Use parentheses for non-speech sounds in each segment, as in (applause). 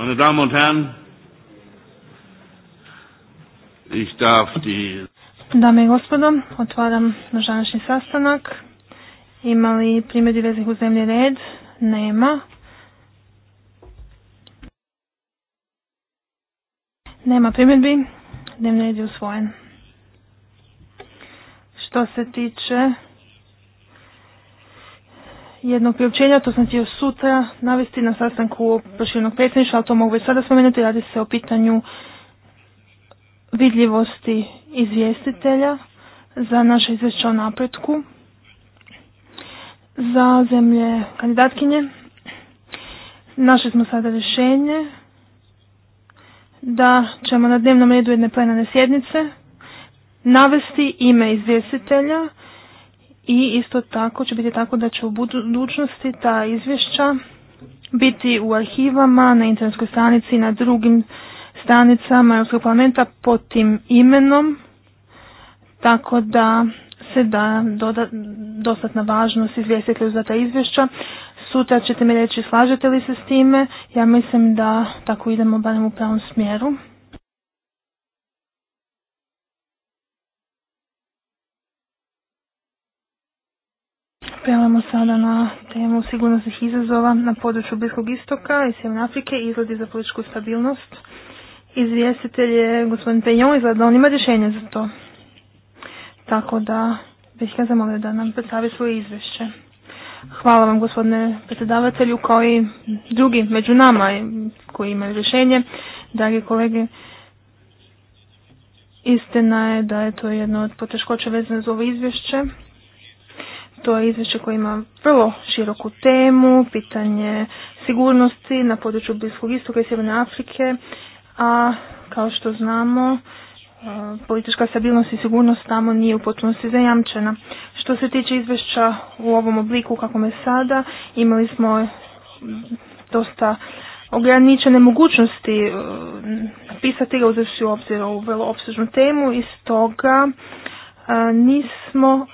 Meine Damen ich darf die... Dame i gospodo, otvaram naš sastanak. Ima li primjedbi veznih u zemlji red? Nema. Nema primjedbi. Dnevni red je usvojen. Što se tiče jednog priopćenja, to sam htio sutra navesti na sastanku proširnog predsjedništva, ali to mogu već sada spomenuti, radi se o pitanju vidljivosti izvjestitelja za naše izvješće o napretku za zemlje kandidatkinje. Našli smo sada rješenje da ćemo na dnevnom redu jedne plenarne sjednice navesti ime izvjestitelja i isto tako će biti tako da će u budućnosti ta izvješća biti u arhivama, na internetskoj stranici i na drugim stranicama Europskog parlamenta pod tim imenom, tako da se da doda, dostatna važnost izvjestitelju za ta izvješća. Sutra ćete mi reći slažete li se s time, ja mislim da tako idemo barem u pravom smjeru. Prelamo sada na temu sigurnosnih izazova na području Bliskog istoka i Sjeverne Afrike i izgledi za političku stabilnost. Izvjestitelj je gospodin Pejon izgleda da on ima rješenje za to. Tako da bih ga zamolio da nam predstavi svoje izvješće. Hvala vam gospodine predsjedavatelju kao i drugi među nama koji imaju rješenje. Dragi kolege, istina je da je to jedno od poteškoća vezane za ovo izvješće to je izvješće koje ima vrlo široku temu, pitanje sigurnosti na području Bliskog istoka i Sjeverne Afrike, a kao što znamo, e, politička stabilnost i sigurnost tamo nije u potpunosti zajamčena. Što se tiče izvješća u ovom obliku kako je sada, imali smo dosta ograničene mogućnosti e, pisati ga uzevši u obzir ovu vrlo opsežnu temu i stoga nismo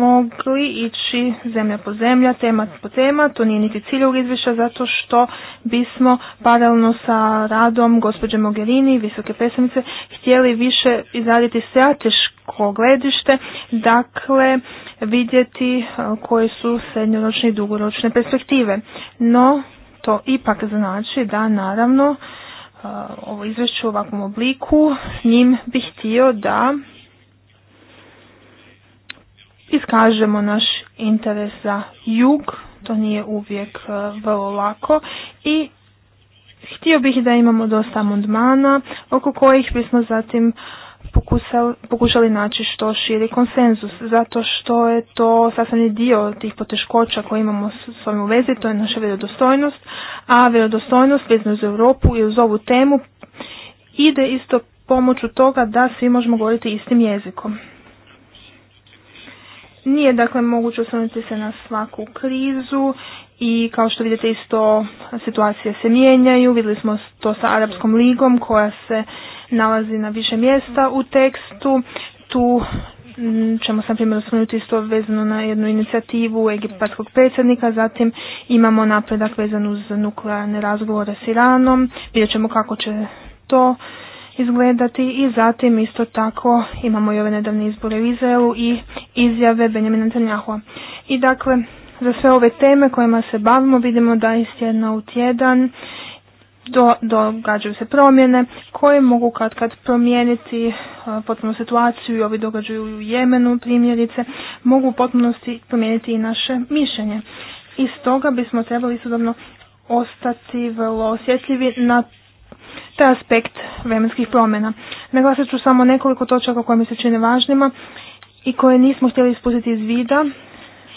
mogli ići zemlja po zemlja, tema po tema, to nije niti cilj ovog izvješća zato što bismo paralelno sa radom gospođe Mogherini i visoke pesmice, htjeli više izraditi strateško gledište, dakle vidjeti koje su srednjoročne i dugoročne perspektive. No, to ipak znači da naravno ovo izvješće u ovakvom obliku s njim bih htio da iskažemo naš interes za jug, to nije uvijek e, vrlo lako i htio bih da imamo dosta amandmana oko kojih bismo zatim pokušali naći što širi konsenzus, zato što je to sastavni dio tih poteškoća koje imamo s ovim u vezi, to je naša vjerodostojnost, a vjerodostojnost vezno uz Europu i uz ovu temu ide isto pomoću toga da svi možemo govoriti istim jezikom. Nije dakle moguće osvrnuti se na svaku krizu i kao što vidite isto situacije se mijenjaju. Vidjeli smo to sa Arabskom ligom koja se nalazi na više mjesta u tekstu. Tu ćemo sam primjer osvrnuti isto vezano na jednu inicijativu egipatskog predsjednika, zatim imamo napredak vezan uz nuklearne razgovore s Iranom, vidjet ćemo kako će to izgledati i zatim isto tako imamo i ove nedavne izbore u Izraelu i izjave Benjamina Netanjahua. I dakle, za sve ove teme kojima se bavimo vidimo da iz tjedna u tjedan do, događaju se promjene koje mogu kad kad promijeniti potpuno situaciju i ovi događaju u Jemenu primjerice mogu u potpunosti promijeniti i naše mišljenje. I stoga bismo trebali istodobno ostati vrlo osjetljivi na taj aspekt vremenskih promjena. Naglasit ću samo nekoliko točaka koje mi se čine važnima i koje nismo htjeli ispustiti iz vida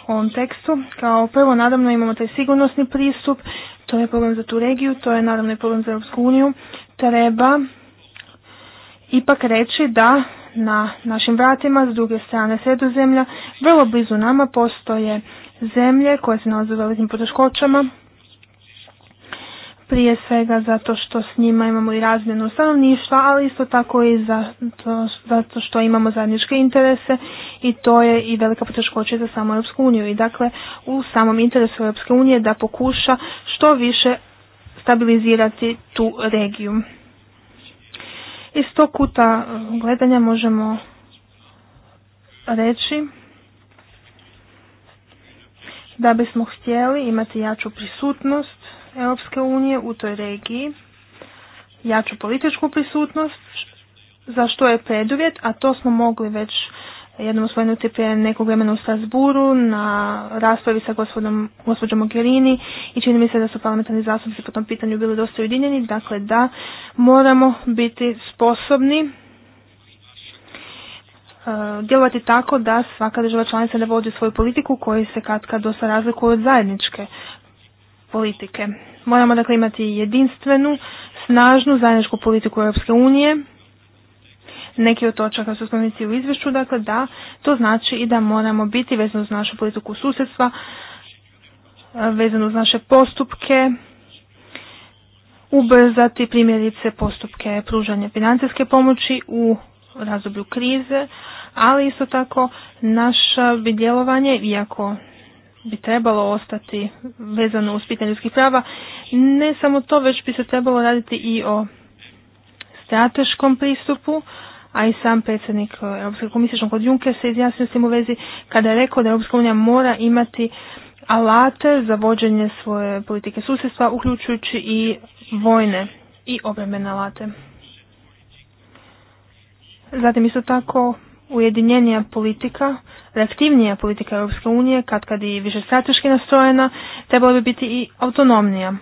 u ovom tekstu. Kao prvo, nadamno imamo taj sigurnosni pristup, to je problem za tu regiju, to je naravno i problem za Europsku uniju. Treba ipak reći da na našim vratima, s druge strane sredozemlja, vrlo blizu nama postoje zemlje koje se nalaze u velikim poteškoćama, prije svega zato što s njima imamo i razmjenu stanovništva, ali isto tako i zato, zato što imamo zajedničke interese i to je i velika poteškoća za samu Europsku uniju. I dakle, u samom interesu Europske unije da pokuša što više stabilizirati tu regiju. Iz tog kuta gledanja možemo reći da bismo htjeli imati jaču prisutnost Europske unije u toj regiji, jaču političku prisutnost, za što je preduvjet, a to smo mogli već jednom osvojenuti prije nekog vremena u Strasburu na raspravi sa gospodom, gospođom Mogherini i čini mi se da su parlamentarni zastupnici po tom pitanju bili dosta ujedinjeni, dakle da moramo biti sposobni e, djelovati tako da svaka država članica ne vodi svoju politiku koji se katka dosta razlikuje od zajedničke politike. Moramo dakle imati jedinstvenu, snažnu zajedničku politiku Europske unije. Neki od točaka su spomenuti u izvješću, dakle da, to znači i da moramo biti vezano uz našu politiku susjedstva, vezano uz naše postupke, ubrzati primjerice postupke pružanja financijske pomoći u razdoblju krize, ali isto tako naše djelovanje, iako bi trebalo ostati vezano uz pitanje ljudskih prava. Ne samo to, već bi se trebalo raditi i o strateškom pristupu, a i sam predsjednik e, Europske komisije Jean Juncker se izjasnio s tim u vezi kada je rekao da Europska unija mora imati alate za vođenje svoje politike susjedstva, uključujući i vojne i obrambene alate. Zatim isto tako ujedinjenija politika, reaktivnija politika Europske unije, kad kad i više strateški nastrojena, trebala bi biti i autonomnija.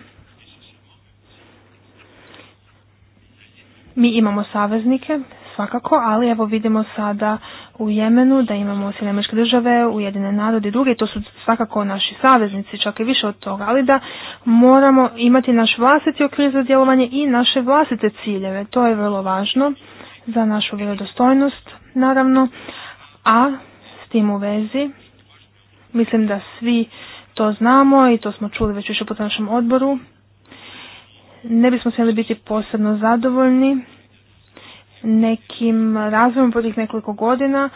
Mi imamo saveznike, svakako, ali evo vidimo sada u Jemenu da imamo Sjedinjene države, Ujedine narode i druge, to su svakako naši saveznici, čak i više od toga, ali da moramo imati naš vlastiti okvir za djelovanje i naše vlastite ciljeve. To je vrlo važno za našu vjerodostojnost, naravno, a s tim u vezi mislim da svi to znamo i to smo čuli već više po našem odboru. Ne bismo smjeli biti posebno zadovoljni nekim razvojem protiv nekoliko godina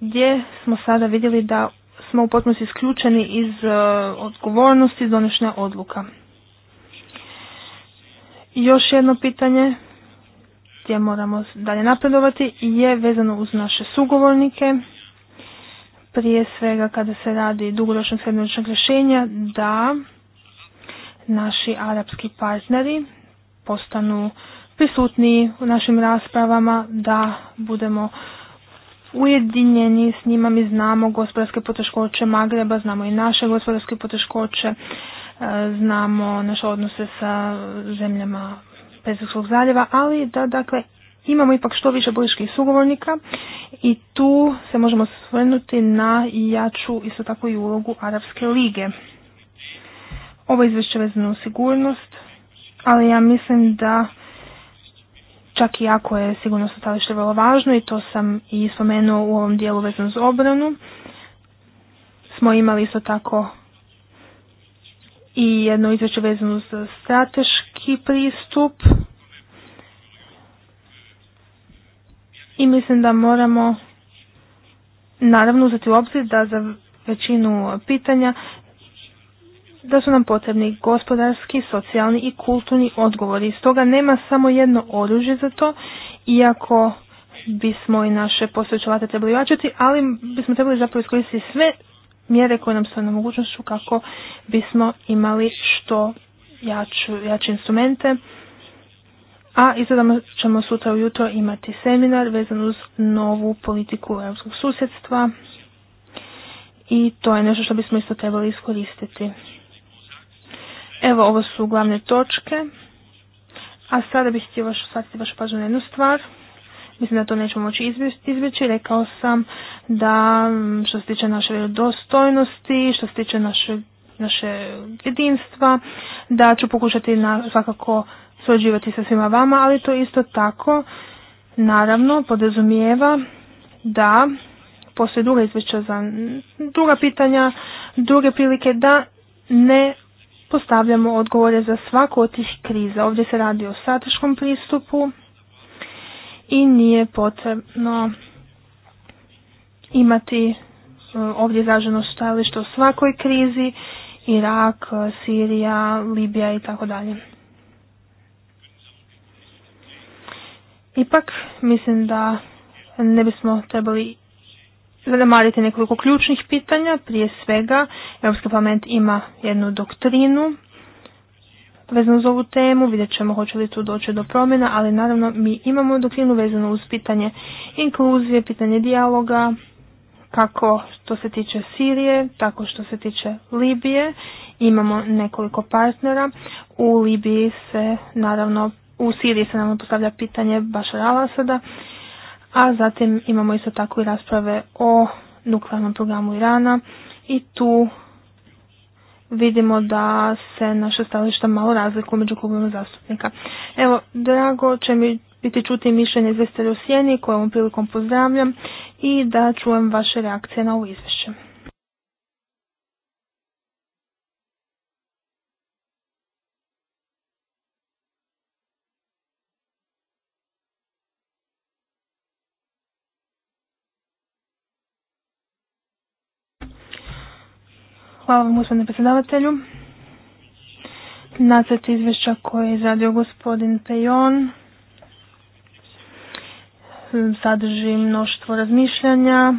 gdje smo sada vidjeli da smo u potpunosti isključeni iz e, odgovornosti donošnja odluka. Još jedno pitanje gdje moramo dalje napredovati je vezano uz naše sugovornike, prije svega kada se radi dugoročnog srednjoročnog rješenja, da naši arapski partneri postanu prisutni u našim raspravama, da budemo ujedinjeni s njima, mi znamo gospodarske poteškoće Magreba, znamo i naše gospodarske poteškoće, e, znamo naše odnose sa zemljama Pesarskog zaljeva, ali da dakle imamo ipak što više političkih sugovornika i tu se možemo svrnuti na jaču isto tako i ulogu Arabske lige. Ovo izvješće vezano sigurnost, ali ja mislim da čak i ako je sigurnost stalište vrlo važno i to sam i spomenuo u ovom dijelu vezano za obranu, smo imali isto tako i jedno izvješće vezano za strateške i pristup i mislim da moramo naravno uzeti u obzir da za većinu pitanja da su nam potrebni gospodarski, socijalni i kulturni odgovori. Stoga nema samo jedno oružje za to, iako bismo i naše posvećovate trebali jačati, ali bismo trebali zapravo iskoristiti sve mjere koje nam su na mogućnošću kako bismo imali što jaču, jače instrumente. A izgledamo ćemo sutra ujutro imati seminar vezan uz novu politiku europskog susjedstva i to je nešto što bismo isto trebali iskoristiti. Evo, ovo su glavne točke. A sada bih htio vaš, vašu pažnju na jednu stvar. Mislim da to nećemo moći izbjeći. Rekao sam da mm, što se tiče naše dostojnosti, što se tiče našeg naše jedinstva, da ću pokušati na, svakako surađivati sa svima vama, ali to isto tako naravno podrazumijeva da postoje druga izvješća za druga pitanja, druge prilike da ne postavljamo odgovore za svaku od tih kriza. Ovdje se radi o strateškom pristupu i nije potrebno imati e, ovdje izraženo stajalište o svakoj krizi Irak, Sirija, Libija i tako dalje. Ipak mislim da ne bismo trebali zanemariti nekoliko ključnih pitanja. Prije svega, Europski parlament ima jednu doktrinu vezano za ovu temu, vidjet ćemo hoće li tu doći do promjena, ali naravno mi imamo doktrinu vezanu uz pitanje inkluzije, pitanje dijaloga, kako što se tiče Sirije, tako što se tiče Libije. Imamo nekoliko partnera. U Libiji se naravno, u Siriji se naravno postavlja pitanje Bašar al a zatim imamo isto tako i rasprave o nuklearnom programu Irana i tu vidimo da se naše stajališta malo razlikuju među klubima zastupnika. Evo, drago će mi biti čuti mišljenje izvestelja u sjeni koje ovom prilikom pozdravljam i da čujem vaše reakcije na ovo izvješće. Hvala vam gospodine predsjedavatelju. Nacrt izvješća koje je izradio gospodin Pejon sadrži mnoštvo razmišljanja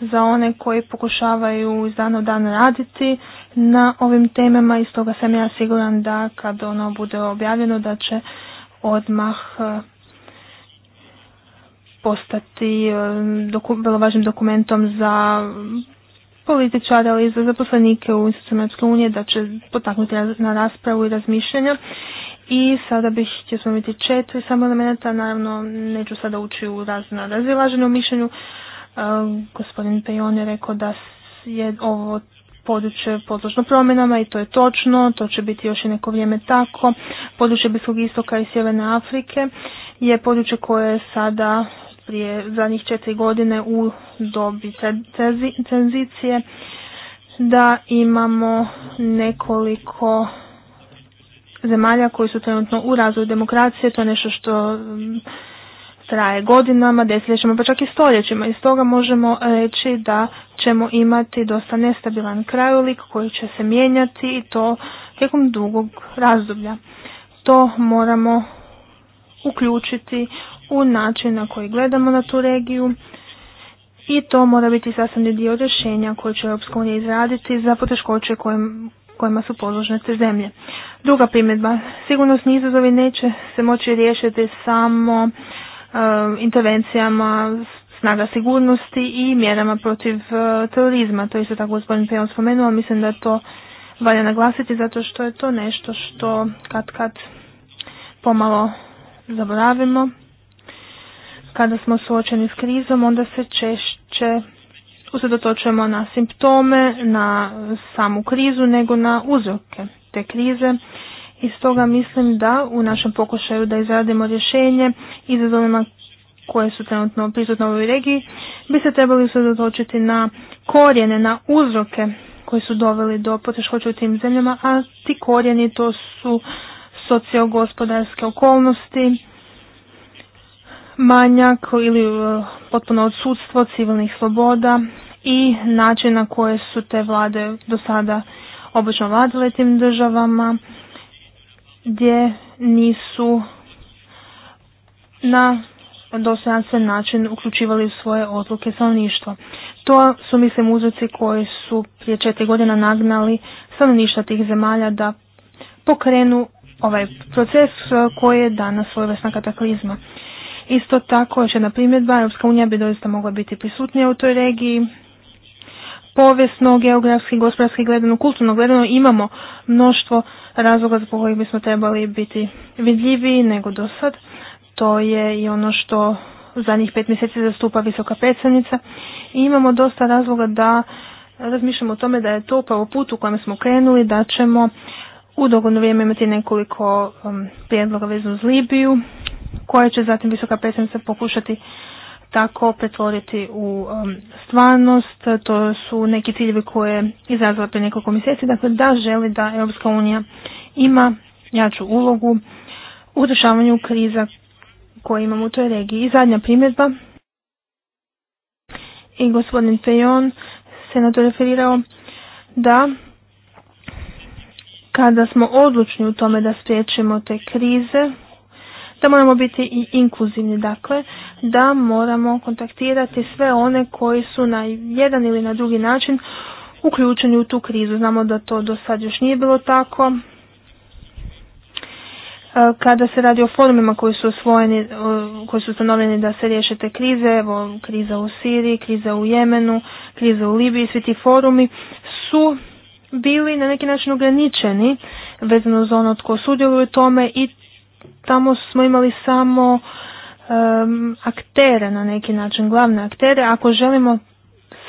za one koji pokušavaju iz dana u dan raditi na ovim temama i stoga sam ja siguran da kad ono bude objavljeno da će odmah e, postati e, doku, vrlo važnim dokumentom za političara ali i za zaposlenike u institucijama unije, da će potaknuti na raspravu i razmišljanja i sada bih htio spomenuti četiri samo elementa, naravno neću sada ući u razna u mišljenju. E, gospodin Pejon je rekao da je ovo područje podložno promjenama i to je točno, to će biti još i neko vrijeme tako. Područje Bliskog istoka i Sjeverne Afrike je područje koje je sada prije zadnjih četiri godine u dobi tranzicije da imamo nekoliko zemalja koji su trenutno u razvoju demokracije, to je nešto što mm, traje godinama, desetljećima, pa čak i stoljećima. Iz toga možemo reći da ćemo imati dosta nestabilan krajolik koji će se mijenjati i to tijekom dugog razdoblja. To moramo uključiti u način na koji gledamo na tu regiju i to mora biti sastavni dio rješenja koje će Europska izraditi za poteškoće kojima su podložne te zemlje. Druga primjedba, sigurnosni izazovi neće se moći riješiti samo e, intervencijama snaga sigurnosti i mjerama protiv e, terorizma. To je isto tako gospodin Pejon spomenuo, mislim da to valja naglasiti zato što je to nešto što kad kad pomalo zaboravimo. Kada smo suočeni s krizom, onda se češće usredotočujemo na simptome, na samu krizu, nego na uzroke te krize i stoga mislim da u našem pokušaju da izradimo rješenje izazovima koje su trenutno prisutne u ovoj regiji, bi se trebali usredotočiti na korijene, na uzroke koji su doveli do poteškoća u tim zemljama, a ti korijeni to su sociogospodarske okolnosti, manjak ili e, potpuno odsudstvo civilnih sloboda i način na koje su te vlade do sada obično tim državama gdje nisu na dostojanstven način uključivali svoje odluke stanovništva. To su, mislim, uzroci koji su prije četiri godina nagnali stanovništva tih zemalja da pokrenu ovaj proces koji je danas svojevrsna kataklizma. Isto tako, još jedna primjedba, Europska unija bi doista mogla biti prisutnija u toj regiji, povijesno, geografski, gospodarski gledano, kulturno gledano imamo mnoštvo razloga zbog kojih bismo trebali biti vidljiviji nego do sad. To je i ono što zadnjih pet mjeseci zastupa visoka predstavnica i imamo dosta razloga da razmišljamo o tome da je to upravo put u kojem smo krenuli, da ćemo u dogodno vrijeme imati nekoliko um, prijedloga vezano uz Libiju, koje će zatim visoka predstavnica pokušati tako pretvoriti u um, stvarnost. To su neki ciljevi koje je izazvao prije nekoliko mjeseci. Dakle, da želi da Europska unija ima jaču ulogu u rješavanju kriza koje imamo u toj regiji. I zadnja primjedba. I gospodin Pejon se na to referirao da kada smo odlučni u tome da spriječimo te krize, da moramo biti i inkluzivni, dakle da moramo kontaktirati sve one koji su na jedan ili na drugi način uključeni u tu krizu. Znamo da to do sad još nije bilo tako. E, kada se radi o forumima koji su osvojeni, e, koji su ustanovljeni da se riješe te krize, evo kriza u Siriji, kriza u Jemenu, kriza u Libiji, svi ti forumi su bili na neki način ograničeni vezano za ono tko sudjeluje u tome i tamo smo imali samo aktere na neki način, glavne aktere. Ako želimo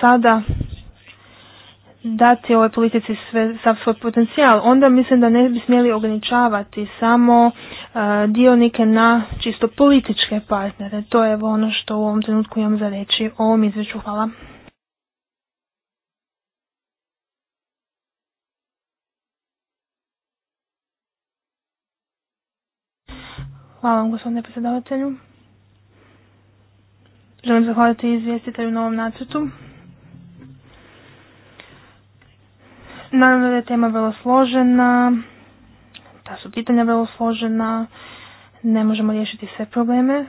sada dati ovoj politici sve, sav svoj potencijal, onda mislim da ne bi smjeli ograničavati samo e, dionike na čisto političke partnere. To je ono što u ovom trenutku imam za reći o ovom izvješću. Hvala. Hvala vam gospodine predsjedavatelju. Želim zahvaliti izvjestitelju na ovom nacrtu. Naravno da je tema vrlo složena, ta su pitanja vrlo složena, ne možemo riješiti sve probleme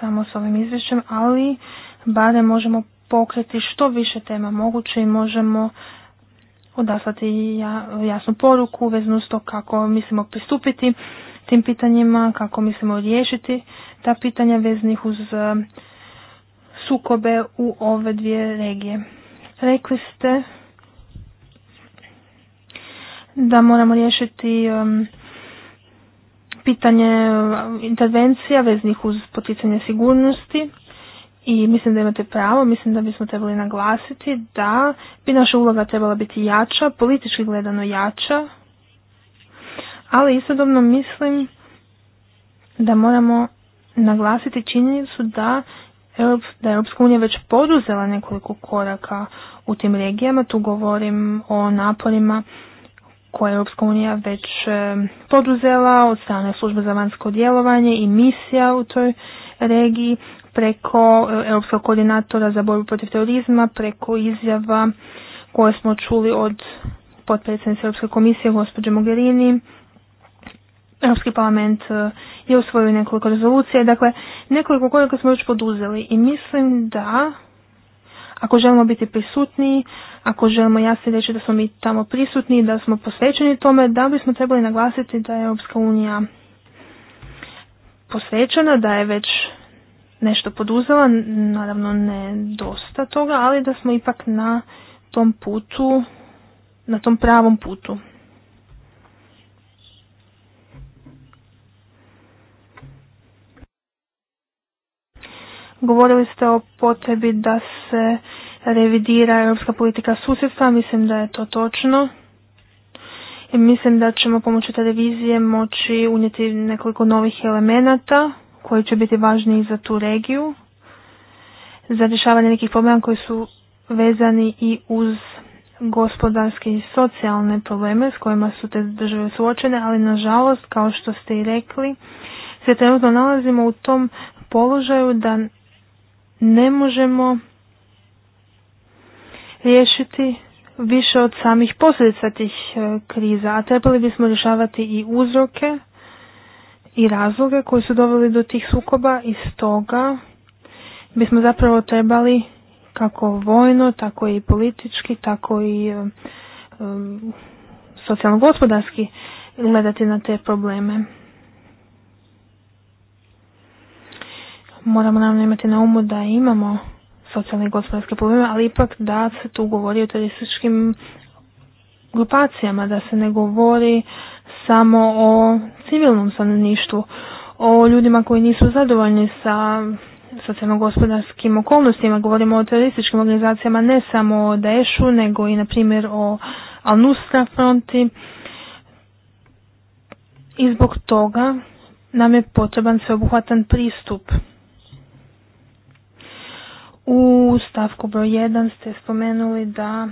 samo s ovim izvješćem, ali barem možemo pokreti što više tema moguće i možemo odaslati jasnu poruku veznu s to kako mislimo pristupiti tim pitanjima, kako mislimo riješiti ta pitanja veznih uz e, sukobe u ove dvije regije. Rekli ste da moramo riješiti e, pitanje e, intervencija veznih uz poticanje sigurnosti i mislim da imate pravo, mislim da bismo trebali naglasiti da bi naša uloga trebala biti jača, politički gledano jača ali istodobno mislim da moramo naglasiti činjenicu da da je Europska unija već poduzela nekoliko koraka u tim regijama. Tu govorim o naporima koje je Europska unija već e, poduzela od strane službe za vanjsko djelovanje i misija u toj regiji preko Europskog koordinatora za borbu protiv terorizma, preko izjava koje smo čuli od potpredsjednice Europske komisije gospođe Mogherini, Europski parlament e, je usvojio nekoliko rezolucija, dakle nekoliko koliko smo već poduzeli i mislim da ako želimo biti prisutni, ako želimo jasno reći da smo mi tamo prisutni, da smo posvećeni tome, da bismo trebali naglasiti da je Europska unija posvećena, da je već nešto poduzela, naravno ne dosta toga, ali da smo ipak na tom putu, na tom pravom putu. Govorili ste o potrebi da se revidira europska politika susjedstva, mislim da je to točno. I mislim da ćemo pomoću televizije revizije moći unijeti nekoliko novih elemenata koji će biti važni za tu regiju, za rješavanje nekih problema koji su vezani i uz gospodarske i socijalne probleme s kojima su te države suočene, ali nažalost, kao što ste i rekli, se trenutno nalazimo u tom položaju da ne možemo riješiti više od samih posljedica tih e, kriza, a trebali bismo rješavati i uzroke i razloge koji su doveli do tih sukoba i stoga bismo zapravo trebali kako vojno, tako i politički, tako i e, e, socijalno-gospodarski gledati na te probleme. Moramo naravno imati na umu da imamo socijalne i gospodarske probleme, ali ipak da se tu govori o terorističkim grupacijama, da se ne govori samo o civilnom stanovništvu, o ljudima koji nisu zadovoljni sa socijalno-gospodarskim okolnostima, govorimo o terorističkim organizacijama, ne samo o Daeshu, nego i na primjer o al fronti. I zbog toga nam je potreban sveobuhvatan pristup u stavku broj 1 ste spomenuli da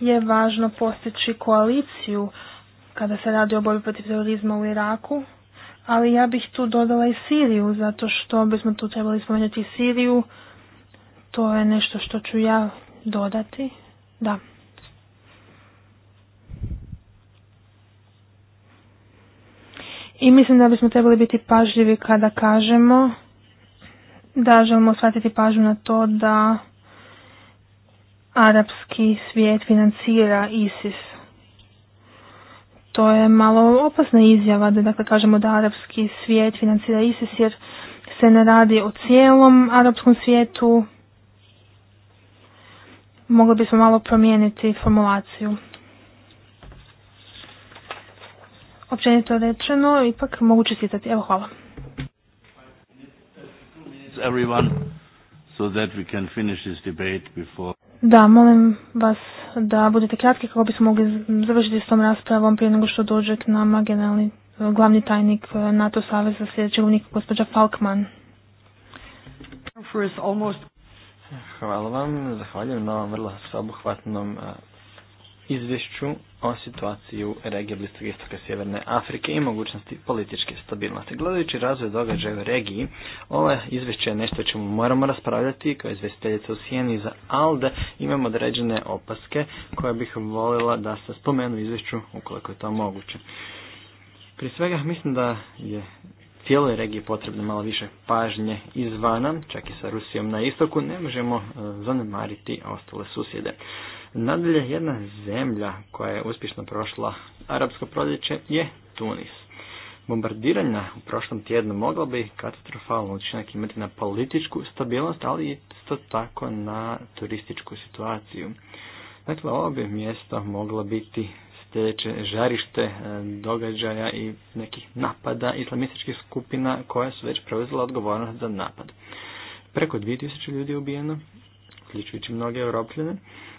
je važno postići koaliciju kada se radi o borbi protiv terorizma u Iraku, ali ja bih tu dodala i Siriju, zato što bismo tu trebali spomenuti Siriju, to je nešto što ću ja dodati, da. I mislim da bismo trebali biti pažljivi kada kažemo da želimo shvatiti pažnju na to da arapski svijet financira ISIS. To je malo opasna izjava da dakle kažemo da arapski svijet financira ISIS jer se ne radi o cijelom arapskom svijetu. Mogli bismo malo promijeniti formulaciju. Općenito rečeno, ipak mogu čestitati. Evo, hvala everyone so that Da, molim vas da budete kratki kako bismo mogli završiti s tom raspravom prije nego što dođe k nama generalni glavni tajnik e, NATO saveza sljedećeg unika gospođa Falkman. Hvala vam, zahvaljujem na ovom vrlo sobuhvatnom e, izvješću o situaciji u regiji Bliskog istoka Sjeverne Afrike i mogućnosti političke stabilnosti. Gledajući razvoj događaja u regiji, ovo izvješće je nešto čemu moramo raspravljati kao izvjestiteljica u Sijeni za ALDE. Imamo određene opaske koje bih volila da se spomenu izvješću ukoliko je to moguće. Prije svega mislim da je cijeloj regiji potrebno malo više pažnje izvana, čak i sa Rusijom na istoku, ne možemo e, zanemariti ostale susjede. Nadalje, jedna zemlja koja je uspješno prošla arapsko proljeće je Tunis. Bombardiranja u prošlom tjednu mogla bi katastrofalno učinak imati na političku stabilnost, ali isto tako na turističku situaciju. Dakle, ovo bi mjesto moglo biti sljedeće žarište e, događaja i nekih napada islamističkih skupina koja su već preuzela odgovornost za napad. Preko 2000 ljudi je ubijeno, uključujući mnoge europljene,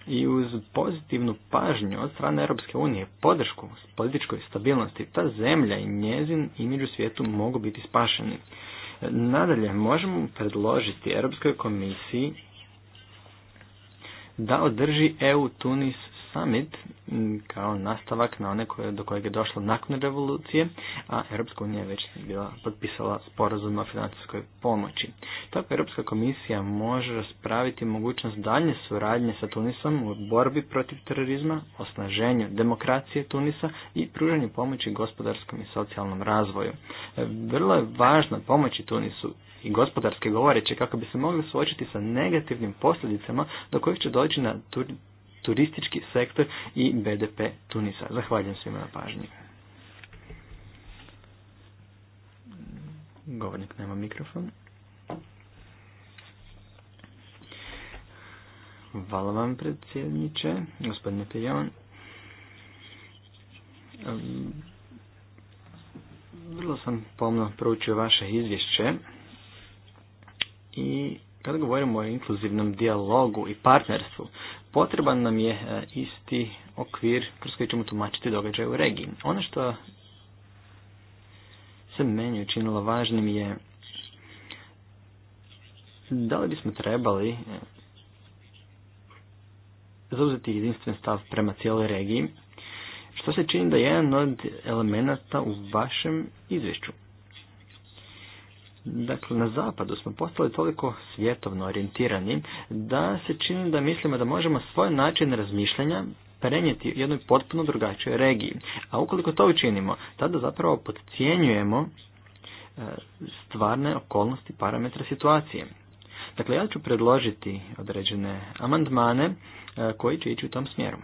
i uz pozitivnu pažnju od strane Europske unije, podršku političkoj stabilnosti, ta zemlja i njezin i u svijetu mogu biti spašeni. Nadalje, možemo predložiti Europskoj komisiji da održi EU-Tunis summit mm, kao nastavak na one koje, do kojeg je došlo nakon revolucije, a Europska unija je već bila potpisala sporazum o financijskoj pomoći. Tako Europska komisija može raspraviti mogućnost dalje suradnje sa Tunisom u borbi protiv terorizma, osnaženju demokracije Tunisa i pružanju pomoći gospodarskom i socijalnom razvoju. E, vrlo je važno pomoći Tunisu i gospodarske govoreće kako bi se mogli suočiti sa negativnim posljedicama do kojih će doći na turistički sektor i BDP Tunisa. Zahvaljujem svima na pažnji. Govornik nema mikrofon. Hvala vam predsjedniče, gospodine Pijon. Vrlo sam pomno proučio vaše izvješće i kada govorimo o inkluzivnom dijalogu i partnerstvu, potreban nam je e, isti okvir kroz koji ćemo tumačiti događaj u regiji. Ono što se meni učinilo važnim je da li bismo trebali e, zauzeti jedinstven stav prema cijeloj regiji, što se čini da je jedan od elemenata u vašem izvješću. Dakle, na zapadu smo postali toliko svjetovno orijentirani da se čini da mislimo da možemo svoj način razmišljanja prenijeti u jednoj potpuno drugačijoj regiji. A ukoliko to učinimo, tada zapravo potcijenjujemo e, stvarne okolnosti parametra situacije. Dakle, ja ću predložiti određene amandmane e, koji će ići u tom smjeru.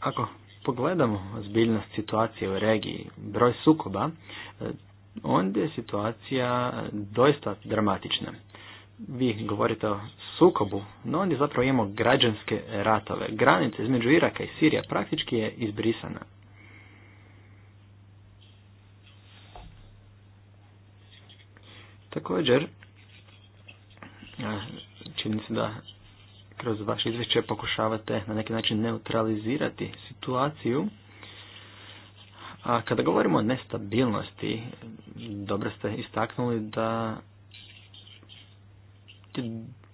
Ako pogledamo zbiljnost situacije u regiji, broj sukoba, e, onda je situacija doista dramatična. Vi govorite o sukobu, no onda zapravo imamo građanske ratove. Granica između Iraka i Sirija praktički je izbrisana. Također, čini se da kroz vaše izvješće pokušavate na neki način neutralizirati situaciju a kada govorimo o nestabilnosti, dobro ste istaknuli da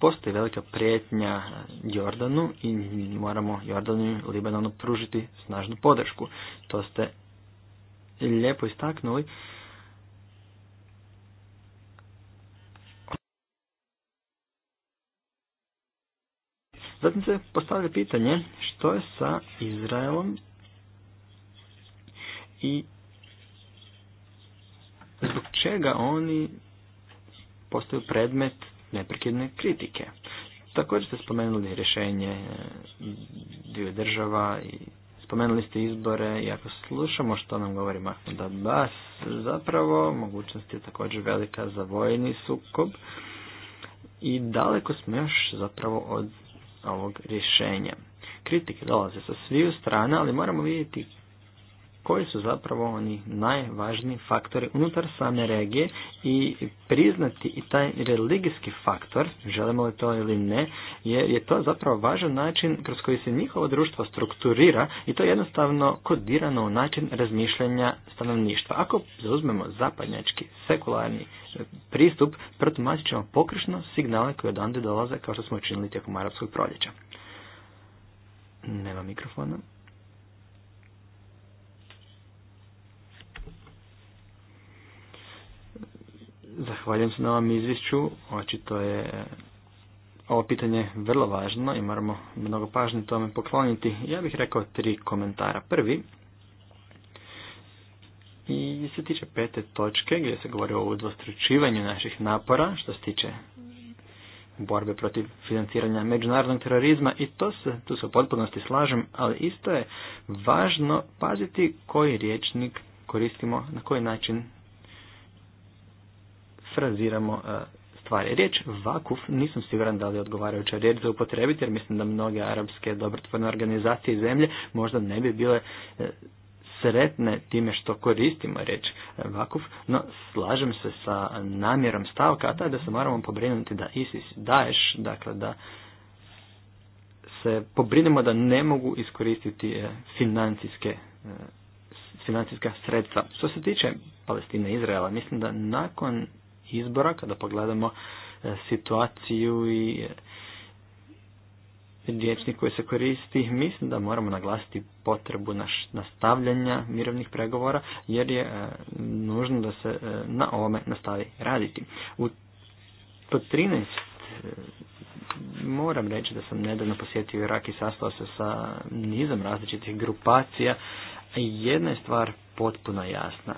postoji velika prijetnja Jordanu i moramo Jordanu i Libanonu pružiti snažnu podršku. To ste lijepo istaknuli. Zatim se postavlja pitanje što je sa Izraelom i zbog čega oni postaju predmet neprekidne kritike. Također ste spomenuli rješenje dvije država i spomenuli ste izbore i ako slušamo što nam govori Mahmoud Abbas, zapravo mogućnost je također velika za vojni sukob i daleko smo još zapravo od ovog rješenja. Kritike dolaze sa sviju strana, ali moramo vidjeti koji su zapravo oni najvažniji faktori unutar same regije i priznati i taj religijski faktor, želimo li to ili ne, je, je to zapravo važan način kroz koji se njihovo društvo strukturira i to je jednostavno kodirano u način razmišljanja stanovništva. Ako zauzmemo zapadnjački, sekularni e, pristup, protumačit ćemo pokrišno signale koje odande dolaze kao što smo učinili tijekom arapskog proljeća. Nema mikrofona. Zahvaljujem se na ovom izvješću. Očito je e, ovo pitanje vrlo važno i moramo mnogo pažnje tome pokloniti. Ja bih rekao tri komentara. Prvi i se tiče pete točke gdje se govori o udvostručivanju naših napora što se tiče borbe protiv financiranja međunarodnog terorizma i to se, tu se u potpunosti slažem, ali isto je važno paziti koji riječnik koristimo, na koji način fraziramo e, stvari. Riječ vakuf nisam siguran da li je odgovarajuća riječ za upotrebiti jer mislim da mnoge arapske dobrotvorne organizacije i zemlje možda ne bi bile e, sretne time što koristimo riječ e, vakuf, no slažem se sa namjerom stavka, a je da se moramo pobrinuti da ISIS daješ, dakle da se pobrinemo da ne mogu iskoristiti financijske financijska sredstva. Što se tiče Palestine i Izraela, mislim da nakon izbora, kada pogledamo e, situaciju i e, riječnik koji se koristi, mislim da moramo naglasiti potrebu naš nastavljanja mirovnih pregovora, jer je e, nužno da se na ovome nastavi raditi. U pod 13 moram reći da sam nedavno posjetio Irak i sastao se sa nizom različitih grupacija, jedna je stvar potpuno jasna.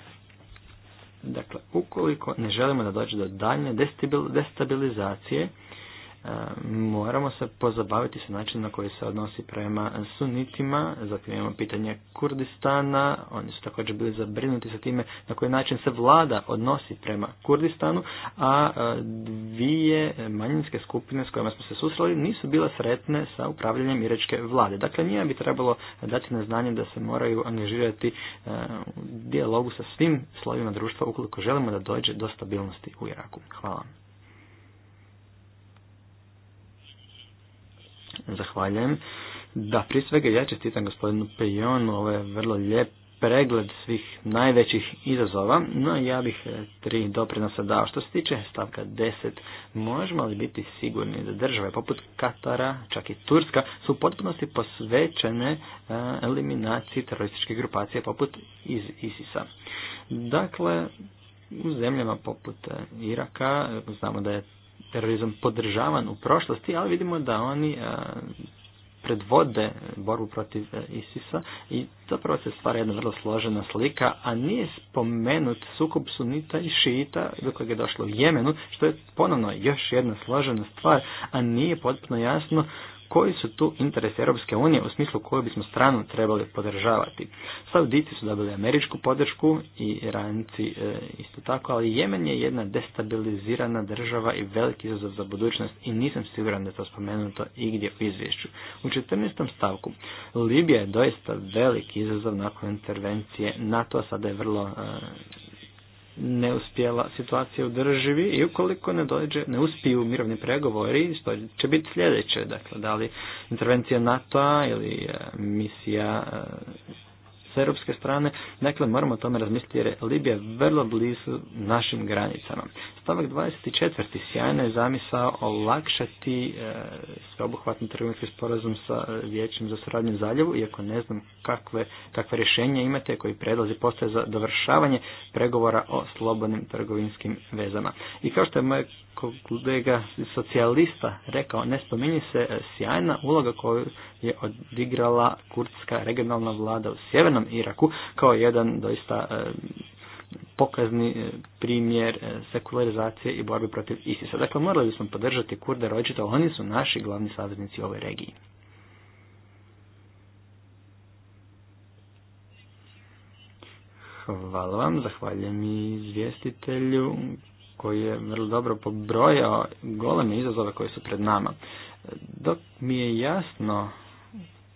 Dakle, ukoliko ne želimo da dođe do daljne destabilizacije, moramo se pozabaviti sa načinom na koji se odnosi prema sunitima, zatim imamo pitanje Kurdistana, oni su također bili zabrinuti sa time na koji način se vlada odnosi prema Kurdistanu, a e, dvije manjinske skupine s kojima smo se susreli nisu bile sretne sa upravljanjem iračke vlade. Dakle, nije bi trebalo dati na znanje da se moraju angažirati e, u dijalogu sa svim slovima društva ukoliko želimo da dođe do stabilnosti u Iraku. Hvala. Zahvaljujem. Da, prije svega ja čestitam gospodinu Pejonu, ovo je vrlo lijep pregled svih najvećih izazova, no ja bih e, tri doprinosa dao. Što se tiče stavka 10, možemo li biti sigurni da države poput Katara, čak i Turska, su u potpunosti posvećene e, eliminaciji terorističke grupacije poput iz ISIS-a. Dakle, u zemljama poput e, Iraka, znamo da je terorizam podržavan u prošlosti, ali vidimo da oni e, predvode borbu protiv e, ISIS-a i zapravo se stvara jedna vrlo složena slika, a nije spomenut sukob sunita i šita do kojeg je došlo u Jemenu, što je ponovno još jedna složena stvar, a nije potpuno jasno koji su tu interesi Europske unije u smislu koju bismo stranu trebali podržavati. Saudici su dobili američku podršku i Iranci e, isto tako, ali Jemen je jedna destabilizirana država i veliki izazov za budućnost i nisam siguran da je to spomenuto igdje u izvješću. U 14. stavku Libija je doista veliki izazov nakon intervencije NATO, sada je vrlo e, neuspjela situacija u državi i ukoliko ne dođe, ne uspiju mirovni pregovori, što će biti sljedeće, dakle, da li intervencija NATO-a ili e, misija e, europske strane. Dakle, moramo o tome razmisliti jer je Libija vrlo blizu našim granicama. Stavak 24. sjajna je zamisao olakšati e, sveobuhvatni trgovinski sporazum sa vijećem za suradnju zaljevu, iako ne znam kakve, kakve rješenja imate koji predlazi postoje za dovršavanje pregovora o slobodnim trgovinskim vezama. I kao što je moj kolega socijalista rekao, ne spominje se sjajna uloga koju je odigrala kurdska regionalna vlada u sjevernom Iraku kao jedan doista e, pokazni e, primjer e, sekularizacije i borbe protiv isis Dakle, morali bismo podržati kurde ročito, oni su naši glavni saveznici u ovoj regiji. Hvala vam, zahvaljujem i izvjestitelju koji je vrlo dobro pobrojao goleme izazove koje su pred nama. Dok mi je jasno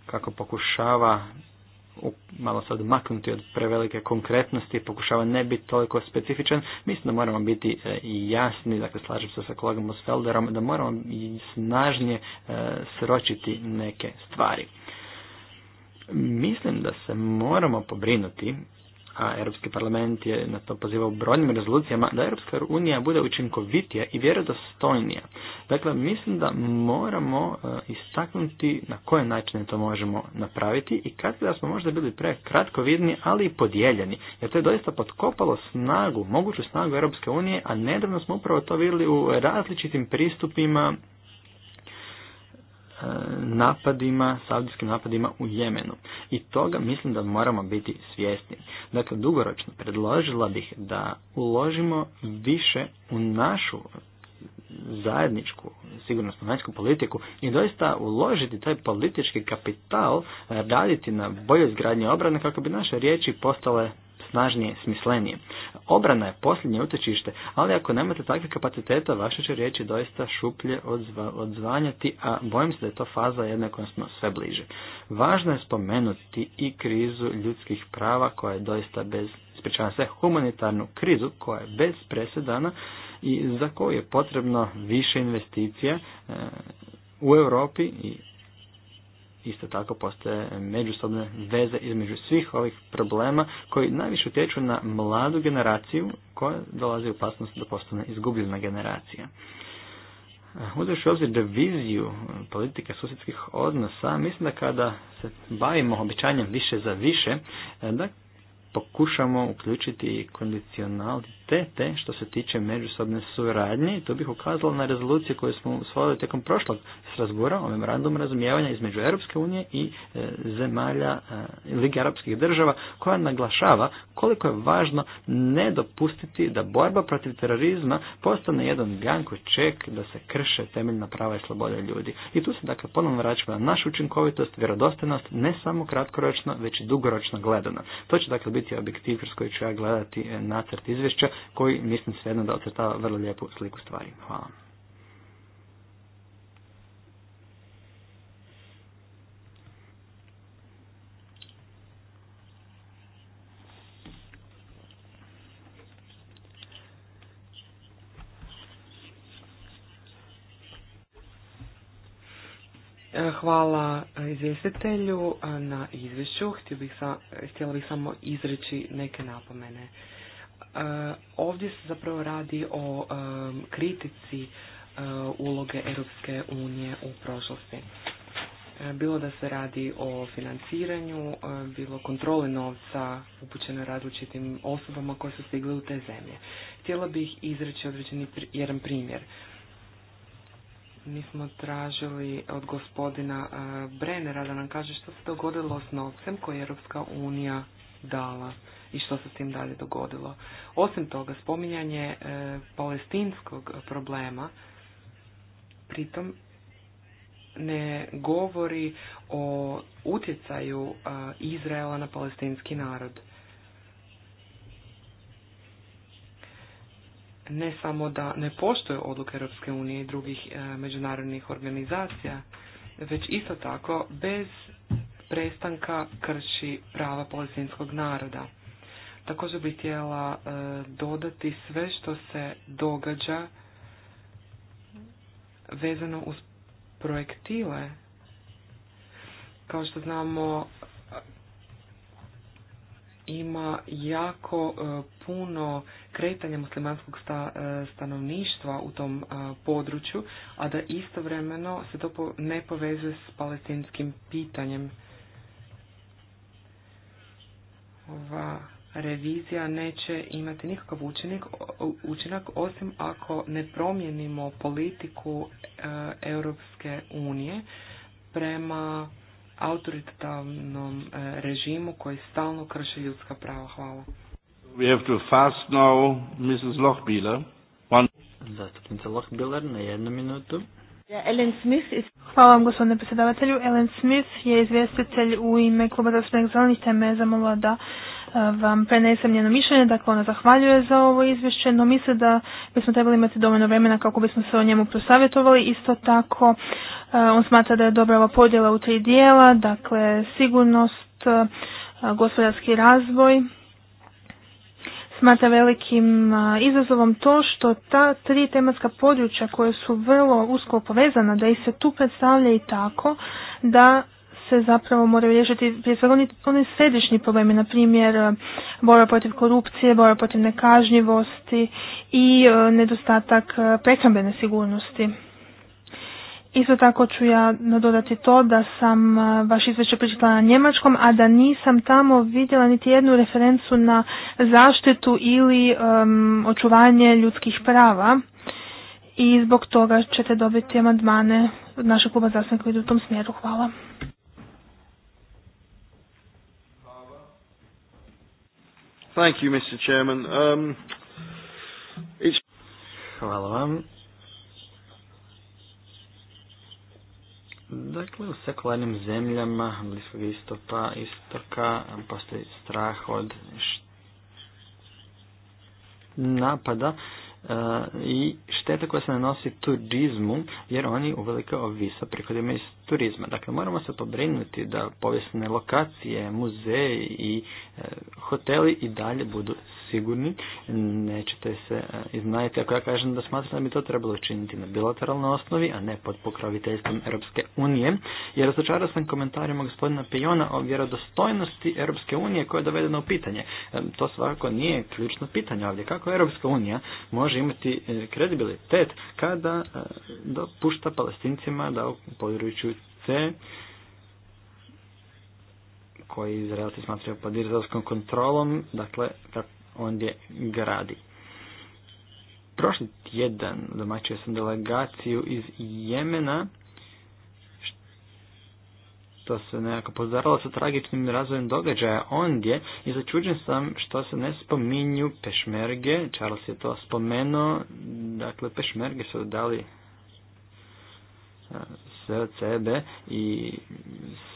kako pokušava malo sad maknuti od prevelike konkretnosti, pokušava ne biti toliko specifičan. Mislim da moramo biti e, jasni, dakle slažem se sa kolegom Osfelderom, da moramo snažnije e, sročiti neke stvari. Mislim da se moramo pobrinuti a Europski parlament je na to pozivao brojnim rezolucijama, da Europska unija bude učinkovitija i vjerodostojnija. Dakle, mislim da moramo eh, istaknuti na koje načine to možemo napraviti i kad da smo možda bili pre vidni, ali i podijeljeni. Jer to je doista potkopalo snagu, moguću snagu Europske unije, a nedavno smo upravo to vidjeli u različitim pristupima E, napadima, saudijskim napadima u Jemenu. I toga mislim da moramo biti svjesni. Dakle, dugoročno predložila bih da uložimo više u našu zajedničku sigurnosnu vanjsku politiku i doista uložiti taj politički kapital, raditi na boljoj izgradnji obrane kako bi naše riječi postale snažnije, smislenije. Obrana je posljednje utočište, ali ako nemate takve kapaciteta, vaše će riječi doista šuplje odzvanjati, a bojim se da je to faza jedne sve bliže. Važno je spomenuti i krizu ljudskih prava koja je doista bez, ispričavam se, humanitarnu krizu koja je bez presedana i za koju je potrebno više investicija e, u Europi i isto tako postoje međusobne veze između svih ovih problema koji najviše utječu na mladu generaciju koja dolazi u opasnost da postane izgubljena generacija. Uzeš u obzir deviziju politike susjedskih odnosa, mislim da kada se bavimo običanjem više za više, da pokušamo uključiti kondicionalni te, što se tiče međusobne suradnje, to bih ukazala na rezoluciju koju smo usvojili tijekom prošlog Strasbura o ovaj memorandumu razumijevanja između Europske unije i e, zemalja e, Lige država koja naglašava koliko je važno ne dopustiti da borba protiv terorizma postane jedan ganko ček da se krše temeljna prava i slobode ljudi. I tu se dakle ponovno vraćamo na našu učinkovitost, vjerodostojnost ne samo kratkoročno, već i dugoročno gledano. To će dakle biti objektiv kroz koji ću ja gledati e, nacrt izvješća koji mislim svejedno da ocrtava vrlo lijepu sliku stvari. Hvala. E, hvala e, izvjestitelju e, na izvješću. htjela bih samo izreći neke napomene. E, ovdje se zapravo radi o e, kritici e, uloge Europske unije u prošlosti. Bilo da se radi o financiranju, bilo kontrole novca upućene različitim osobama koje su stigle u te zemlje. Htjela bih izreći određeni jedan primjer. Mi smo tražili od gospodina Brenera da nam kaže što se dogodilo s novcem koji je Europska unija dala i što se s tim dalje dogodilo. Osim toga, spominjanje e, palestinskog problema pritom ne govori o utjecaju e, Izraela na palestinski narod. Ne samo da ne poštuje odluke Europske unije i drugih e, međunarodnih organizacija, već isto tako bez prestanka krši prava palestinskog naroda. Također bih htjela e, dodati sve što se događa vezano uz projektile. Kao što znamo, ima jako e, puno kretanja muslimanskog e, stanovništva u tom području, a da istovremeno se to ne povezuje s palestinskim pitanjem. Ova revizija neće imati nikakav učinak osim ako ne promijenimo politiku e, Europske unije prema autoritarnom e, režimu koji stalno krši ljudska prava. Hvala. We have to fast Zastupnica Lochbieler na jednu minutu. Smith Hvala vam gospodine predsjedavatelju. Ellen Smith je izvjestitelj u ime kluba zastupnika zelenih teme zamolila da vam prenesem njeno mišljenje, dakle ona zahvaljuje za ovo izvješće, no misle da bismo trebali imati dovoljno vremena kako bismo se o njemu prosavjetovali. Isto tako, e, on smatra da je dobra ova podjela u tri dijela, dakle sigurnost, e, gospodarski razvoj. Smatra velikim e, izazovom to što ta tri tematska područja koje su vrlo usko povezana, da ih se tu predstavlja i tako da se zapravo moraju riješiti prije svega oni, oni središnji problemi, na primjer e, borba protiv korupcije, borba protiv nekažnjivosti i e, nedostatak e, prehrambene sigurnosti. Isto tako ću ja nadodati to da sam vaš izvješće pričitala na njemačkom, a da nisam tamo vidjela niti jednu referencu na zaštitu ili očuvanje ljudskih prava i zbog toga ćete dobiti amandmane od našeg kluba zastupnika u tom smjeru. Hvala. Thank you, Mr. Chairman. Um, it's... Hvala vam. Dakle, u sekularnim zemljama Bliskog istopa, istoka postoji strah od napada i šteta koja se nanosi turizmu jer oni uvelike ovisa prihodima iz turizma. Dakle, moramo se pobrinuti da povijesne lokacije, muzeji i e, hoteli i dalje budu sigurni, nećete se e, iznajeti ako ja kažem da smatram da bi to trebalo učiniti na bilateralnoj osnovi, a ne pod pokraviteljstvom Europske unije, jer razočarao sam komentarima gospodina Pijona o vjerodostojnosti Europske unije koja je dovedena u pitanje. E, to svakako nije ključno pitanje ovdje. Kako Europska unija može imati e, kredibilitet kada dopušta palestincima da u području C koji Izraelci smatraju pod izraelskom kontrolom, dakle, ondje gradi. Prošli tjedan domaćio sam delegaciju iz Jemena, što se nekako pozdravilo sa tragičnim razvojem događaja ondje i začuđen sam što se ne spominju pešmerge, Charles je to spomenuo, dakle pešmerge su dali eh, sve od sebe i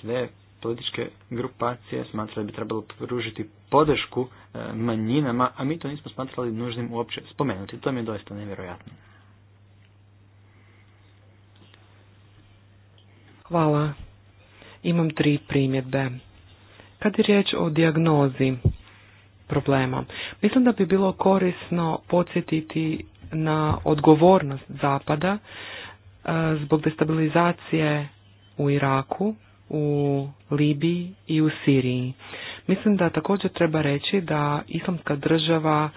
sve političke grupacije smatrali bi trebalo pružiti podršku e, manjinama, a mi to nismo smatrali nužnim uopće spomenuti. To mi je doista nevjerojatno. Hvala. Imam tri primjedbe. Kad je riječ o dijagnozi problema, mislim da bi bilo korisno podsjetiti na odgovornost Zapada e, zbog destabilizacije u Iraku u Libiji i u Siriji. Mislim da također treba reći da islamska država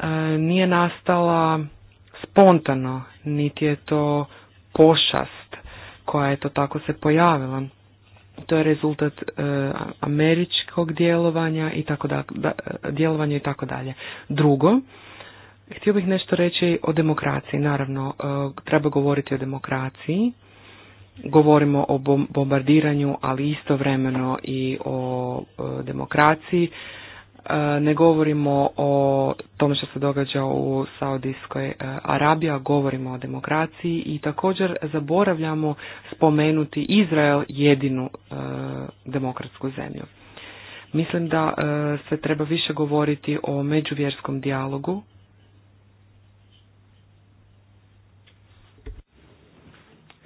e, nije nastala spontano, niti je to pošast koja je to tako se pojavila. To je rezultat e, američkog djelovanja i tako da, djelovanja i tako dalje. Drugo, htio bih nešto reći o demokraciji. Naravno, e, treba govoriti o demokraciji govorimo o bombardiranju, ali istovremeno i o e, demokraciji. E, ne govorimo o tome što se događa u Saudijskoj e, Arabiji, a govorimo o demokraciji i također zaboravljamo spomenuti Izrael jedinu demokratsku zemlju. Mislim da se treba više govoriti o međuvjerskom dijalogu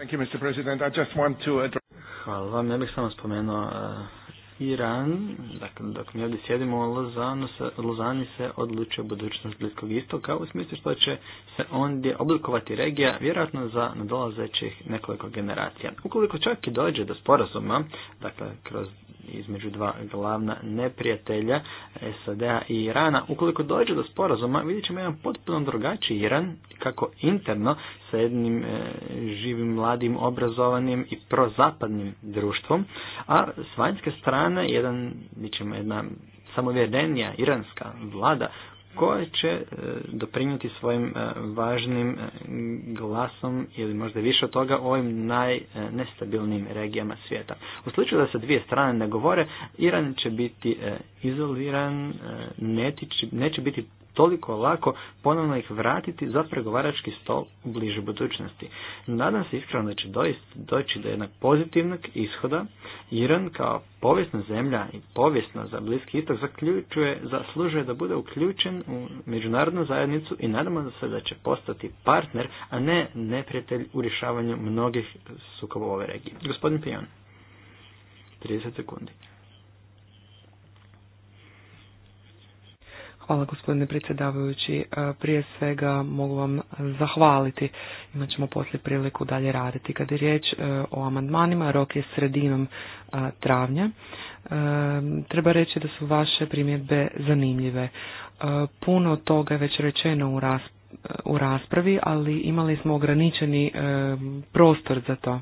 Thank you, Mr. President. I just want to address... Hvala vam. ne bih samo spomenuo eh, Iran. Dakle, dok mi ovdje sjedimo u Lozanu, se, Lozani se odlučuje budućnost Bliskog istoka u smislu što će se ondje oblikovati regija vjerojatno za nadolazećih nekoliko generacija. Ukoliko čak i dođe do sporazuma, dakle, kroz između dva glavna neprijatelja SAD-a i Irana. Ukoliko dođe do sporazuma, vidjet ćemo jedan potpuno drugačiji Iran, kako interno sa jednim e, živim, mladim, obrazovanim i prozapadnim društvom, a s vanjske strane jedan, vidjet ćemo, jedna samovjerenija iranska vlada koje će e, doprinijeti svojim e, važnim e, glasom ili možda više od toga ovim najnestabilnijim regijama svijeta. U slučaju da se dvije strane ne govore, Iran će biti izoliran, neće biti toliko lako ponovno ih vratiti za pregovarački stol u bliže budućnosti. Nadam se iskreno da će doista doći do jednog pozitivnog ishoda. Iran kao povijesna zemlja i povijesna za Bliski istok zaslužuje da bude uključen u međunarodnu zajednicu i nadamo se da će postati partner, a ne neprijatelj u rješavanju mnogih sukova ove regije. Gospodin Pion, 30 sekundi. Hvala gospodine predsjedavajući. E, prije svega mogu vam zahvaliti. Imat ćemo poslije priliku dalje raditi. Kad je riječ e, o amandmanima, rok je sredinom e, travnja. Treba reći da su vaše primjedbe zanimljive. Puno toga je već rečeno u, u raspravi, ali imali smo ograničeni prostor za to.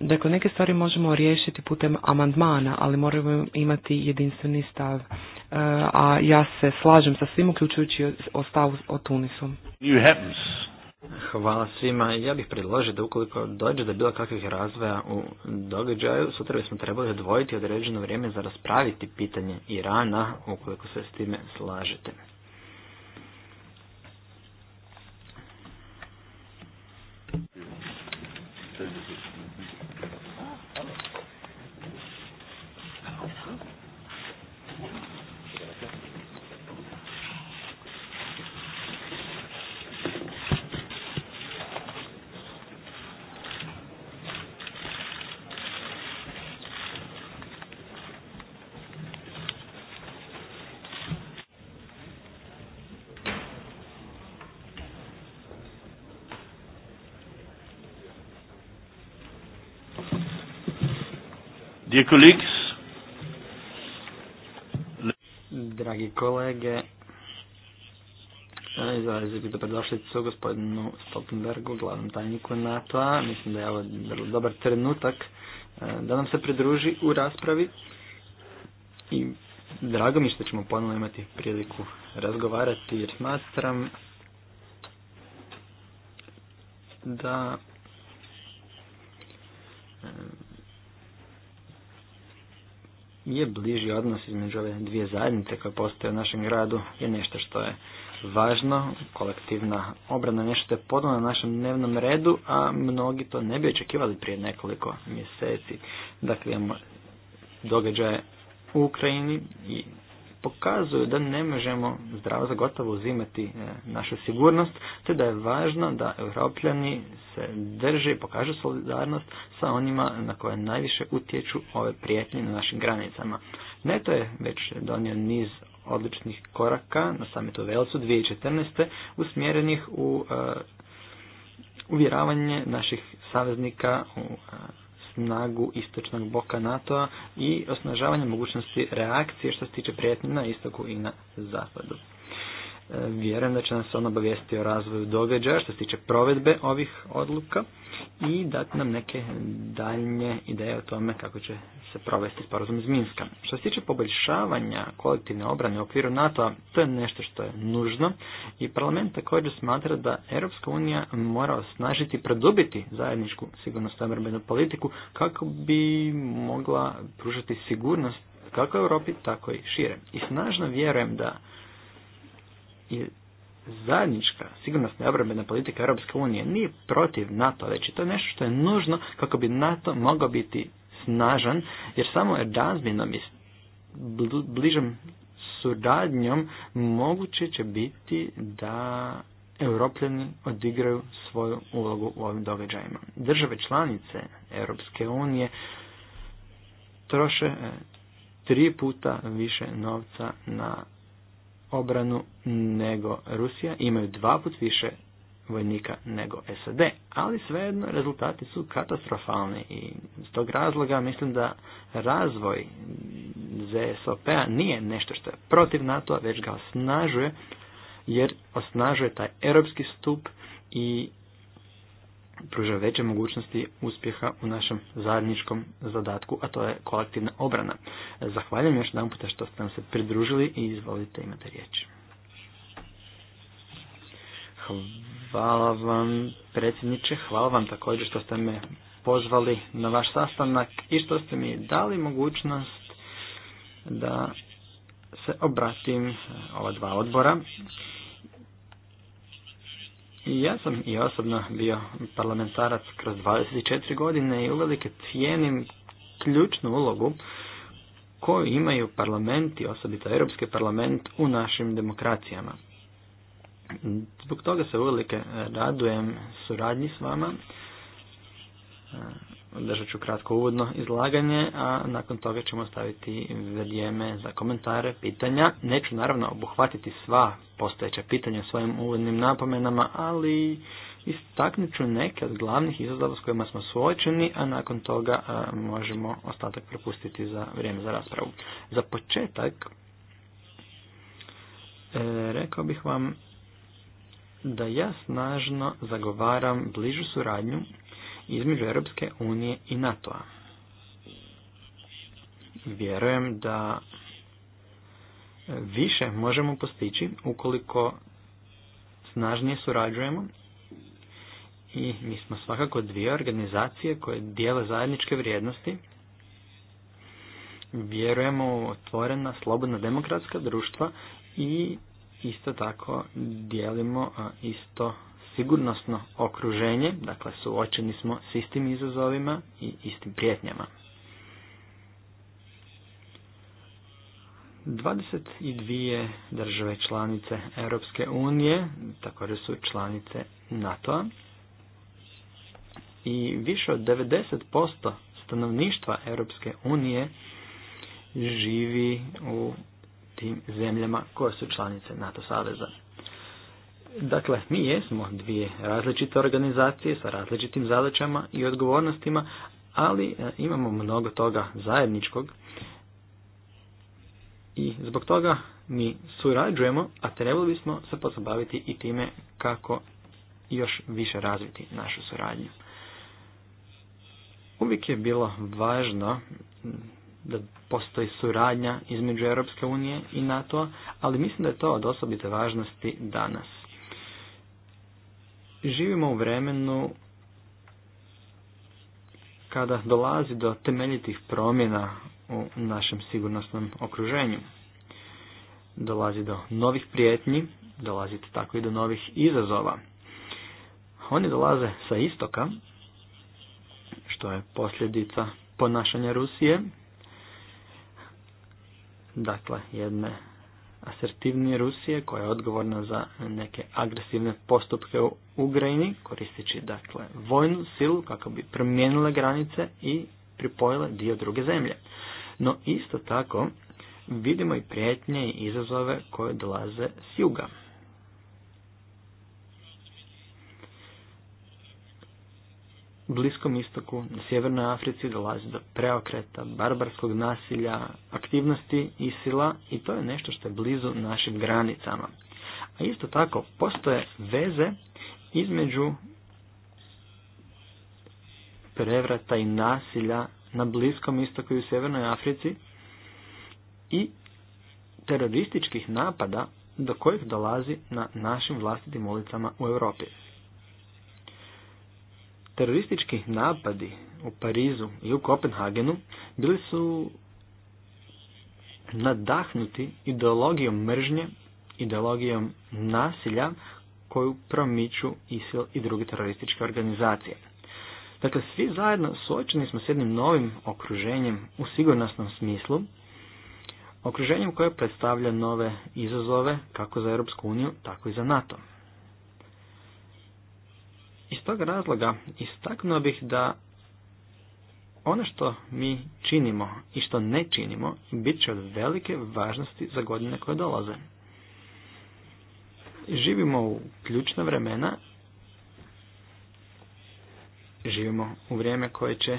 Dakle, neke stvari možemo riješiti putem amandmana, ali moramo imati jedinstveni stav. E, a ja se slažem sa svim, uključujući o stavu o Tunisu. Hvala svima. Ja bih predložio da ukoliko dođe do bilo kakvih razvoja u događaju, sutra bismo trebali odvojiti određeno vrijeme za raspraviti pitanje Irana, ukoliko se s time slažete. colleagues. Dragi kolege, izrazio bih dobrodošlicu gospodinu Stoltenbergu, glavnom tajniku NATO-a. Mislim da je ovo vrlo dobar trenutak e, da nam se pridruži u raspravi i drago mi što ćemo ponovno imati priliku razgovarati jer smatram da je bliži odnos između ove dvije zajednice koje postoje u našem gradu je nešto što je važno, kolektivna obrana nešto je podano na našem dnevnom redu, a mnogi to ne bi očekivali prije nekoliko mjeseci. Dakle, imamo događaje u Ukrajini i pokazuju da ne možemo zdravo za gotovo uzimati e, našu sigurnost, te da je važno da europljani se drže i pokažu solidarnost sa onima na koje najviše utječu ove prijetnje na našim granicama. Neto je već donio niz odličnih koraka na samitu Velsu 2014. usmjerenih u e, uvjeravanje naših saveznika u e, snagu istočnog boka NATO-a i osnažavanje mogućnosti reakcije što se tiče prijetnje na istoku i na zapadu. Vjerujem da će nas on obavijestiti o razvoju događaja što se tiče provedbe ovih odluka i dati nam neke daljnje ideje o tome kako će se provesti sporazum iz Minska. Što se tiče poboljšavanja kolektivne obrane u okviru NATO-a, to je nešto što je nužno i parlament također smatra da Europska unija mora osnažiti i produbiti zajedničku sigurnost obrambenu politiku kako bi mogla pružati sigurnost kako Europi, tako i šire. I snažno vjerujem da je zajednička sigurnosna obrambena politika Europske unije nije protiv NATO, već je to nešto što je nužno kako bi NATO mogao biti snažan, jer samo razminom i bližom suradnjom moguće će biti da Europljani odigraju svoju ulogu u ovim događajima. Države članice Europske unije troše eh, tri puta više novca na obranu nego Rusija, imaju dva put više vojnika nego SAD, ali svejedno rezultati su katastrofalni i s tog razloga mislim da razvoj ZSOP-a nije nešto što je protiv NATO-a, već ga osnažuje jer osnažuje taj europski stup i pruža veće mogućnosti uspjeha u našem zajedničkom zadatku, a to je kolektivna obrana. Zahvaljujem još jedan puta što ste nam se pridružili i izvolite imate riječ. Hvala vam predsjedniče, hvala vam također što ste me pozvali na vaš sastanak i što ste mi dali mogućnost da se obratim ova dva odbora ja sam i osobno bio parlamentarac kroz 24 godine i uvelike cijenim ključnu ulogu koju imaju parlamenti, osobito Europski parlament, u našim demokracijama. Zbog toga se uvelike radujem suradnji s vama Držat ću kratko uvodno izlaganje, a nakon toga ćemo staviti vrijeme za komentare, pitanja. Neću naravno obuhvatiti sva postojeća pitanja svojim uvodnim napomenama, ali istaknut ću neke od glavnih izazova s kojima smo suočeni, a nakon toga možemo ostatak propustiti za vrijeme za raspravu. Za početak e, rekao bih vam da ja snažno zagovaram bližu suradnju između Europske unije i NATO-a. Vjerujem da više možemo postići ukoliko snažnije surađujemo i mi smo svakako dvije organizacije koje dijele zajedničke vrijednosti. Vjerujemo u otvorena, slobodna demokratska društva i isto tako dijelimo isto sigurnosno okruženje, dakle suočeni smo s istim izazovima i istim prijetnjama. 22 države članice Europske unije također su članice NATO-a i više od 90% stanovništva Europske unije živi u tim zemljama koje su članice NATO saveza. Dakle, mi jesmo dvije različite organizacije sa različitim zadaćama i odgovornostima, ali e, imamo mnogo toga zajedničkog i zbog toga mi surađujemo, a trebali bismo se pozabaviti i time kako još više razviti našu suradnju. Uvijek je bilo važno da postoji suradnja između Europske unije i NATO, ali mislim da je to od osobite važnosti danas živimo u vremenu kada dolazi do temeljitih promjena u našem sigurnosnom okruženju. Dolazi do novih prijetnji, dolazi tako i do novih izazova. Oni dolaze sa istoka, što je posljedica ponašanja Rusije, dakle jedne asertivnije Rusije koja je odgovorna za neke agresivne postupke u Ukrajini, koristeći dakle vojnu silu kako bi promijenile granice i pripojile dio druge zemlje. No isto tako vidimo i prijetnje i izazove koje dolaze s juga. Bliskom istoku, na Sjevernoj Africi dolazi do preokreta, barbarskog nasilja, aktivnosti isila i to je nešto što je blizu našim granicama. A isto tako postoje veze između prevrata i nasilja na Bliskom istoku i u Sjevernoj Africi i terorističkih napada do kojih dolazi na našim vlastitim ulicama u Europi. Teroristički napadi u Parizu i u Kopenhagenu bili su nadahnuti ideologijom mržnje, ideologijom nasilja koju promiču ISIL i druge terorističke organizacije. Dakle, svi zajedno suočeni smo s jednim novim okruženjem u sigurnosnom smislu, okruženjem koje predstavlja nove izazove kako za Europsku uniju, tako i za NATO. Iz tog razloga istaknuo bih da ono što mi činimo i što ne činimo bit će od velike važnosti za godine koje dolaze. Živimo u ključna vremena, živimo u vrijeme koje će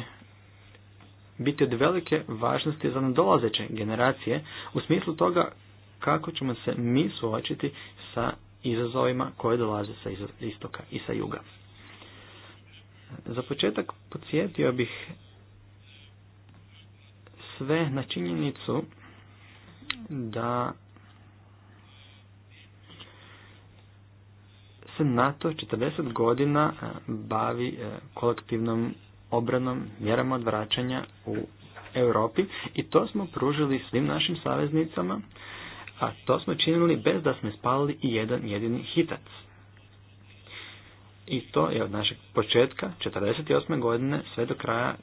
biti od velike važnosti za nadolazeće generacije u smislu toga kako ćemo se mi suočiti sa izazovima koje dolaze sa istoka i sa juga. Za početak podsjetio bih sve na činjenicu da se NATO 40 godina e, bavi e, kolektivnom obranom, mjerama odvraćanja u Europi i to smo pružili svim našim saveznicama, a to smo činili bez da smo spalili i jedan jedini hitac. I to je od našeg početka 48. godine sve do kraja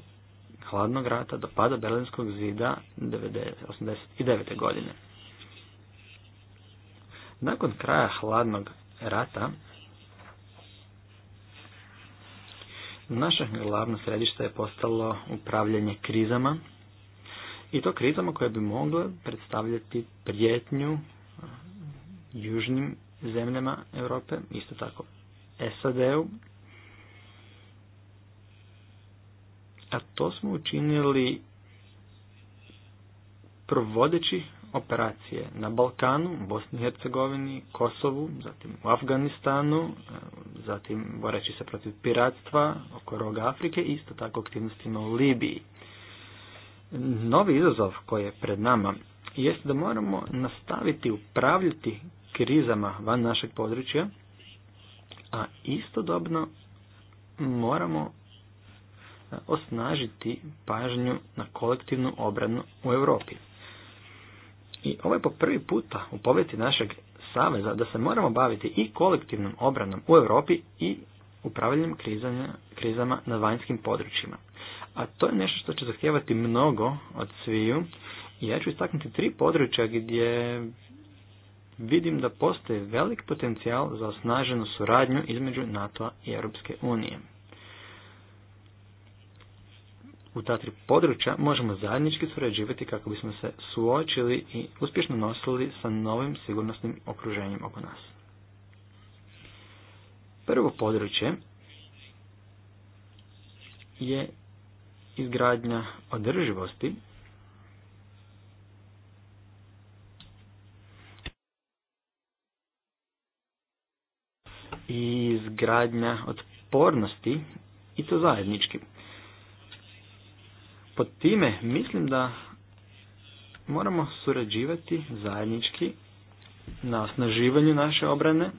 hladnog rata do pada Berlinskog zida 89. godine. Nakon kraja hladnog rata naše glavno središte je postalo upravljanje krizama i to krizama koje bi mogle predstavljati prijetnju južnim zemljama Europe, isto tako SAD-u, a to smo učinili provodeći operacije na Balkanu, Bosni i Hercegovini, Kosovu, zatim u Afganistanu, e, zatim boreći se protiv piratstva oko roga Afrike i isto tako aktivnostima u Libiji. Novi izazov koji je pred nama jest da moramo nastaviti upravljati krizama van našeg područja a istodobno moramo e, osnažiti pažnju na kolektivnu obranu u Europi. I ovo je po prvi puta u povijesti našeg saveza da se moramo baviti i kolektivnom obranom u Europi i upravljanjem krizama na vanjskim područjima. A to je nešto što će zahtijevati mnogo od sviju. I ja ću istaknuti tri područja gdje vidim da postoji velik potencijal za osnaženu suradnju između nato i Europske unije. U ta tri područja možemo zajednički surađivati kako bismo se suočili i uspješno nosili sa novim sigurnosnim okruženjem oko nas. Prvo područje je izgradnja održivosti i izgradnja otpornosti i to zajednički. Pod time mislim da moramo surađivati zajednički na osnaživanju naše obrane, e,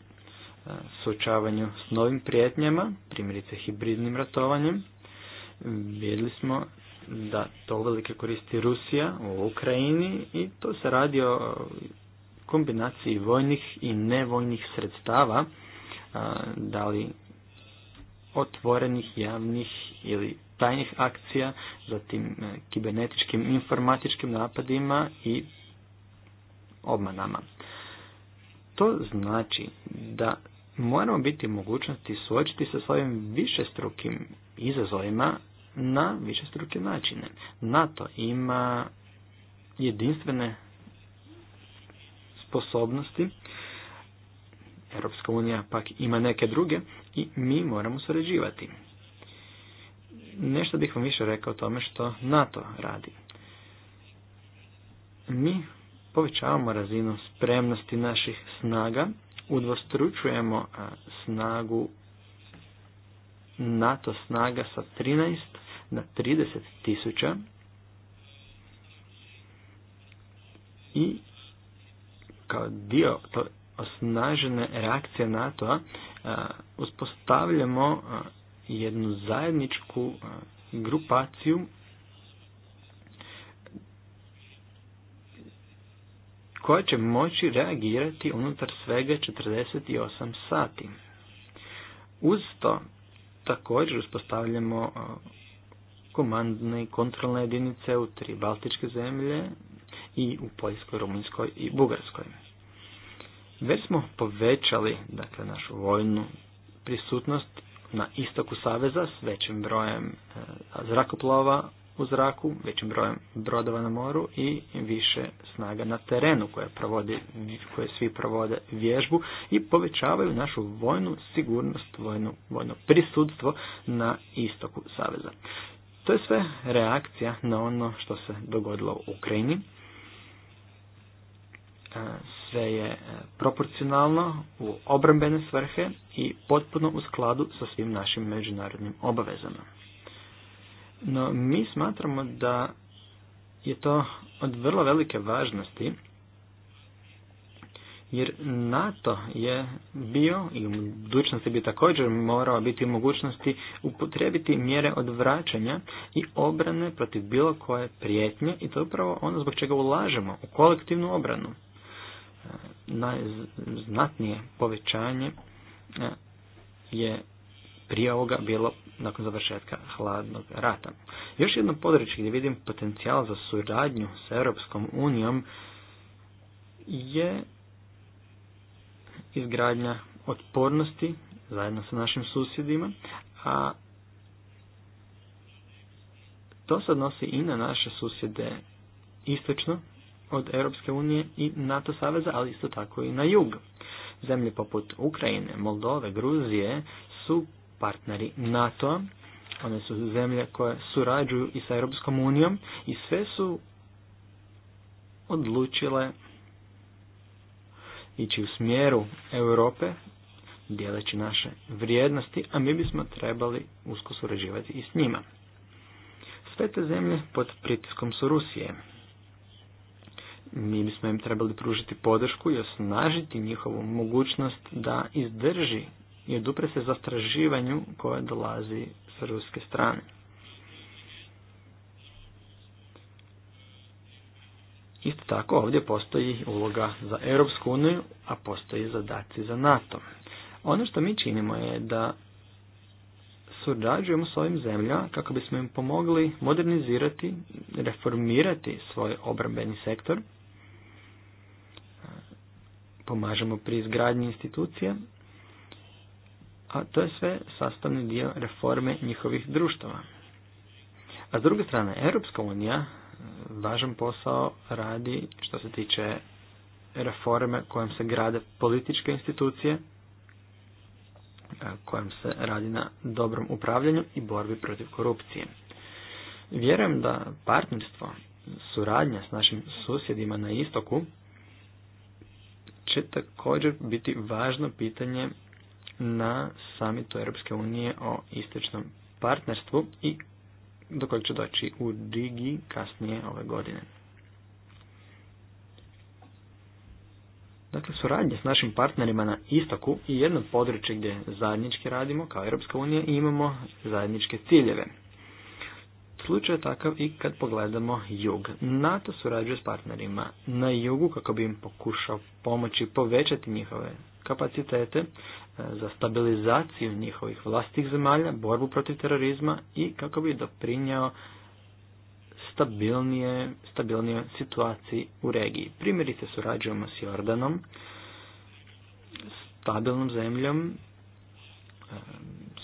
suočavanju s novim prijetnjama, primjerice hibridnim ratovanjem. Vidjeli smo da to velike koristi Rusija u Ukrajini i to se radi o kombinaciji vojnih i nevojnih sredstava da li otvorenih, javnih ili tajnih akcija, zatim e, kibernetičkim informatičkim napadima i obmanama. To znači da moramo biti u mogućnosti suočiti sa svojim ovim višestrukim izazovima na višestruke načine. NATO ima jedinstvene sposobnosti Europska unija pak ima neke druge i mi moramo surađivati. Nešto bih vam više rekao o tome što NATO radi. Mi povećavamo razinu spremnosti naših snaga, udvostručujemo snagu NATO snaga sa 13 na 30 tisuća i kao dio osnažene reakcije NATO-a e, uspostavljamo e, jednu zajedničku e, grupaciju koja će moći reagirati unutar svega 48 sati. Uz to također uspostavljamo komandne i kontrolne jedinice u tri baltičke zemlje i u Poljskoj, Rumunjskoj i Bugarskoj. Već smo povećali dakle, našu vojnu prisutnost na istoku Saveza s većim brojem e, zrakoplova u zraku, većim brojem brodova na moru i više snaga na terenu koje, provodi, koje svi provode vježbu i povećavaju našu vojnu sigurnost, vojnu, vojno prisutstvo na istoku Saveza. To je sve reakcija na ono što se dogodilo u Ukrajini. E, sve je e, proporcionalno u obrambene svrhe i potpuno u skladu sa svim našim međunarodnim obavezama. No mi smatramo da je to od vrlo velike važnosti jer NATO je bio i u budućnosti bi također morao biti u mogućnosti upotrebiti mjere odvraćanja i obrane protiv bilo koje prijetnje i to je upravo ono zbog čega ulažemo u kolektivnu obranu najznatnije povećanje e, je prije ovoga bilo nakon završetka hladnog rata. Još jedno područje gdje vidim potencijal za suradnju s Europskom unijom je izgradnja otpornosti zajedno sa našim susjedima, a to se odnosi i na naše susjede istočno od Europske unije i NATO saveza, ali isto tako i na jug. Zemlje poput Ukrajine, Moldove, Gruzije su partneri NATO, one su zemlje koje surađuju i sa Europskom unijom i sve su odlučile ići u smjeru Europe dijeleći naše vrijednosti, a mi bismo trebali usko surađivati i s njima. Sve te zemlje pod pritiskom su Rusije, mi bismo im trebali pružiti podršku i osnažiti njihovu mogućnost da izdrži i odupre se zastraživanju koje dolazi s ruske strane. Isto tako ovdje postoji uloga za Europsku uniju, a postoji zadaci za NATO. Ono što mi činimo je da surađujemo s ovim zemljama kako bismo im pomogli modernizirati, reformirati svoj obrambeni sektor – pomažemo pri izgradnji institucija, a to je sve sastavni dio reforme njihovih društava. A s druge strane, Europska unija e, važan posao radi što se tiče reforme kojom se grade političke institucije, e, kojom se radi na dobrom upravljanju i borbi protiv korupcije. Vjerujem da partnerstvo, suradnja s našim susjedima na istoku će također biti važno pitanje na samitu Europske unije o istočnom partnerstvu i do kojeg će doći u Rigi kasnije ove godine. Dakle, suradnje s našim partnerima na istoku i jedno područje gdje zajednički radimo kao Europska unija i imamo zajedničke ciljeve. Slučaj je takav i kad pogledamo jug. NATO surađuje s partnerima na jugu kako bi im pokušao pomoći povećati njihove kapacitete e, za stabilizaciju njihovih vlastih zemalja, borbu protiv terorizma i kako bi doprinjao stabilnije, stabilnije situaciji u regiji. Primjerice surađujemo s Jordanom, stabilnom zemljom, e,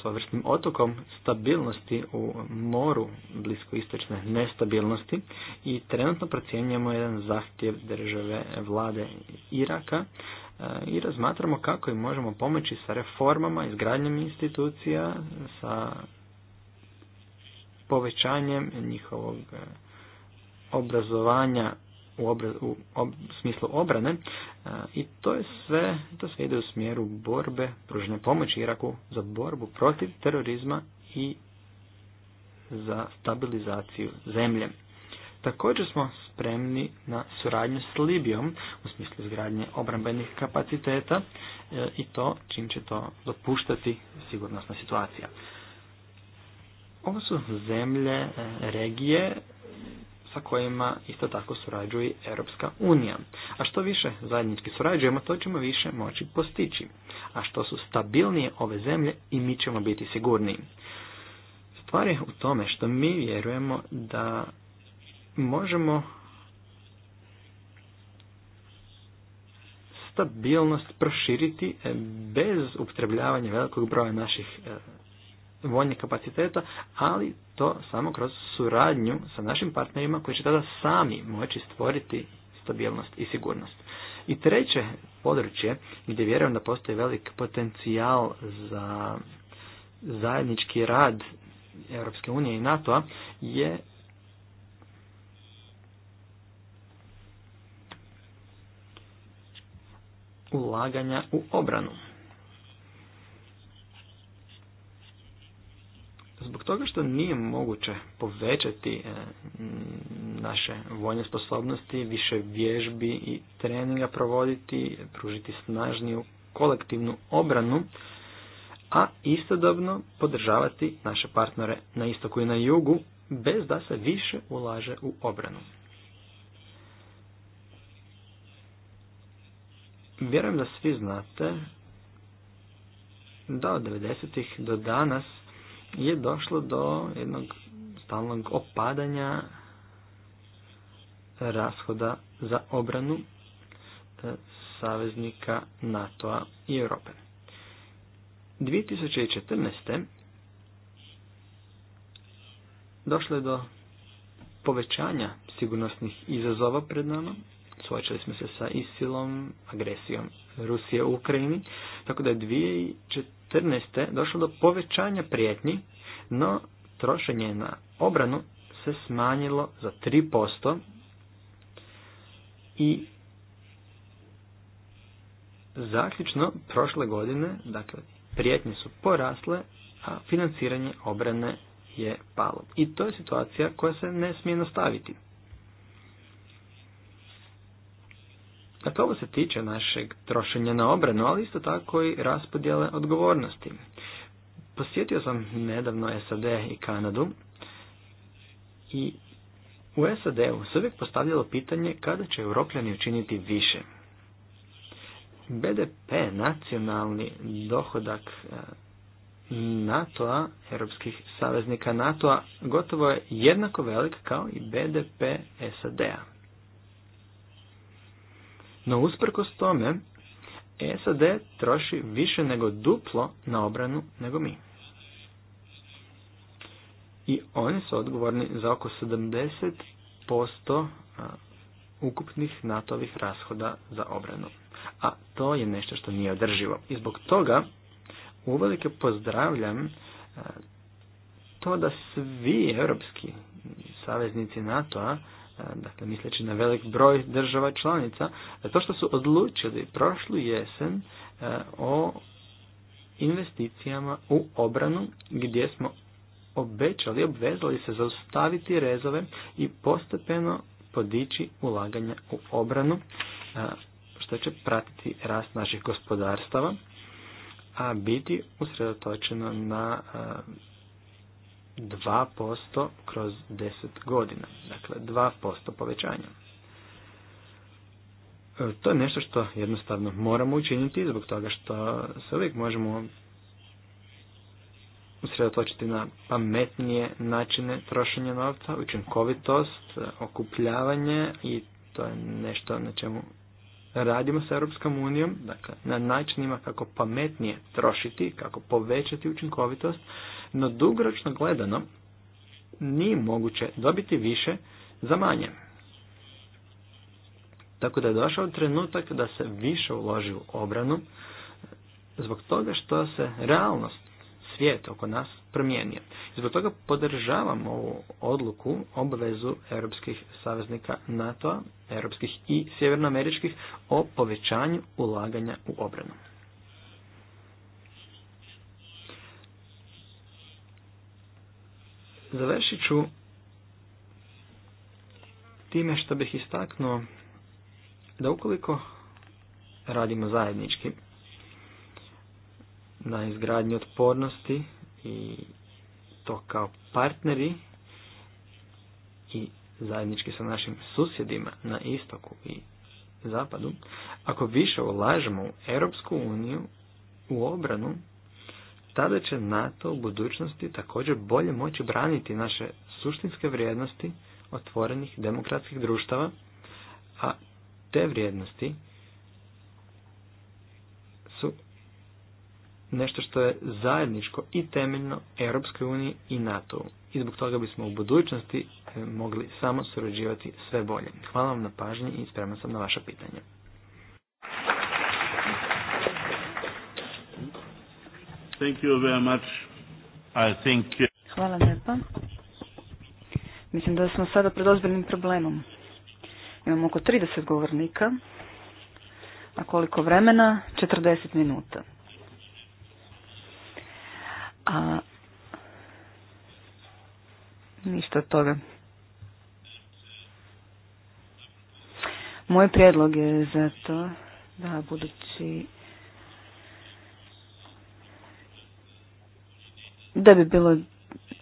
svojvrstnim otokom stabilnosti u moru bliskoistočne nestabilnosti i trenutno procjenjujemo jedan zahtjev države vlade Iraka e, i razmatramo kako im možemo pomoći sa reformama, izgradnjom institucija, sa povećanjem njihovog e, obrazovanja u, u smislu obrane e, i to je sve, to sve ide u smjeru borbe, pružne pomoći Iraku za borbu protiv terorizma i za stabilizaciju zemlje. Također smo spremni na suradnju s Libijom u smislu izgradnje obrambenih kapaciteta e, i to čim će to dopuštati sigurnosna situacija. Ovo su zemlje, e, regije sa kojima isto tako surađuje Europska unija. A što više zajednički surađujemo, to ćemo više moći postići. A što su stabilnije ove zemlje i mi ćemo biti sigurniji. Stvar je u tome što mi vjerujemo da možemo stabilnost proširiti eh, bez upotrebljavanja velikog broja naših eh, vojnih kapaciteta, ali to samo kroz suradnju sa našim partnerima koji će tada sami moći stvoriti stabilnost i sigurnost. I treće područje gdje vjerujem da postoji velik potencijal za zajednički rad Europske unije i NATO-a je ulaganja u obranu. zbog toga što nije moguće povećati e, naše vojne sposobnosti, više vježbi i treninga provoditi, pružiti snažniju kolektivnu obranu, a istodobno podržavati naše partnere na istoku i na jugu bez da se više ulaže u obranu. Vjerujem da svi znate da od 90. do danas je došlo do jednog stalnog opadanja rashoda za obranu e, saveznika NATO-a i Europe. 2014. došlo je do povećanja sigurnosnih izazova pred nama. Suočili smo se sa isilom, agresijom Rusije u Ukrajini, tako da je 2014 2014. došlo do povećanja prijetnji, no trošenje na obranu se smanjilo za 3% i zaključno prošle godine, dakle, prijetnje su porasle, a financiranje obrane je palo. I to je situacija koja se ne smije nastaviti. Dakle, ovo se tiče našeg trošenja na obranu, ali isto tako i raspodjele odgovornosti. Posjetio sam nedavno SAD i Kanadu i u SAD-u se uvijek postavljalo pitanje kada će europljani učiniti više. BDP, nacionalni dohodak e, NATO-a, europskih saveznika NATO-a, gotovo je jednako velik kao i BDP SAD-a. No usprkos tome, SAD troši više nego duplo na obranu nego mi. I oni su odgovorni za oko 70% ukupnih NATO-ovih rashoda za obranu. A to je nešto što nije održivo. I zbog toga uvelike pozdravljam to da svi europski saveznici NATO-a dakle misleći na velik broj država članica, e, to što su odlučili prošlu jesen e, o investicijama u obranu gdje smo obećali, obvezali se zaustaviti rezove i postepeno podići ulaganja u obranu, e, što će pratiti rast naših gospodarstava, a biti usredotočeno na 2% kroz 10 godina. Dakle, 2% povećanja. E, to je nešto što jednostavno moramo učiniti zbog toga što se uvijek možemo usredotočiti na pametnije načine trošenja novca, učinkovitost, okupljavanje i to je nešto na čemu radimo sa Europskom unijom, dakle na načinima kako pametnije trošiti, kako povećati učinkovitost, no dugoročno gledano nije moguće dobiti više za manje. Tako da je došao trenutak da se više uloži u obranu zbog toga što se realnost, svijet oko nas promijenio. Zbog toga podržavam ovu odluku, obvezu europskih saveznika NATO-a, europskih i sjevernoameričkih o povećanju ulaganja u obranu. Završit ću time što bih istaknuo da ukoliko radimo zajednički na izgradnji otpornosti i to kao partneri i zajednički sa našim susjedima na istoku i zapadu, ako više ulažemo u Europsku uniju, u obranu, tada će NATO u budućnosti također bolje moći braniti naše suštinske vrijednosti otvorenih demokratskih društava, a te vrijednosti su nešto što je zajedničko i temeljno Europskoj uniji i NATO. -u. I zbog toga bismo u budućnosti e, mogli samo surađivati sve bolje. Hvala vam na pažnji i spreman sam na vaša pitanja. Thank Hvala lijepa. Mislim da smo sada pred ozbiljnim problemom. Imamo oko 30 govornika, a koliko vremena? 40 minuta. A ništa od toga. Moj prijedlog je to da budući da bi bilo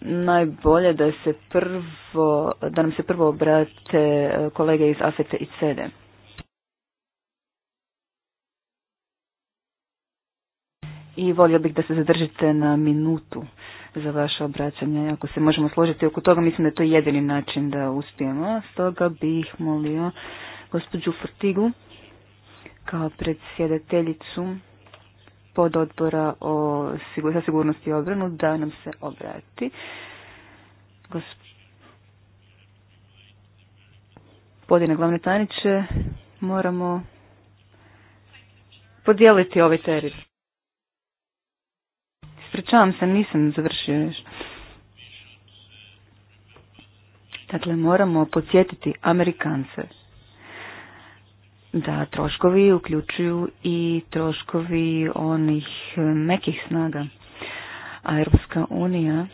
najbolje da se prvo, da nam se prvo obrate e, kolege iz Afete i Cede. I volio bih da se zadržite na minutu za vaše obraćanje. Ako se možemo složiti oko toga, mislim da je to jedini način da uspijemo. Stoga bih molio gospođu Fortigu kao predsjedateljicu pod odbora o, za sigurnost i obranu da nam se obrati. Gospodine glavne tajniče, moramo podijeliti ovaj teret. sprečavam se, nisam završio još. Dakle, moramo podsjetiti Amerikance da troškovi uključuju i troškovi onih mekih snaga. A Europska unija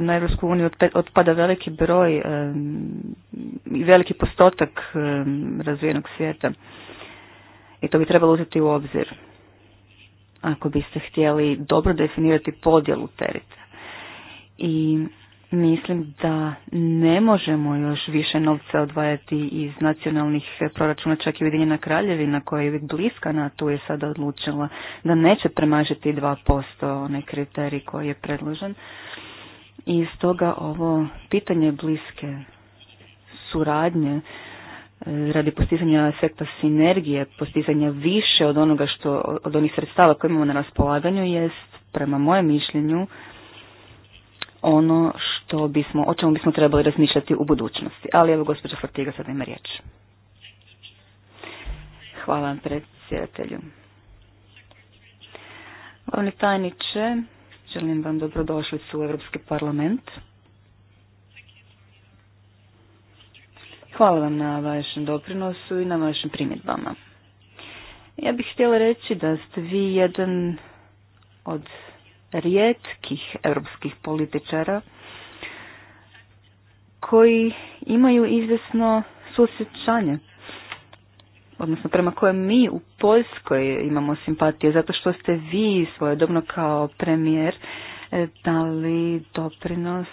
na Europsku uniju otpada veliki broj i veliki postotak razvijenog svijeta. I to bi trebalo uzeti u obzir ako biste htjeli dobro definirati podjelu terita. I Mislim da ne možemo još više novca odvajati iz nacionalnih proračuna, čak i Ujedinjena kraljevina koja je uvijek bliska na tu je sada odlučila da neće premažiti 2% onaj kriterij koji je predložen. I stoga ovo pitanje bliske suradnje e, radi postizanja efekta sinergije, postizanja više od onoga što, od onih sredstava koje imamo na raspolaganju jest, prema mojem mišljenju, ono što bismo, o čemu bismo trebali razmišljati u budućnosti. Ali evo gospođa Fortiga sada ima riječ. Hvala vam predsjedatelju. Glavni tajniče, želim vam dobrodošlicu u Europski parlament. Hvala vam na vašem doprinosu i na vašim primjedbama. Ja bih htjela reći da ste vi jedan od rijetkih europskih političara koji imaju izvjesno susjećanje odnosno prema kojem mi u Poljskoj imamo simpatije, zato što ste vi svojedobno kao premijer e, dali doprinos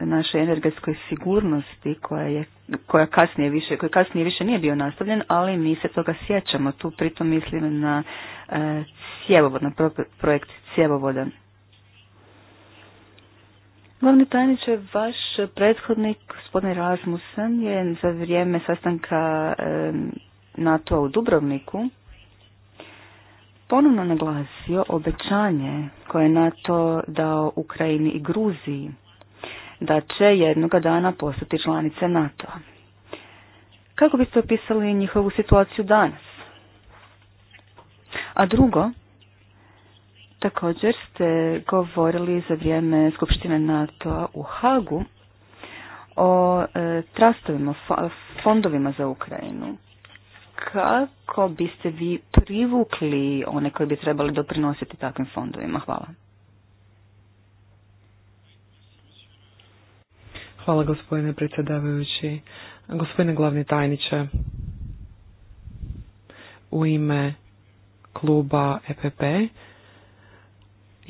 našoj energetskoj sigurnosti koja je koja kasnije više, koja kasnije više nije bio nastavljen, ali mi se toga sjećamo. Tu pritom mislim na e, na projekt cjevovoda. Glavni tajniče, vaš prethodnik, gospodin Rasmussen, je za vrijeme sastanka NATO u Dubrovniku ponovno naglasio obećanje koje je NATO dao Ukrajini i Gruziji da će jednoga dana postati članice nato Kako biste opisali njihovu situaciju danas? A drugo, Također ste govorili za vrijeme Skupštine NATO u Hagu o e, trastovima, fondovima za Ukrajinu. Kako biste vi privukli one koji bi trebali doprinositi takvim fondovima? Hvala. Hvala gospodine predsjedavajući. Gospodine glavni tajniče, u ime kluba EPP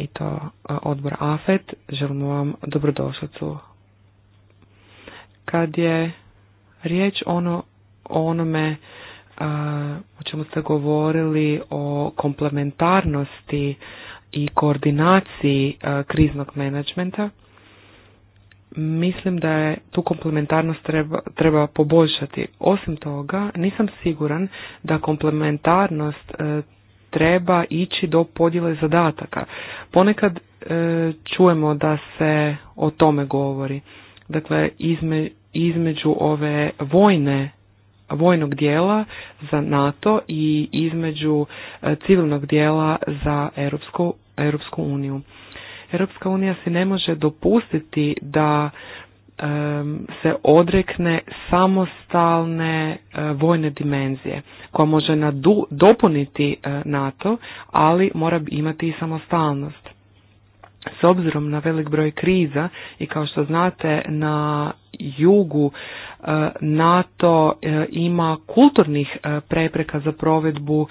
i to e, odbor AFET. Želimo vam dobrodošlicu. Kad je riječ ono, o onome e, o čemu ste govorili o komplementarnosti i koordinaciji e, kriznog menadžmenta, mislim da je tu komplementarnost treba, treba poboljšati. Osim toga, nisam siguran da komplementarnost treba ići do podjele zadataka. Ponekad e, čujemo da se o tome govori. Dakle, izme, između ove vojne vojnog dijela za NATO i između e, civilnog dijela za Europsku, Europsku uniju. Europska unija se ne može dopustiti da se odrekne samostalne e, vojne dimenzije koja može dopuniti e, NATO, ali mora imati i samostalnost. S obzirom na velik broj kriza i kao što znate na jugu e, NATO e, ima kulturnih e, prepreka za provedbu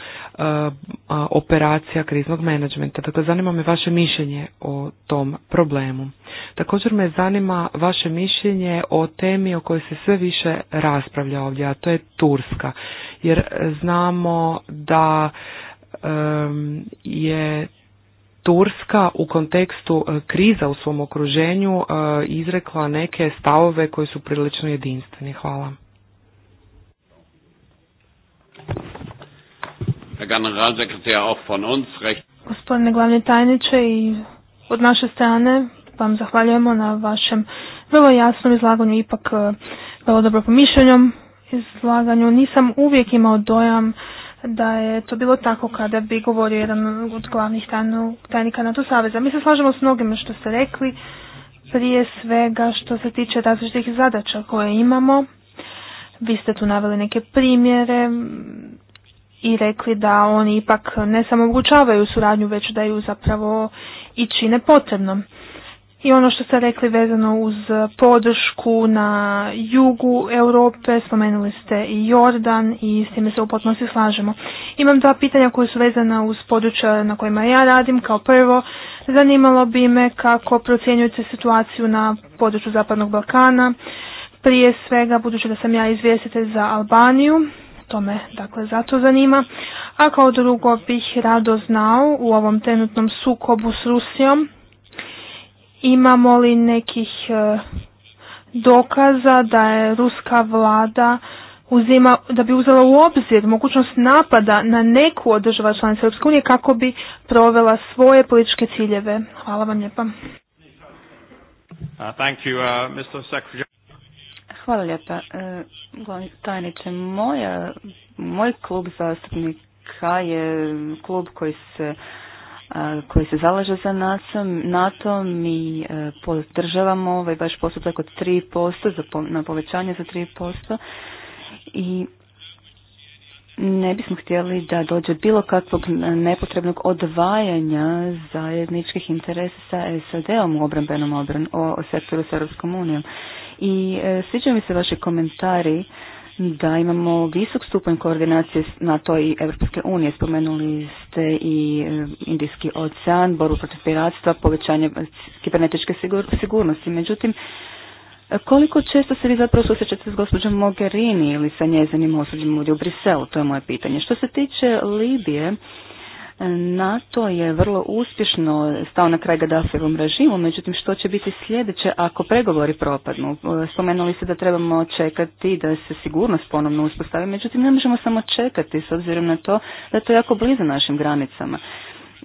operacija kriznog menadžmenta. Dakle, zanima me vaše mišljenje o tom problemu. Također me zanima vaše mišljenje o temi o kojoj se sve više raspravlja ovdje, a to je Turska. Jer znamo da je Turska u kontekstu e, kriza u svom okruženju e, izrekla neke stavove koji su prilično jedinstveni. Hvala. Gospodine glavni tajniče i od naše strane vam zahvaljujemo na vašem vrlo jasnom izlaganju, ipak e, vrlo dobro pomišljenjom izlaganju. Nisam uvijek imao dojam da je to bilo tako kada bi govorio jedan od glavnih tajnika NATO saveza. Mi se slažemo s mnogim što ste rekli, prije svega što se tiče različitih zadaća koje imamo. Vi ste tu naveli neke primjere i rekli da oni ipak ne samo omogućavaju suradnju, već da ju zapravo i čine potrebno i ono što ste rekli vezano uz podršku na jugu Europe, spomenuli ste i Jordan i s time se u potpunosti slažemo. Imam dva pitanja koje su vezana uz područja na kojima ja radim. Kao prvo, zanimalo bi me kako procjenjujete situaciju na području Zapadnog Balkana, prije svega budući da sam ja izvjestitelj za Albaniju, to me dakle zato zanima, a kao drugo bih rado znao u ovom trenutnom sukobu s Rusijom, Imamo li nekih e, dokaza da je ruska vlada uzima, da bi uzela u obzir mogućnost napada na neku od država članica Europske unije kako bi provela svoje političke ciljeve. Hvala vam lijepa. Uh, uh, Hvala lijepa. E, glavni tajniče, moja, moj klub zastupnika je klub koji se koji se zalaže za NATO, NATO mi e, podržavamo ovaj vaš postupak od 3% za, na povećanje za 3% i ne bismo htjeli da dođe bilo kakvog nepotrebnog odvajanja zajedničkih interesa sa SAD-om u obrambenom obran, o, sektoru s Europskom unijom. I e, mi se vaši komentari da imamo visok stupanj koordinacije na i Europske unije. Spomenuli ste i e, Indijski ocean, boru protiv piratstva, povećanje kibernetičke sigurnosti. Međutim, koliko često se vi zapravo susrećete s gospođom Mogherini ili sa njezinim osobnim ljudi u Briselu? To je moje pitanje. Što se tiče Libije, NATO je vrlo uspješno stao na kraj Gaddafijevom režimu, međutim što će biti sljedeće ako pregovori propadnu? E, spomenuli ste da trebamo čekati da se sigurnost ponovno uspostavi, međutim ne možemo samo čekati s obzirom na to da je to jako blizu našim granicama.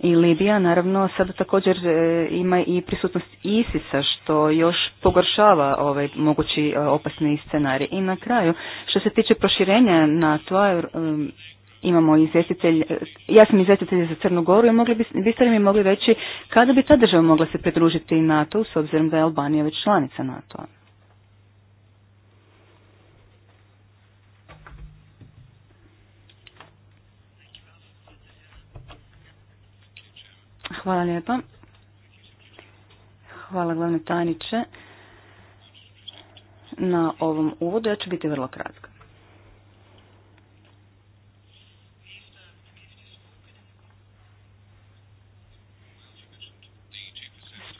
I Libija naravno sada također e, ima i prisutnost Isisa što još pogoršava ovaj mogući e, opasni scenarij. I na kraju što se tiče proširenja NATO-a imamo izvjestitelj, ja sam izvjestitelj za Crnu Goru i mogli bi, biste li mi mogli reći kada bi ta država mogla se pridružiti NATO s obzirom da je Albanija već članica NATO-a? Hvala lijepa. Hvala glavne tajniče na ovom uvodu. Ja ću biti vrlo kratka.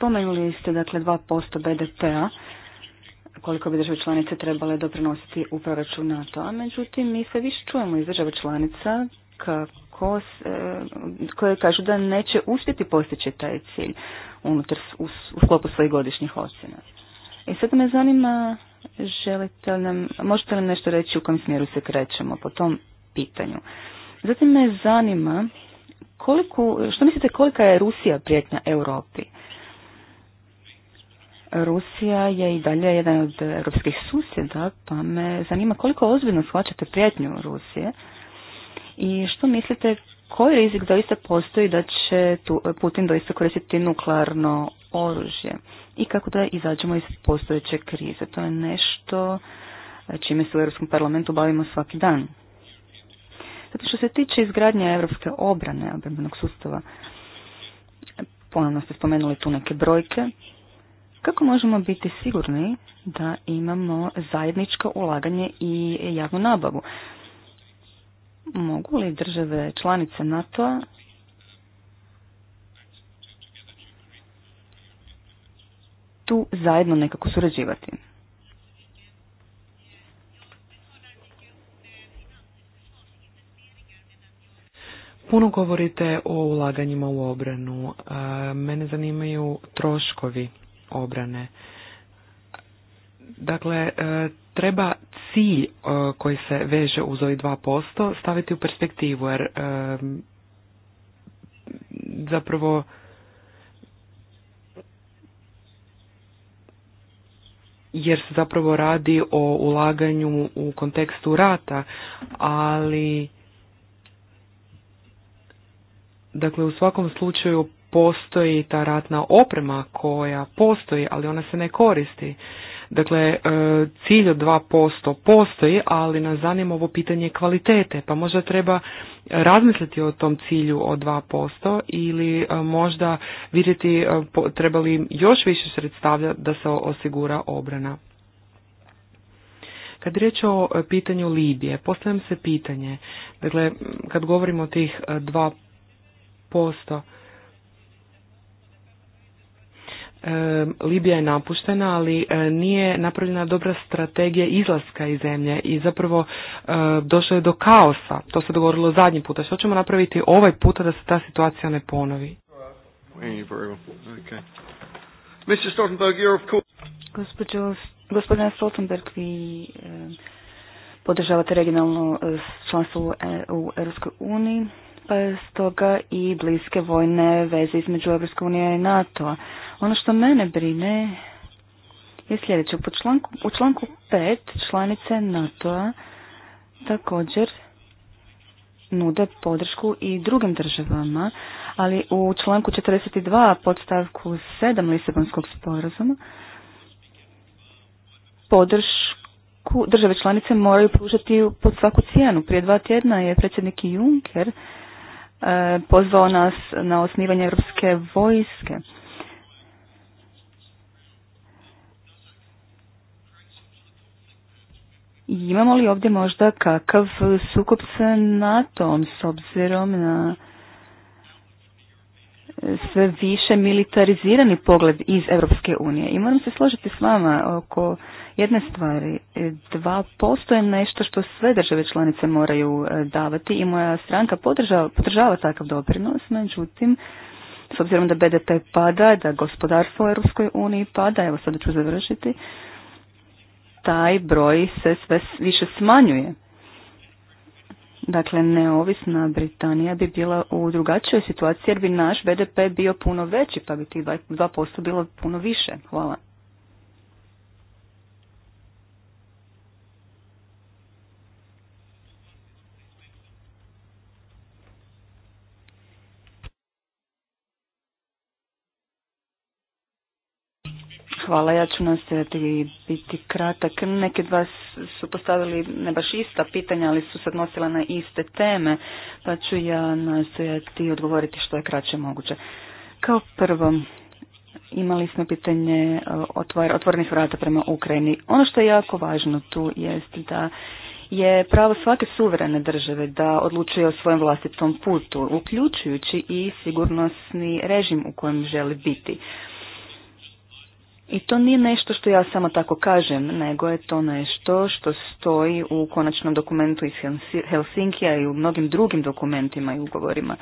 Spomenuli ste dakle 2% BDP-a koliko bi države članice trebale doprinositi u proračun NATO, a međutim mi sve više čujemo iz država članica kako e, koje kažu da neće uspjeti postići taj cilj unutar u, sklopu svojih godišnjih ocjena. I e, sad me zanima, želite nam, možete nam nešto reći u kojem smjeru se krećemo po tom pitanju. Zatim me zanima koliko, što mislite kolika je Rusija prijetnja Europi? Rusija je i dalje jedan od europskih susjeda, pa me zanima koliko ozbiljno shvaćate prijetnju Rusije i što mislite koji rizik doista postoji da će Putin doista koristiti nuklearno oružje i kako da izađemo iz postojeće krize. To je nešto čime se u Europskom parlamentu bavimo svaki dan. Zato što se tiče izgradnje europske obrane, obrambenog sustava, ponovno ste spomenuli tu neke brojke, kako možemo biti sigurni da imamo zajedničko ulaganje i javnu nabavu? Mogu li države članice nato tu zajedno nekako surađivati? Puno govorite o ulaganjima u obranu. E, mene zanimaju troškovi obrane. Dakle, e, treba cilj e, koji se veže uz ovih 2% staviti u perspektivu, jer e, zapravo jer se zapravo radi o ulaganju u kontekstu rata, ali dakle u svakom slučaju postoji ta ratna oprema koja postoji, ali ona se ne koristi. Dakle, e, cilj od 2% postoji, ali nas zanima ovo pitanje kvalitete, pa možda treba razmisliti o tom cilju od 2% ili e, možda vidjeti e, treba li još više sredstavlja da se osigura obrana. Kad riječ o pitanju Libije, postavljam se pitanje, dakle, kad govorimo o tih 2%, Libija je napuštena, ali e, nije napravljena dobra strategija izlaska iz zemlje i zapravo e, došlo je do kaosa. To se dogovorilo zadnji puta. Što ćemo napraviti ovaj puta da se ta situacija ne ponovi? Gospodine Stoltenberg, vi podržavate regionalno e, članstvo u Europskoj uniji pa je stoga i bliske vojne veze između Europske unije i NATO. Ono što mene brine je sljedeće. u članku 5 članice NATO-a također nude podršku i drugim državama, ali u članku 42 podstavku 7 Lisabonskog sporazuma podršku države članice moraju pružati pod svaku cijenu. Prije dva tjedna je predsjednik Juncker E, pozvao nas na osnivanje Europske vojske. Imamo li ovdje možda kakav sukup sa NATO-om s obzirom na sve više militarizirani pogled iz Europske unije. I moram se složiti s vama oko jedne stvari. E, posto je nešto što sve države članice moraju e, davati i moja stranka podržava, podržava takav doprinos, međutim, s obzirom da BDP pada, da gospodarstvo u Europskoj uniji pada, evo sada ću završiti, taj broj se sve više smanjuje. Dakle, neovisna Britanija bi bila u drugačijoj situaciji jer bi naš BDP bio puno veći, pa bi tih 2% bilo puno više. Hvala. Hvala, ja ću nastaviti biti kratak. Neki od vas su postavili ne baš ista pitanja, ali su se odnosila na iste teme, pa ću ja nastojati odgovoriti što je kraće moguće. Kao prvo, imali smo pitanje eh, otvorenih vrata prema Ukrajini. Ono što je jako važno tu jest da je pravo svake suverene države da odlučuje o svojem vlastitom putu, uključujući i sigurnosni režim u kojem želi biti. I to nije nešto što ja samo tako kažem, nego je to nešto što stoji u konačnom dokumentu iz Helsinkija i u mnogim drugim dokumentima i ugovorima.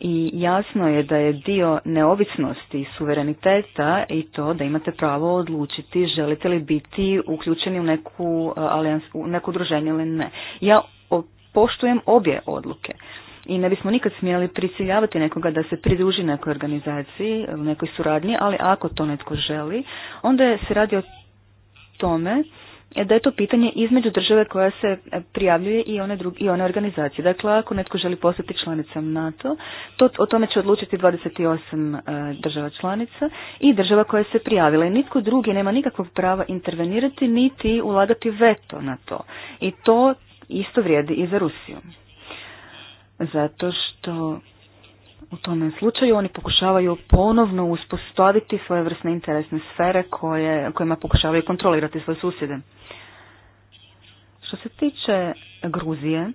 I jasno je da je dio neovisnosti i suvereniteta i to da imate pravo odlučiti želite li biti uključeni u neku, e, u neko udruženje ili ne. Ja poštujem obje odluke i ne bismo nikad smjeli prisiljavati nekoga da se pridruži nekoj organizaciji ili nekoj suradnji, ali ako to netko želi, onda se radi o tome e, da je to pitanje između države koja se e, prijavljuje i one, i one organizacije. Dakle, ako netko želi postati članicom NATO, to, o tome će odlučiti 28 e, država članica i država koja se prijavila. I nitko drugi nema nikakvog prava intervenirati niti ulagati veto na to. I to isto vrijedi i za Rusiju zato što u tome slučaju oni pokušavaju ponovno uspostaviti svoje vrsne interesne sfere koje, kojima pokušavaju kontrolirati svoje susjede. Što se tiče Gruzije,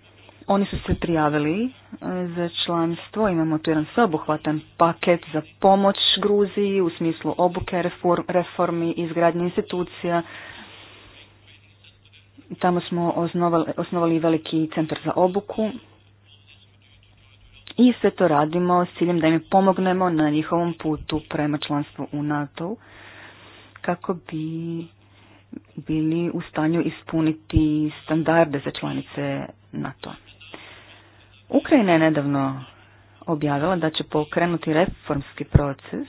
oni su se prijavili e, za članstvo, imamo tu jedan sveobuhvatan paket za pomoć Gruziji u smislu obuke, reformi, izgradnje institucija. Tamo smo osnovali, osnovali veliki centar za obuku, i sve to radimo s ciljem da im pomognemo na njihovom putu prema članstvu u NATO kako bi bili u stanju ispuniti standarde za članice NATO. Ukrajina je nedavno objavila da će pokrenuti reformski proces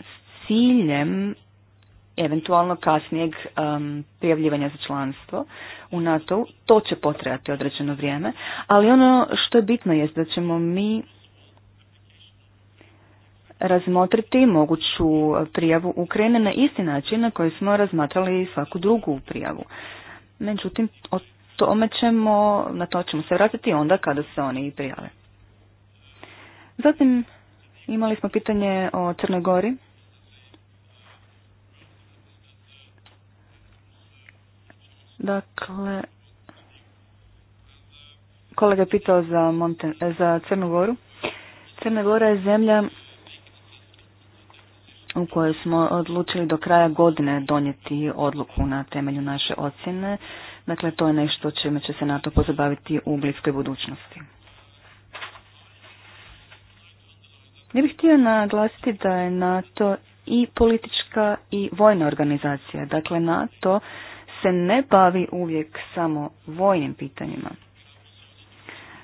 s ciljem eventualno kasnijeg um, prijavljivanja za članstvo u NATO, to će potrajati određeno vrijeme, ali ono što je bitno je da ćemo mi razmotriti moguću prijavu Ukrajine na isti način na koji smo razmatrali svaku drugu prijavu. Međutim, o tome ćemo, na to ćemo se vratiti onda kada se oni prijave. Zatim, imali smo pitanje o Crnoj Gori. Dakle, kolega je pitao za, za Crnu Goru. Crna Gora je zemlja u kojoj smo odlučili do kraja godine donijeti odluku na temelju naše ocjene. Dakle, to je nešto čime će se NATO pozabaviti u bliskoj budućnosti. Ja bih htio naglasiti da je NATO i politička i vojna organizacija. Dakle, NATO se ne bavi uvijek samo vojnim pitanjima.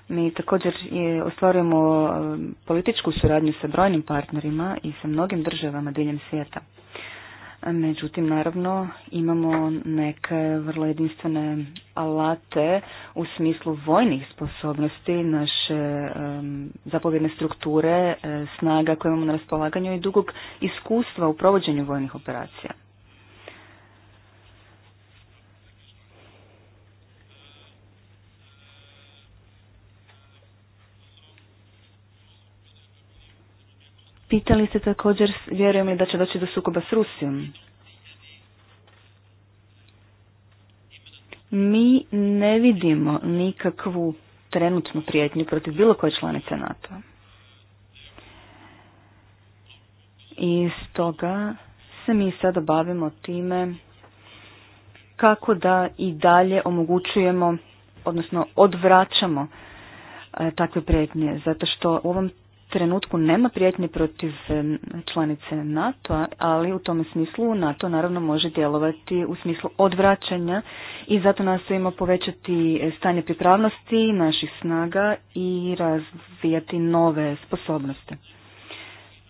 Mi također ostvarujemo um, političku suradnju sa brojnim partnerima i sa mnogim državama diljem svijeta. Međutim, naravno, imamo neke vrlo jedinstvene alate u smislu vojnih sposobnosti naše um, zapovjedne strukture, e, snaga koje imamo na raspolaganju i dugog iskustva u provođenju vojnih operacija. Pitali ste također, vjerujem li da će doći do sukoba s Rusijom? Mi ne vidimo nikakvu trenutnu prijetnju protiv bilo koje članice NATO. I stoga se mi sada bavimo time kako da i dalje omogućujemo, odnosno odvraćamo e, takve prijetnje, zato što u ovom trenutku nema prijetnje protiv članice NATO, ali u tome smislu NATO naravno može djelovati u smislu odvraćanja i zato nastojimo povećati stanje pripravnosti naših snaga i razvijati nove sposobnosti.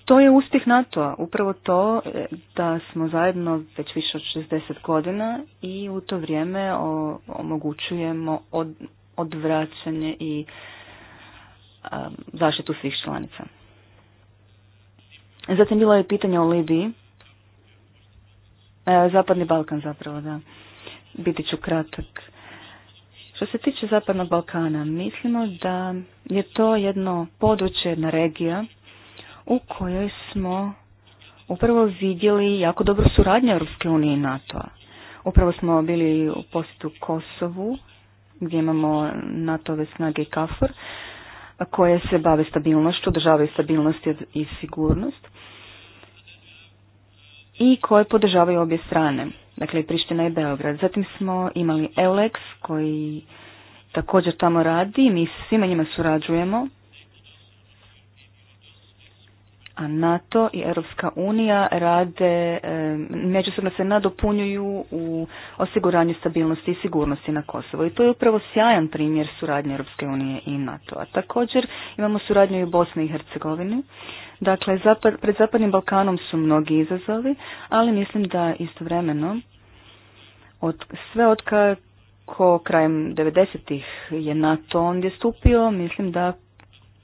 To je uspjeh NATO-a, upravo to e, da smo zajedno već više od 60 godina i u to vrijeme omogućujemo odvraćanje i Um, zaštitu svih članica. Zatim bilo je pitanje o Libiji. E, Zapadni Balkan zapravo, da. Biti ću kratak. Što se tiče Zapadnog Balkana, mislimo da je to jedno područje, jedna regija u kojoj smo upravo vidjeli jako dobro suradnju Europske unije i NATO-a. Upravo smo bili u posjetu Kosovu, gdje imamo NATO-ve snage i KAFOR, koje se bave stabilnošću, održavaju stabilnost i sigurnost i koje podržavaju obje strane, dakle Priština i Beograd. Zatim smo imali Eulex koji također tamo radi, mi s svima njima surađujemo a NATO i Europska unija rade, e, međusobno se nadopunjuju u osiguranju stabilnosti i sigurnosti na Kosovo. I to je upravo sjajan primjer suradnje Europske unije i NATO. A također imamo suradnju i u Bosni i Hercegovini. Dakle, zapad, pred Zapadnim Balkanom su mnogi izazovi, ali mislim da istovremeno od, sve od krajem 90 je NATO ondje stupio, mislim da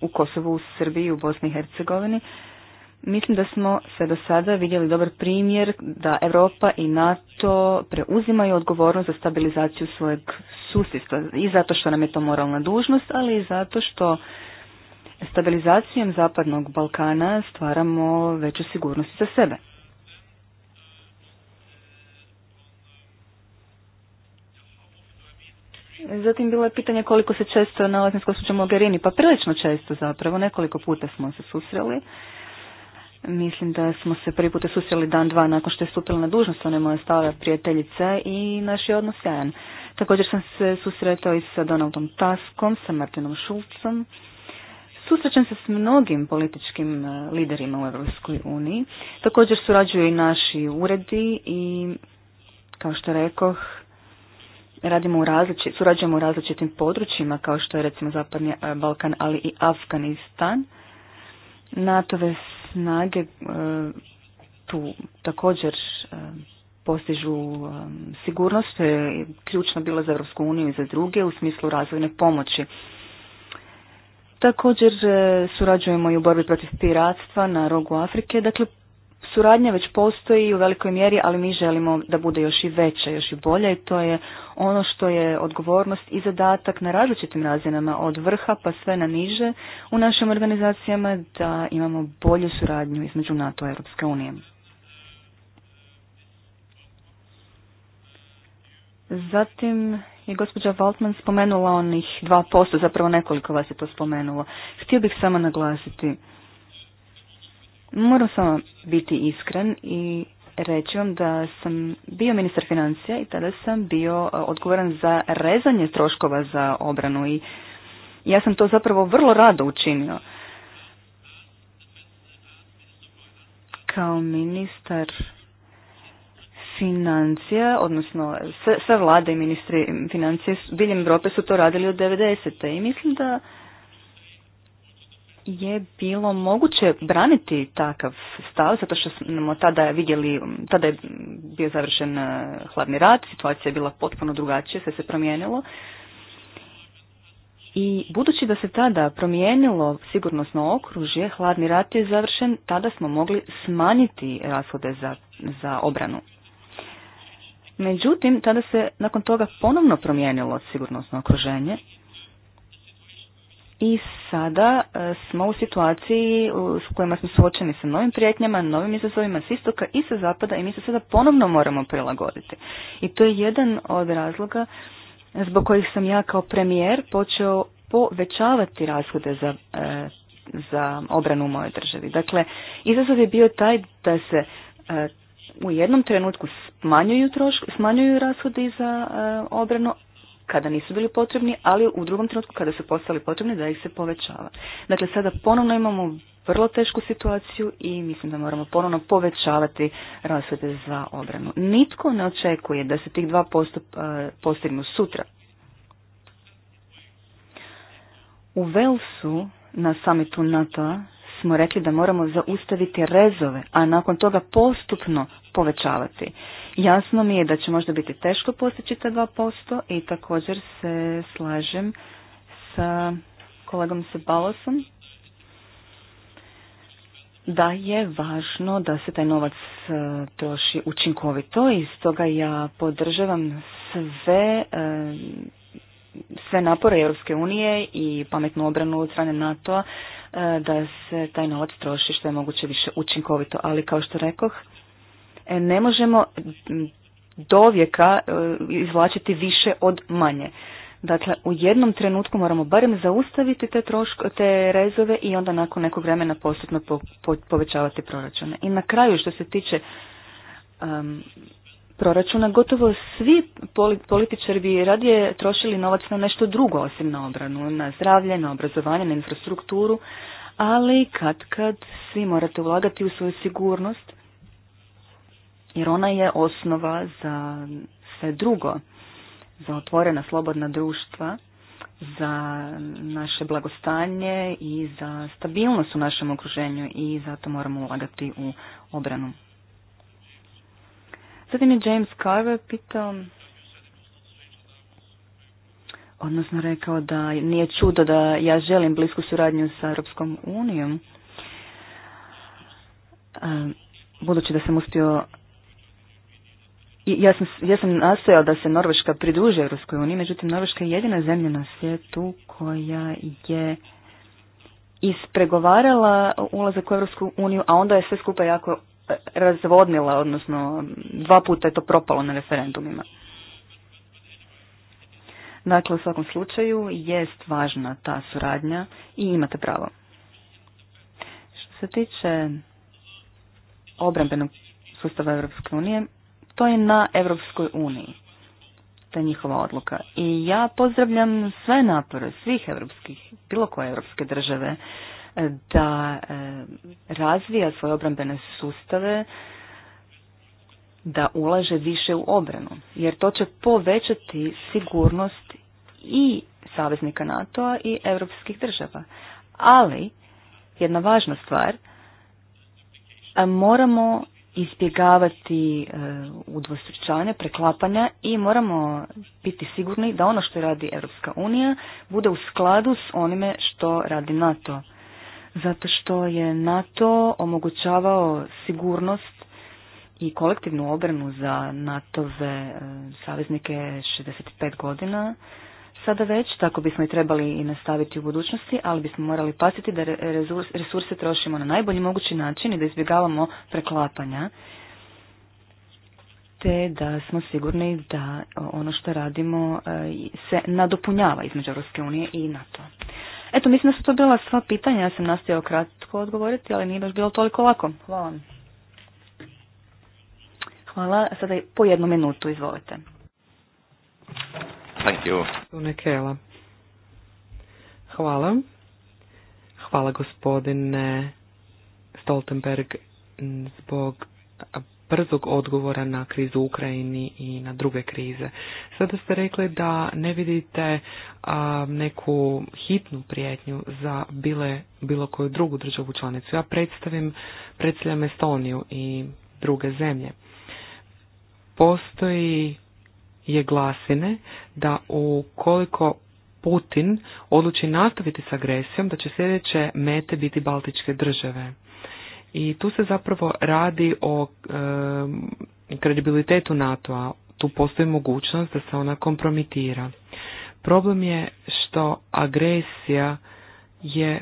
u Kosovu, u Srbiji, u Bosni i Hercegovini Mislim da smo se do sada vidjeli dobar primjer da Europa i NATO preuzimaju odgovornost za stabilizaciju svojeg susjedstva i zato što nam je to moralna dužnost, ali i zato što stabilizacijom Zapadnog Balkana stvaramo veću sigurnost za sebe. Zatim bilo je pitanje koliko se često nalazim s gospođom Mogherini, pa prilično često zapravo, nekoliko puta smo se susreli. Mislim da smo se prvi puta susreli dan dva nakon što je stupila na dužnost, ona je moja stala prijateljica i naš je odnos sjajan. Također sam se susretao i sa Donaldom Taskom, sa Martinom Šulcom. Susrećem se s mnogim političkim e, liderima u Europskoj uniji. Također surađuju i naši uredi i, kao što rekoh, radimo u različit, surađujemo u različitim područjima, kao što je recimo Zapadni e, Balkan, ali i Afganistan – NATOve snage e, tu također e, postižu e, sigurnost, to je ključno bilo za Europsku uniju i za druge u smislu razvojne pomoći. Također surađujemo i u borbi protiv piratstva na rogu Afrike. Dakle, Suradnja već postoji u velikoj mjeri, ali mi želimo da bude još i veća, još i bolja i to je ono što je odgovornost i zadatak na različitim razinama, od vrha pa sve na niže u našim organizacijama da imamo bolju suradnju između NATO i Europske unije. Zatim je gospođa Waltman spomenula onih 2%, zapravo nekoliko vas je to spomenulo. Htio bih samo naglasiti Moram samo biti iskren i reći vam da sam bio ministar financija i tada sam bio e, odgovoran za rezanje troškova za obranu i ja sam to zapravo vrlo rado učinio. Kao ministar financija, odnosno sve, vlade i ministri financije diljem Europe su to radili od 90. i mislim da je bilo moguće braniti takav stav, zato što smo tada vidjeli, tada je bio završen e, hladni rat, situacija je bila potpuno drugačija, sve se promijenilo. I budući da se tada promijenilo sigurnosno okružje, hladni rat je završen, tada smo mogli smanjiti rashode za, za obranu. Međutim, tada se nakon toga ponovno promijenilo sigurnosno okruženje i sada e, smo u situaciji e, s kojima smo suočeni sa novim prijetnjama, novim izazovima s istoka i sa zapada i mi se sada ponovno moramo prilagoditi. I to je jedan od razloga zbog kojih sam ja kao premijer počeo povećavati rashode za, e, za obranu u mojoj državi. Dakle, izazov je bio taj da se u jednom trenutku smanjuju, smanjuju rashodi za obranu, kada nisu bili potrebni, ali u drugom trenutku kada su postali potrebni da ih se povećava. Dakle, sada ponovno imamo vrlo tešku situaciju i mislim da moramo ponovno povećavati rasvete za obranu. Nitko ne očekuje da se tih dva postup, e, postignu sutra. U Velsu na samitu NATO-a smo rekli da moramo zaustaviti rezove, a nakon toga postupno povećavati. Jasno mi je da će možda biti teško postići ta 2% i također se slažem sa kolegom Sebalosom da je važno da se taj novac e, troši učinkovito i stoga ja podržavam sve e, sve napore Europske unije i pametnu obranu od strane NATO-a E, da se taj novac troši što je moguće više učinkovito. Ali kao što rekoh, e, ne možemo do e, izvlačiti više od manje. Dakle, u jednom trenutku moramo barem zaustaviti te, troško, te rezove i onda nakon nekog vremena postupno povećavati proračune. I na kraju što se tiče proračuna gotovo svi političari bi radije trošili novac na nešto drugo osim na obranu, na zdravlje, na obrazovanje, na infrastrukturu, ali kad kad svi morate ulagati u svoju sigurnost, jer ona je osnova za sve drugo, za otvorena slobodna društva, za naše blagostanje i za stabilnost u našem okruženju i zato moramo ulagati u obranu. Zatim je James Carver pitao, odnosno rekao da nije čudo da ja želim blisku suradnju sa Europskom unijom, budući da sam uspio ja sam, ja sam nastojao da se Norveška pridruži Europskoj uniji, međutim Norveška je jedina zemlja na svijetu koja je ispregovarala ulazak u Europsku uniju, a onda je sve skupa jako razvodnila, odnosno dva puta je to propalo na referendumima. Dakle, u svakom slučaju jest važna ta suradnja i imate pravo. Što se tiče obrambenog sustava Europske unije, to je na Europskoj uniji. To je njihova odluka. I ja pozdravljam sve napore svih europskih, bilo koje europske države da e, razvija svoje obrambene sustave, da ulaže više u obranu, jer to će povećati sigurnost i saveznika NATO-a i europskih država. Ali, jedna važna stvar, moramo izbjegavati e, udvostručane preklapanja i moramo biti sigurni da ono što radi Europska unija bude u skladu s onime što radi NATO zato što je NATO omogućavao sigurnost i kolektivnu obranu za NATO-ve e, saveznike 65 godina. Sada već, tako bismo i trebali i nastaviti u budućnosti, ali bismo morali pasiti da resurse trošimo na najbolji mogući način i da izbjegavamo preklapanja, te da smo sigurni da ono što radimo e, se nadopunjava između Europske unije i NATO. Eto, mislim da su to bila sva pitanja, ja sam nastojao kratko odgovoriti, ali nije baš bilo toliko lako. Hvala vam. Hvala, sada po jednu minutu, izvolite. Thank you. Hvala. Hvala gospodine Stoltenberg zbog brzog odgovora na krizu u Ukrajini i na druge krize. Sada ste rekli da ne vidite neku hitnu prijetnju za bile, bilo koju drugu državu članicu. Ja predstavim, predstavljam Estoniju i druge zemlje. Postoji je glasine da ukoliko Putin odluči nastaviti s agresijom, da će sljedeće mete biti Baltičke države. I tu se zapravo radi o kredibilitetu NATO-a. Tu postoji mogućnost da se ona kompromitira. Problem je što agresija je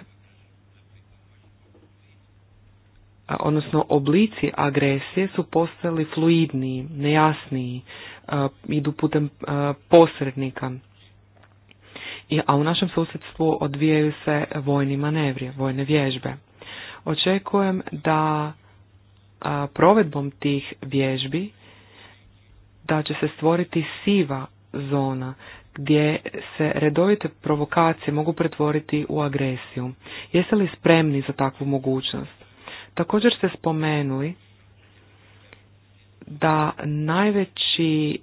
odnosno oblici agresije su postali fluidniji, nejasniji, eh, idu putem eh, posrednika. I, a u našem susjedstvu odvijaju se vojni manevri, vojne vježbe. Očekujem da provedbom tih vježbi da će se stvoriti siva zona gdje se redovite provokacije mogu pretvoriti u agresiju. Jeste li spremni za takvu mogućnost? Također ste spomenuli da najveći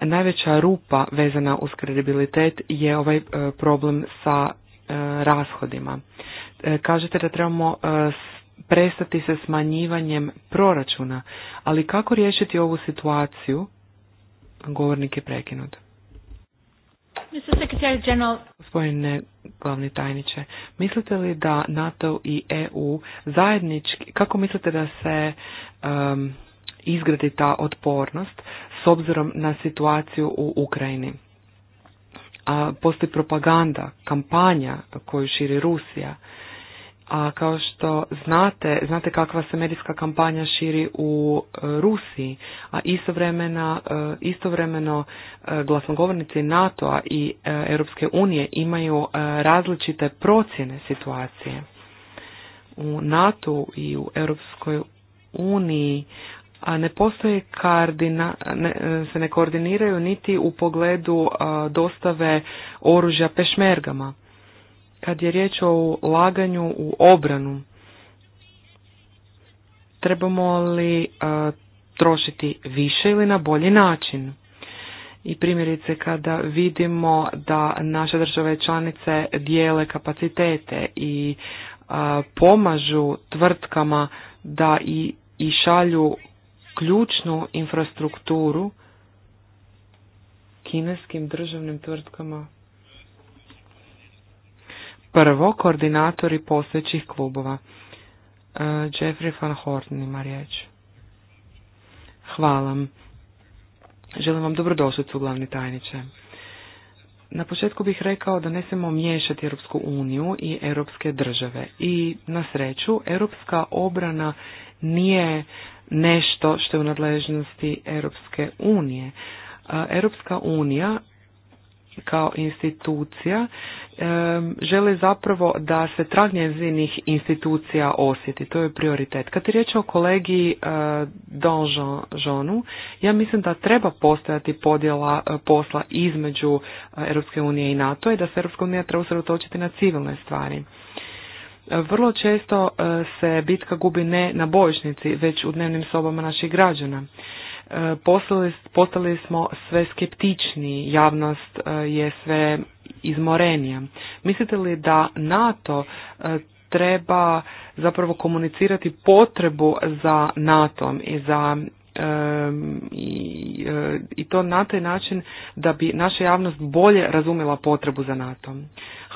najveća rupa vezana uz kredibilitet je ovaj e, problem sa E, rashodima. E, kažete da trebamo e, prestati se smanjivanjem proračuna, ali kako riješiti ovu situaciju? Govornik je prekinut. General... Gospodine glavni tajniče, mislite li da NATO i EU zajednički, kako mislite da se izgradi ta otpornost s obzirom na situaciju u Ukrajini? a postoji propaganda, kampanja koju širi Rusija. A kao što znate, znate kakva se medijska kampanja širi u e, Rusiji, a e, istovremeno, istovremeno glasnogovornici NATO-a i e, Europske unije imaju različite procjene situacije. U NATO i u Europskoj uniji a ne postoje kardina, ne, e, se ne koordiniraju niti u pogledu e, dostave oružja pešmergama. Kad je riječ o laganju u obranu, trebamo li e, trošiti više ili na bolji način? I primjerice kada vidimo da naše države članice dijele kapacitete i pomažu tvrtkama da i, i šalju ključnu infrastrukturu kineskim državnim tvrtkama. Prvo, koordinatori postojećih klubova. Uh, Jeffrey van Horten ima riječ. Hvala. Želim vam dobrodošlicu, glavni tajniče. Na početku bih rekao da ne smijemo miješati Europsku uniju i europske države. I na sreću, europska obrana nije nešto što je u nadležnosti Europske unije. E, Europska unija kao institucija e, želi zapravo da se trag njezinih institucija osjeti. To je prioritet. Kad je riječ o kolegi Jeanu, ja mislim da treba postojati podjela e, posla između Europske unije i NATO i da se Europska unija treba usredotočiti na civilne stvari. Vrlo često e, se bitka gubi ne na bojišnici, već u dnevnim sobama naših građana. E, postali, smo sve skeptičniji, javnost e, je sve izmorenija. Mislite li da NATO treba zapravo komunicirati potrebu za NATO i za i, e, i to na taj način da bi naša javnost bolje razumjela potrebu za NATO.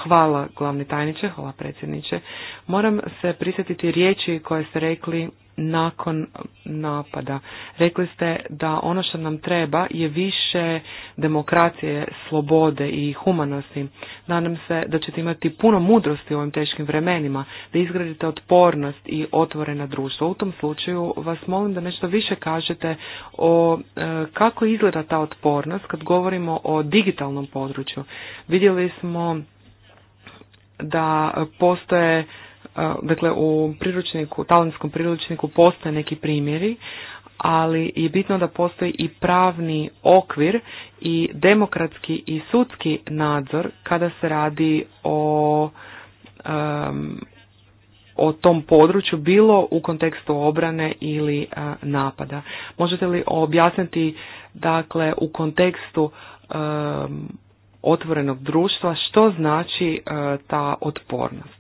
Hvala glavni tajniče, hvala predsjedniče. Moram se prisjetiti riječi koje ste rekli nakon napada. Rekli ste da ono što nam treba je više demokracije, slobode i humanosti. Nadam se da ćete imati puno mudrosti u ovim teškim vremenima, da izgradite otpornost i otvorena društva. U tom slučaju vas molim da nešto više kažete o e, kako izgleda ta otpornost kad govorimo o digitalnom području. Vidjeli smo da postoje dakle u priručniku, talijanskom priručniku postoje neki primjeri, ali je bitno da postoji i pravni okvir i demokratski i sudski nadzor kada se radi o o tom području bilo u kontekstu obrane ili napada. Možete li objasniti dakle u kontekstu otvorenog društva što znači e, ta otpornost?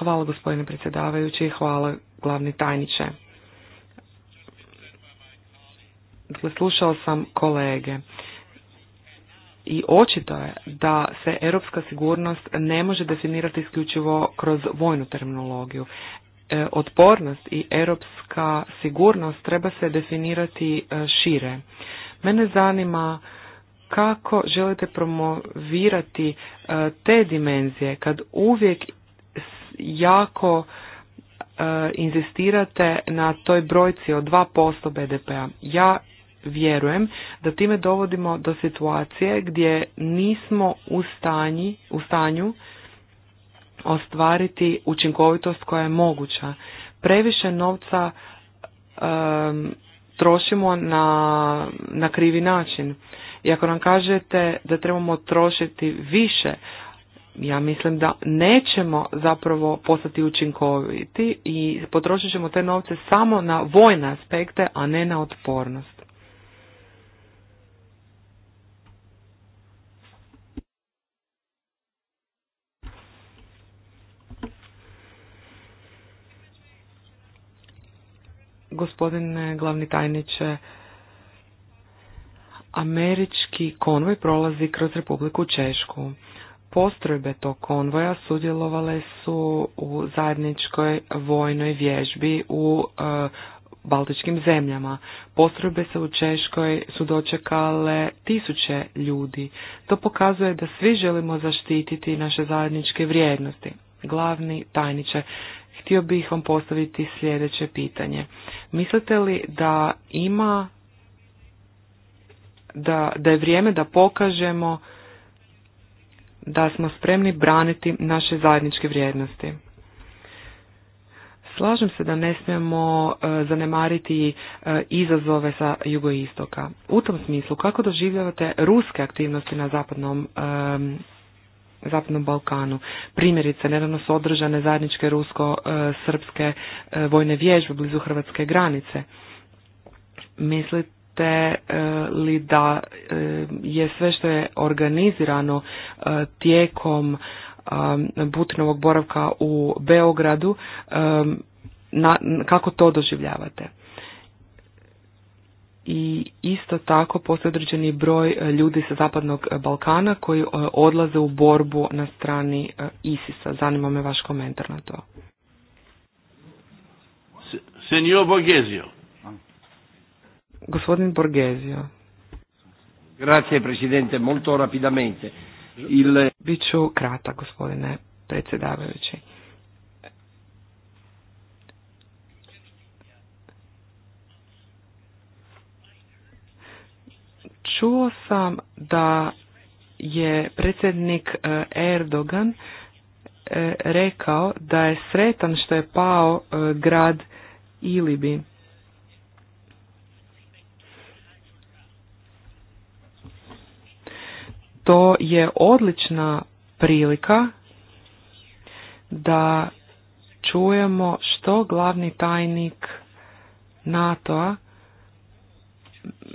Hvala gospodine predsjedavajući i hvala glavni tajniče. Dakle, slušao sam kolege i očito je da se europska sigurnost ne može definirati isključivo kroz vojnu terminologiju. E, otpornost i europska sigurnost treba se definirati e, šire. Mene zanima kako želite promovirati e, te dimenzije kad uvijek jako e, inzistirate na toj brojci od 2% BDP-a. Ja vjerujem da time dovodimo do situacije gdje nismo u, u stanju ostvariti učinkovitost koja je moguća. Previše novca um, trošimo na, na krivi način. I ako nam kažete da trebamo trošiti više, ja mislim da nećemo zapravo postati učinkoviti i potrošit ćemo te novce samo na vojne aspekte, a ne na otpornost. Gospodine glavni tajniče, američki konvoj prolazi kroz Republiku Češku postrojbe tog konvoja sudjelovale su u zajedničkoj vojnoj vježbi u e, Baltičkim zemljama. Postrojbe se u Češkoj su dočekale tisuće ljudi. To pokazuje da svi želimo zaštititi naše zajedničke vrijednosti. Glavni tajniče, htio bih vam postaviti sljedeće pitanje. Mislite li da ima da, da je vrijeme da pokažemo da smo spremni braniti naše zajedničke vrijednosti. Slažem se da ne smijemo e, zanemariti e, izazove sa jugoistoka. U tom smislu, kako doživljavate ruske aktivnosti na zapadnom e, Zapadnom Balkanu. Primjerice, nedavno su održane zajedničke rusko-srpske vojne vježbe blizu hrvatske granice. Mislite smatrate e, li da e, je sve što je organizirano e, tijekom Butinovog boravka u Beogradu, kako to doživljavate? i isto tako postoje određeni broj ljudi sa Zapadnog Balkana koji odlaze u borbu na strani ISIS-a. Zanima me vaš komentar na to. Senjor Bogezio, Gospodin Borghezio. Grazie presidente, molto rapidamente. Il... Biću krata gospodine predsjedavajući. Čuo sam da je predsjednik e, Erdogan e, rekao da je sretan što je pao e, grad Ilibi. to je odlična prilika da čujemo što glavni tajnik NATO-a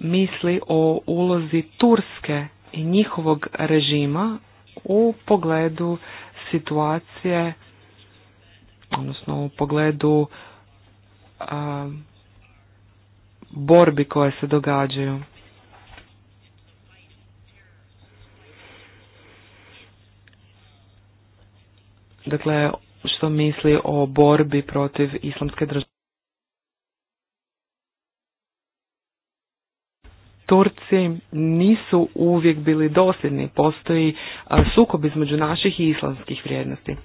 misli o ulozi Turske i njihovog režima u pogledu situacije, odnosno u pogledu borbi koje se događaju. dakle što misli o borbi protiv islamske države. Turci nisu uvijek bili dosljedni, postoji e, sukob između naših i islamskih vrijednosti. E,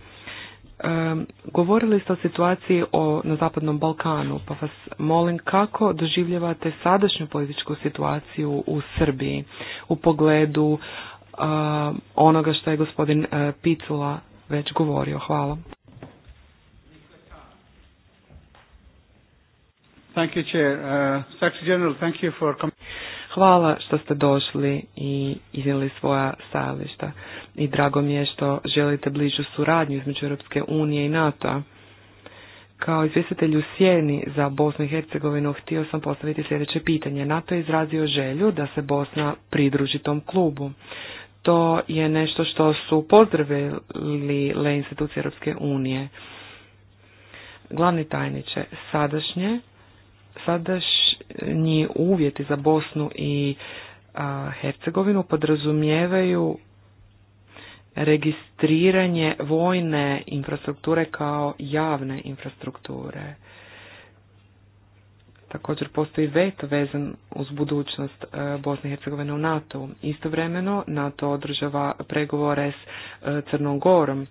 govorili ste o situaciji o, na Zapadnom Balkanu, pa vas molim kako doživljavate sadašnju političku situaciju u Srbiji u pogledu e, onoga što je gospodin Picula već govorio. Hvala. Hvala što ste došli i izjeli svoja stajališta. I drago mi je što želite bližu suradnju između Europske unije i NATO-a. Kao izvjestitelj u Sjeni za Bosnu i Hercegovinu htio sam postaviti sljedeće pitanje. NATO je izrazio želju da se Bosna pridruži tom klubu to je nešto što su le institucije Europske unije. Glavni tajniče, sadašnje, sadašnji uvjeti za Bosnu i Hercegovinu podrazumijevaju registriranje vojne infrastrukture kao javne infrastrukture. Također postoji veto vezan uz budućnost e, Bosne i Hercegovine u nato Istovremeno NATO održava pregovore s e, Crnom Gorom,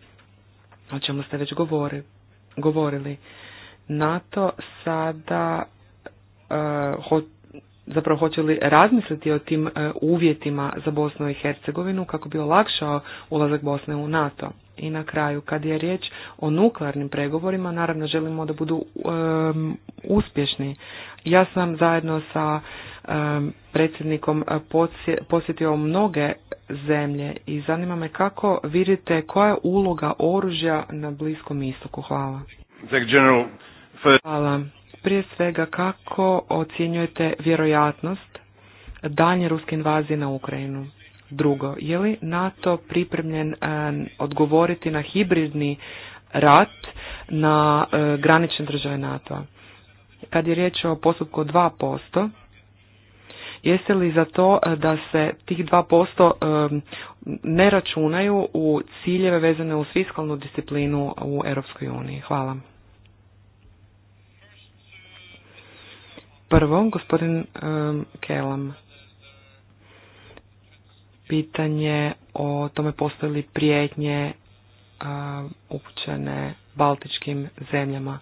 o čemu ste već govorili. NATO sada e, zapravo hoće li razmisliti o tim e, uvjetima za Bosnu i Hercegovinu kako bi olakšao ulazak Bosne u NATO. I na kraju, kad je riječ o nuklearnim pregovorima, naravno želimo da budu uspješni. Ja sam zajedno sa predsjednikom e, posjetio mnoge zemlje i zanima me kako vidite koja je uloga oružja na Bliskom istoku. Hvala. Hvala. Prije svega, kako ocjenjujete vjerojatnost danje ruske invazije na Ukrajinu? Drugo, je li NATO pripremljen e, odgovoriti na hibridni rat na e, granične države NATO-a? Kad je riječ o postupku 2%, jeste li za to e, da se tih 2% ne računaju u ciljeve vezane uz fiskalnu disciplinu u Europskoj uniji? Hvala. Prvo, gospodin Kelam. Pitanje o tome postoje li prijetnje upućene baltičkim zemljama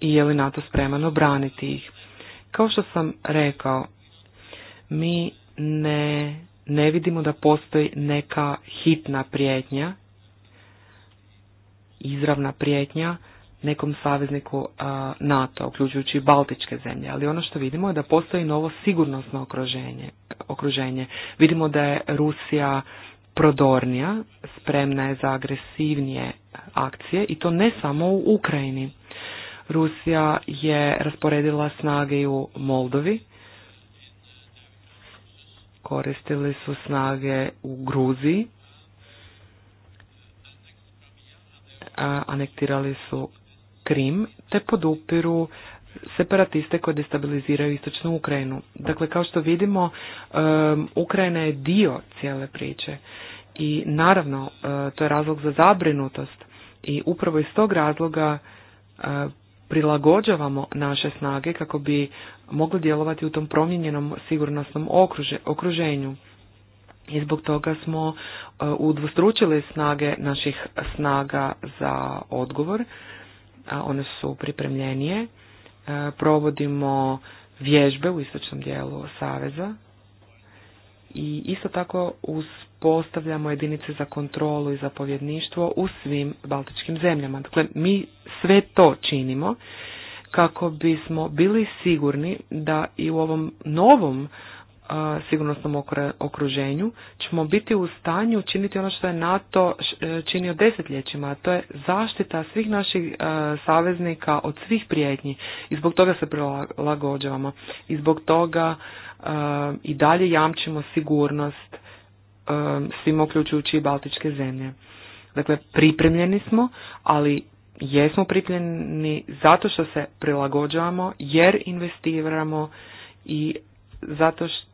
i je li NATO spreman obraniti ih. Kao što sam rekao, mi ne, ne vidimo da postoji neka hitna prijetnja, izravna prijetnja, nekom savezniku NATO, uključujući i Baltičke zemlje. Ali ono što vidimo je da postoji novo sigurnosno okruženje. okruženje. Vidimo da je Rusija prodornija, spremna je za agresivnije akcije i to ne samo u Ukrajini. Rusija je rasporedila snage u Moldovi, koristili su snage u Gruziji, anektirali su Krim, te podupiru separatiste koji destabiliziraju istočnu Ukrajinu. Dakle, kao što vidimo, Ukrajina je dio cijele priče i naravno e, to je razlog za zabrinutost i upravo iz tog razloga e, prilagođavamo naše snage kako bi mogli djelovati u tom promijenjenom sigurnosnom okruženju. I zbog toga smo e, udvostručili snage naših snaga za odgovor one su pripremljenije. E, provodimo vježbe u istočnom dijelu Saveza i isto tako uspostavljamo jedinice za kontrolu i zapovjedništvo u svim baltičkim zemljama. Dakle, mi sve to činimo kako bismo bili sigurni da i u ovom novom sigurnosnom okruženju ćemo biti u stanju učiniti ono što je NATO e, činio desetljećima, a to je zaštita svih naših e, saveznika od svih prijetnji i zbog toga se prilagođavamo i zbog toga e, i dalje jamčimo sigurnost svim uključujući i Baltičke zemlje. Dakle, pripremljeni smo, ali jesmo pripremljeni zato što se prilagođavamo jer investiramo i zato što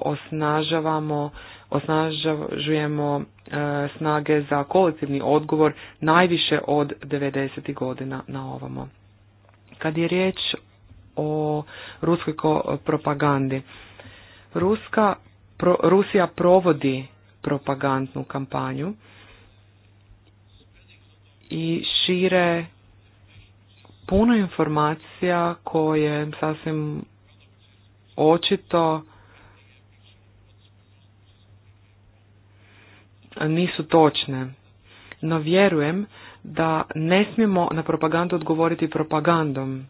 osnažavamo, osnažujemo e, snage za kolektivni odgovor najviše od 90. godina na ovamo. Kad je riječ o ruskoj propagandi, Ruska, pro, Rusija provodi propagandnu kampanju i šire puno informacija koje sasvim očito nisu točne. No vjerujem da ne smijemo na propagandu odgovoriti propagandom.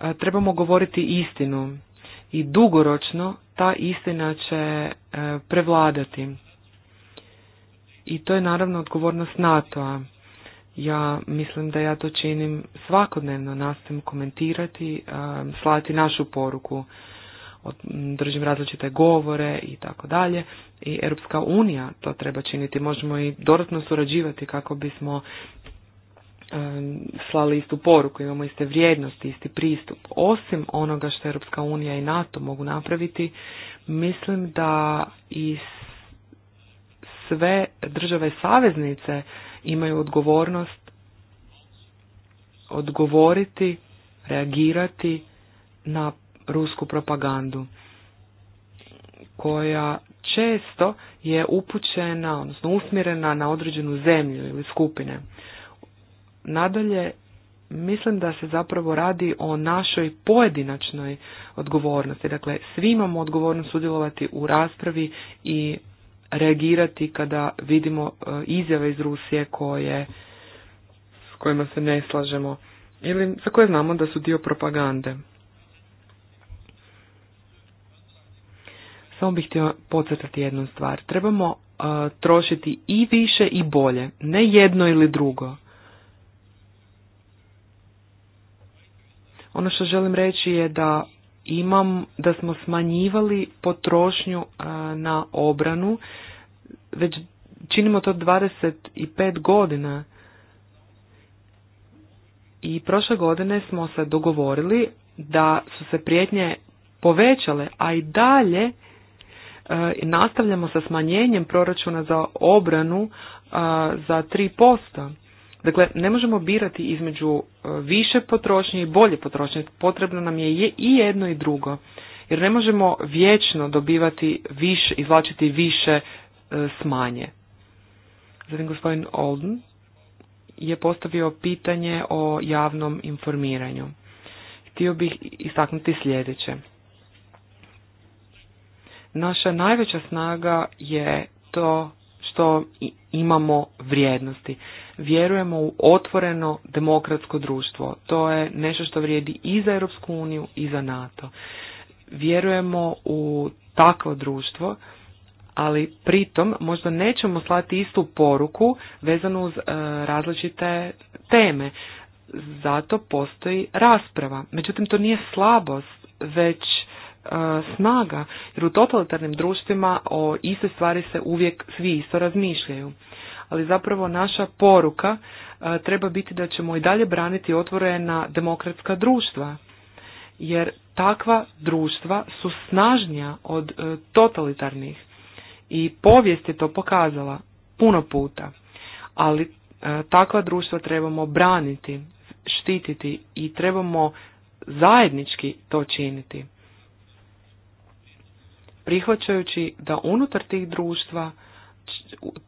E, trebamo govoriti istinu i dugoročno ta istina će e, prevladati. I to je naravno odgovornost NATO-a. Ja mislim da ja to činim svakodnevno, nastavim komentirati, e, slati našu poruku držim različite govore i tako dalje i Europska unija to treba činiti. Možemo i dodatno surađivati kako bismo slali istu poruku, imamo iste vrijednosti, isti pristup. Osim onoga što Europska unija i NATO mogu napraviti, mislim da i sve države saveznice imaju odgovornost odgovoriti, reagirati na rusku propagandu koja često je upućena, odnosno usmjerena na određenu zemlju ili skupine. Nadalje, mislim da se zapravo radi o našoj pojedinačnoj odgovornosti. Dakle, svi imamo odgovornost sudjelovati u raspravi i reagirati kada vidimo e, izjave iz Rusije koje, s kojima se ne slažemo ili za koje znamo da su dio propagande. Samo bih htio podcrtati jednu stvar. Trebamo uh, trošiti i više i bolje, ne jedno ili drugo. Ono što želim reći je da imam, da smo smanjivali potrošnju uh, na obranu, već činimo to 25 godina. I prošle godine smo se dogovorili da su se prijetnje povećale, a i dalje i nastavljamo sa smanjenjem proračuna za obranu za 3%. Dakle, ne možemo birati između e, više potrošnje i bolje potrošnje. Potrebno nam je i jedno i drugo. Jer ne možemo vječno dobivati više, izvlačiti više e, smanje. Zatim gospodin Olden je postavio pitanje o javnom informiranju. Htio bih istaknuti sljedeće. Naša najveća snaga je to što imamo vrijednosti. Vjerujemo u otvoreno demokratsko društvo. To je nešto što vrijedi i za Europsku uniju i za NATO. Vjerujemo u takvo društvo, ali pritom možda nećemo slati istu poruku vezanu uz e, različite teme. Zato postoji rasprava. Međutim, to nije slabost, već snaga, jer u totalitarnim društvima o iste stvari se uvijek svi isto razmišljaju. Ali zapravo naša poruka treba biti da ćemo i dalje braniti otvorena demokratska društva, jer takva društva su snažnija od e, totalitarnih i povijest je to pokazala puno puta, ali e, takva društva trebamo braniti, štititi i trebamo zajednički to činiti prihvaćajući da unutar tih društva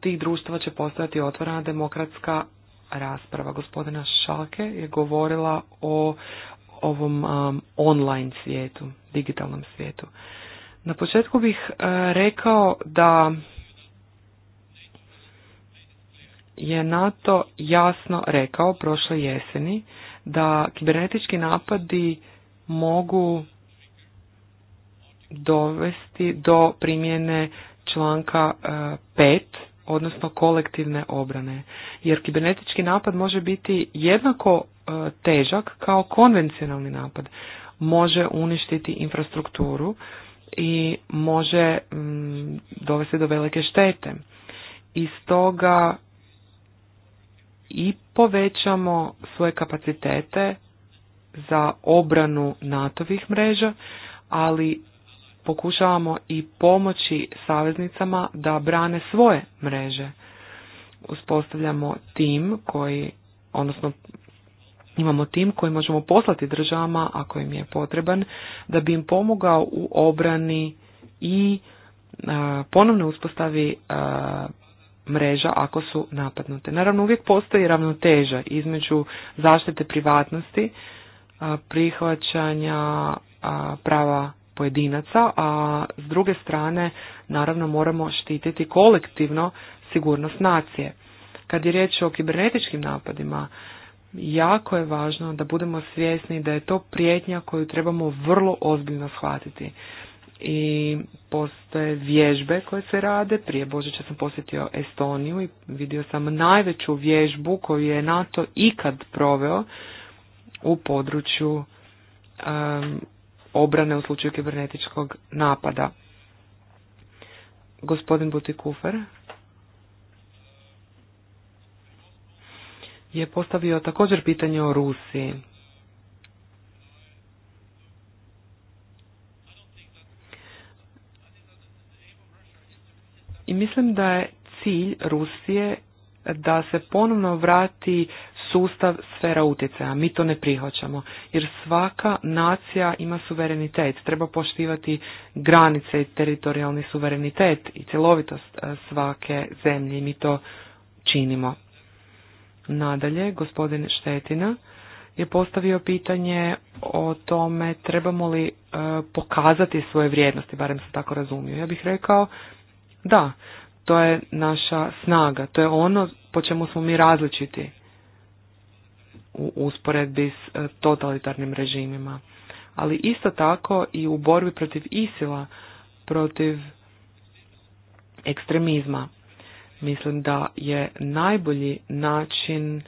tih društva će postati otvorena demokratska rasprava. Gospodina Šalke je govorila o ovom um, online svijetu, digitalnom svijetu. Na početku bih uh, rekao da je NATO jasno rekao prošle jeseni da kibernetički napadi mogu dovesti do primjene članka 5 e, odnosno kolektivne obrane. Jer kibernetički napad može biti jednako e, težak kao konvencionalni napad. Može uništiti infrastrukturu i može mm, dovesti do velike štete. I stoga i povećamo svoje kapacitete za obranu NATO-vih mreža, ali pokušavamo i pomoći saveznicama da brane svoje mreže. Uspostavljamo tim koji, odnosno imamo tim koji možemo poslati državama ako im je potreban, da bi im pomogao u obrani i e, ponovno uspostavi e, mreža ako su napadnute. Naravno, uvijek postoji ravnoteža između zaštite privatnosti, prihvaćanja prava pojedinaca, a s druge strane naravno moramo štititi kolektivno sigurnost nacije. Kad je riječ o kibernetičkim napadima, jako je važno da budemo svjesni da je to prijetnja koju trebamo vrlo ozbiljno shvatiti. I postoje vježbe koje se rade. Prije Božića sam posjetio Estoniju i vidio sam najveću vježbu koju je NATO ikad proveo u području obrane u slučaju kibernetičkog napada. Gospodin Butikufer je postavio također pitanje o Rusiji. I mislim da je cilj Rusije da se ponovno vrati ustav sfera utjecaja. Mi to ne prihvaćamo, jer svaka nacija ima suverenitet. Treba poštivati granice i teritorijalni suverenitet i cjelovitost e, svake zemlje i mi to činimo. Nadalje, gospodin Štetina je postavio pitanje o tome trebamo li e, pokazati svoje vrijednosti, barem se tako razumiju. Ja bih rekao da, to je naša snaga, to je ono po čemu smo mi različiti u usporedbi s e, totalitarnim režimima. Ali isto tako i u borbi protiv isila, protiv ekstremizma. Mislim da je najbolji način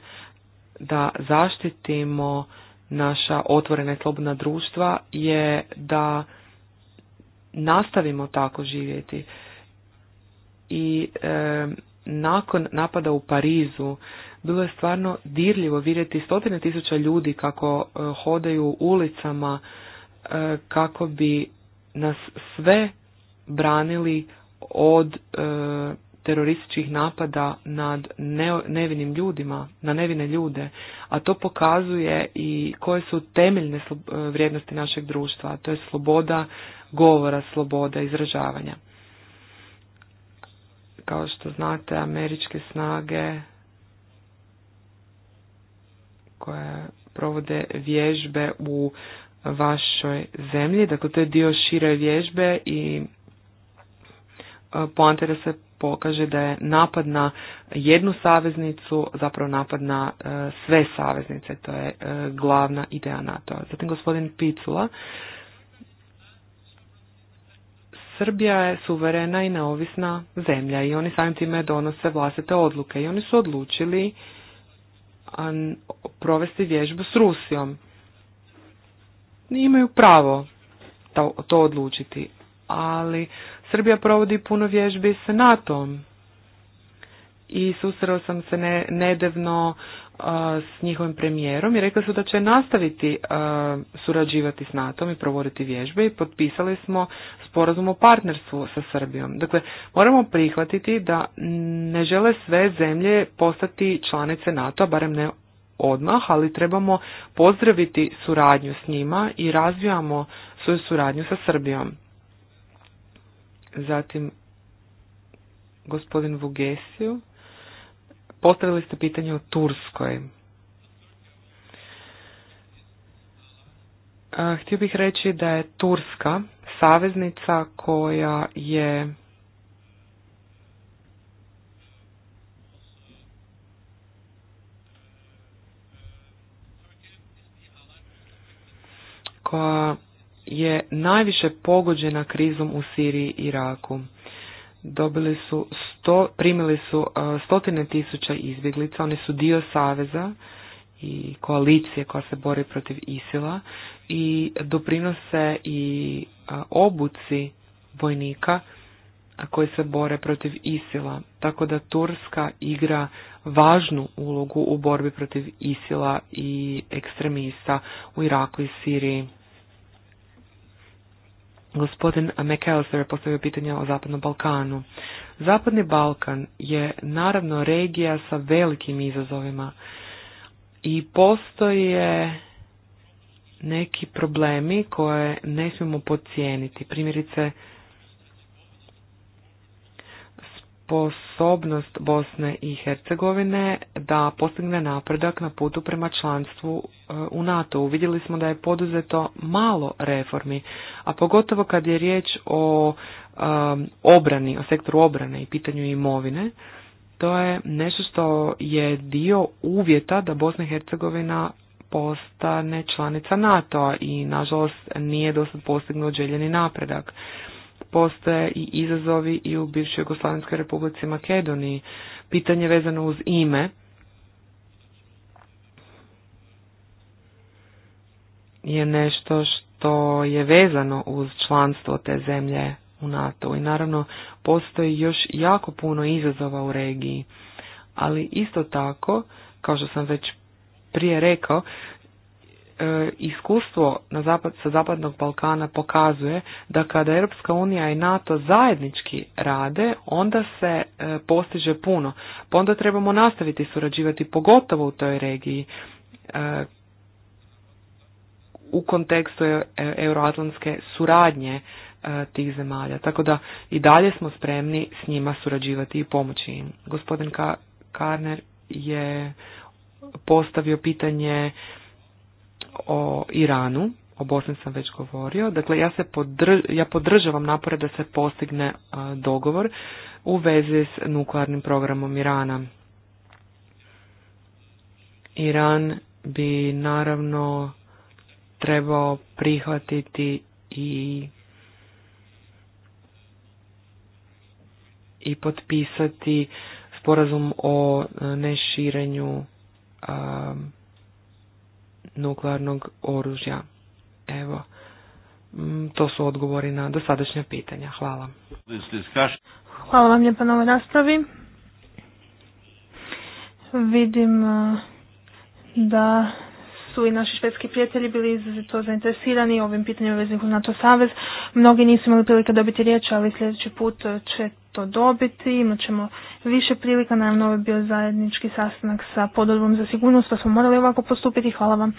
da zaštitimo naša otvorena i slobodna društva je da nastavimo tako živjeti. I e, nakon napada u Parizu bilo je stvarno dirljivo vidjeti stotine tisuća ljudi kako e, hodaju ulicama e, kako bi nas sve branili od e, terorističkih napada nad nevinim ljudima, na nevine ljude, a to pokazuje i koje su temeljne vrijednosti našeg društva, a to je sloboda govora, sloboda izražavanja. Kao što znate, američke snage koje provode vježbe u vašoj zemlji. Dakle, to je dio šire vježbe i e, poante da se pokaže da je napad na jednu saveznicu, zapravo napad na e, sve saveznice. To je e, glavna ideja nato Zatim gospodin Picula. Srbija je suverena i neovisna zemlja i oni samim time donose vlastite odluke i oni su odlučili provesti vježbu s Rusijom. Imaju pravo to odlučiti, ali Srbija provodi puno vježbi sa NATO-om i susreo sam se ne, nedavno uh, s njihovim premijerom i rekli su da će nastaviti uh, surađivati s NATO-om i provoditi vježbe i potpisali smo sporazum o partnerstvu sa Srbijom. Dakle, moramo prihvatiti da ne žele sve zemlje postati članice NATO-a, barem ne odmah, ali trebamo pozdraviti suradnju s njima i razvijamo svoju suradnju sa Srbijom. Zatim, gospodin Vugesiju postavili ste pitanje o Turskoj. Htio bih reći da je Turska saveznica koja je koja je najviše pogođena krizom u Siriji i Iraku. Dobili su primili su e, stotine tisuća izbjeglica, oni su dio saveza i koalicije koja se bori protiv Isila i doprinose i e, obuci vojnika koji se bore protiv Isila. Tako da Turska igra važnu ulogu u borbi protiv Isila i ekstremista u Iraku i Siriji. Gospodin McAllister je postavio pitanje o Zapadnom Balkanu. Zapadni Balkan je naravno regija sa velikim izazovima i postoje neki problemi koje ne smijemo podcijeniti. Primjerice, sposobnost Bosne i Hercegovine da postigne napredak na putu prema članstvu e, u NATO. Uvidjeli smo da je poduzeto malo reformi, a pogotovo kad je riječ o Um, obrani, o sektoru obrane i pitanju imovine, to je nešto što je dio uvjeta da Bosna i Hercegovina postane članica NATO-a i nažalost nije dosad postignut željeni napredak. Postoje i izazovi i u bivšoj Jugoslavenskoj republici Makedoniji. Pitanje vezano uz ime. je nešto što je vezano uz članstvo te zemlje u NATO i naravno postoji još jako puno izazova u regiji. Ali isto tako, kao što sam već prije rekao, e, iskustvo na zapad, sa zapadnog Balkana pokazuje da kada Europska unija i NATO zajednički rade, onda se e, postiže puno. Pa onda trebamo nastaviti surađivati pogotovo u toj regiji e, u kontekstu euroatlantske suradnje tih zemalja. Tako da i dalje smo spremni s njima surađivati i pomoći im. Gospodin Karner je postavio pitanje o Iranu, o Bosni sam već govorio. Dakle, ja, se podrž, ja podržavam napore da se postigne dogovor u vezi s nuklearnim programom Irana. Iran bi naravno trebao prihvatiti i i potpisati sporazum o e, neširenju nuklearnog oružja. Evo, to su odgovori na dosadašnja pitanja. Hvala. Hvala vam lijepa na ovoj raspravi. Vidim e, da su i naši švedski prijatelji bili izuzetno zainteresirani ovim pitanjem veznih uz NATO savez. Mnogi nisu imali prilike dobiti riječ, ali sljedeći put e, će to dobiti. Imat ćemo više prilika, naravno ovo je bio zajednički sastanak sa pododbom za sigurnost, pa smo morali ovako postupiti. Hvala vam,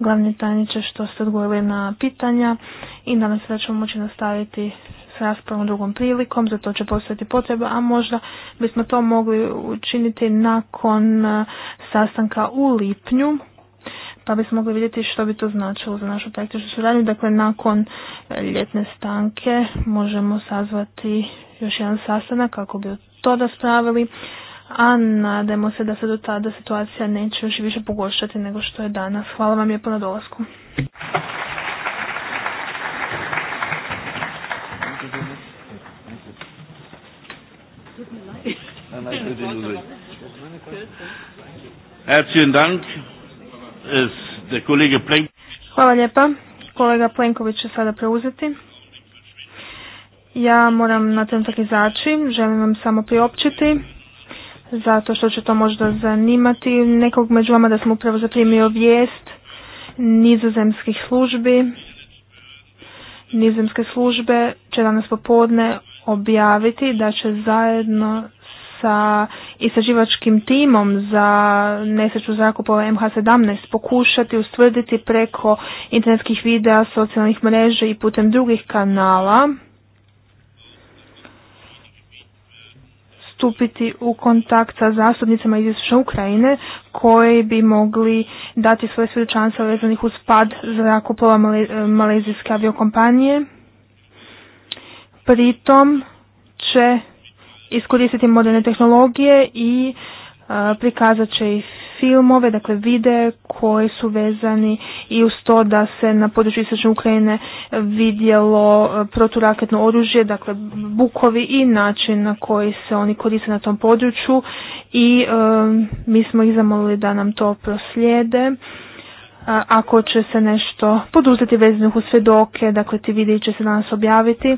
glavni tajniče, što ste odgovorili na pitanja i nadam se da ćemo moći nastaviti s raspravom drugom prilikom, za to će postojati potreba, a možda bismo to mogli učiniti nakon e, sastanka u lipnju pa bismo mogli vidjeti što bi to značilo za našu praktičnu suradnju. Dakle, nakon e, ljetne stanke možemo sazvati još jedan sastanak kako bi to raspravili, a nadamo se da se do tada situacija neće još više pogoršati nego što je danas. Hvala vam lijepo na dolasku. Herzlichen Dank. Hvala lijepa. Kolega Plenković će sada preuzeti. Ja moram na trenutak izaći, želim vam samo priopćiti, zato što će to možda zanimati nekog među vama da sam upravo zaprimio vijest nizozemskih službi. Nizozemske službe će danas popodne objaviti da će zajedno sa istraživačkim timom za nesreću zrakopova MH17 pokušati ustvrditi preko internetskih videa, socijalnih mreža i putem drugih kanala stupiti u kontakt sa zastupnicama iz Ukrajine koji bi mogli dati svoje svjedočanstva vezanih uz pad zrakoplova male, e, malezijske aviokompanije. Pritom će iskoristiti moderne tehnologije i e, prikazat će i filmove, dakle vide koji su vezani i uz to da se na području Istočne Ukrajine vidjelo e, proturaketno oružje, dakle bukovi i način na koji se oni koriste na tom području i e, mi smo ih zamolili da nam to proslijede. ako će se nešto poduzeti vezano u svedoke, dakle ti videi će se danas objaviti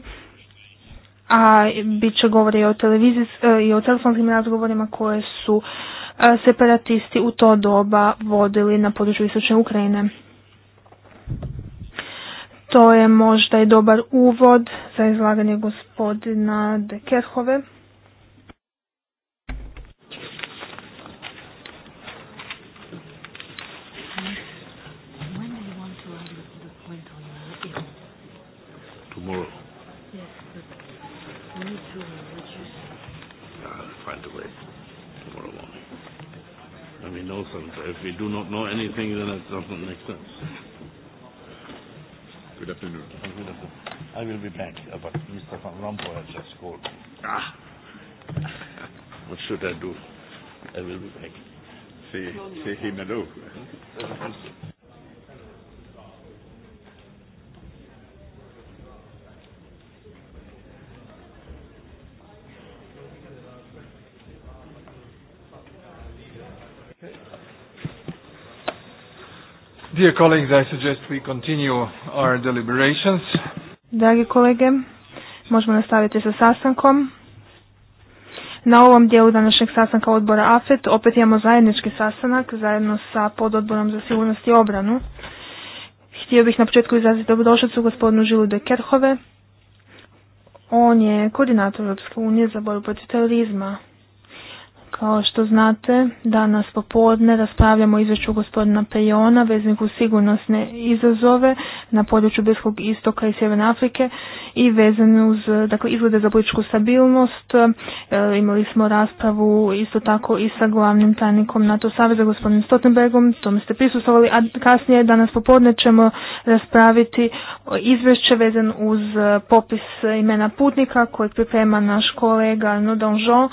a bit će govori o televiziji e, i o telefonskim razgovorima koje su e, separatisti u to doba vodili na području Istočne Ukrajine. To je možda i dobar uvod za izlaganje gospodina Dekerhove. do not know anything, then it doesn't make sense. Good afternoon. good afternoon. I will be back, uh, but Mr. Van Rompuy has just called. Ah. What should I do? I will be back. Say, say him hello. Dear colleagues, I suggest we continue our deliberations. kolege, možemo nastaviti sa sastankom. Na ovom dijelu današnjeg sastanka odbora AFET opet imamo zajednički sastanak zajedno sa pododborom za sigurnost i obranu. Htio bih na početku izraziti dobrodošlicu gospodinu Žilu de Kerhove. On je koordinator Europske unije za borbu protiv terorizma. Kao što znate, danas popodne raspravljamo o izvješću gospodina Pejona veznih uz sigurnosne izazove na području Bliskog istoka i Sjeverne Afrike i vezane uz dakle, izglede za političku stabilnost. E, imali smo raspravu isto tako i sa glavnim tajnikom NATO Saveza, gospodinom to mi ste prisustovali, a kasnije danas popodne ćemo raspraviti izvješće vezan uz e, popis imena putnika kojeg priprema naš kolega Jean,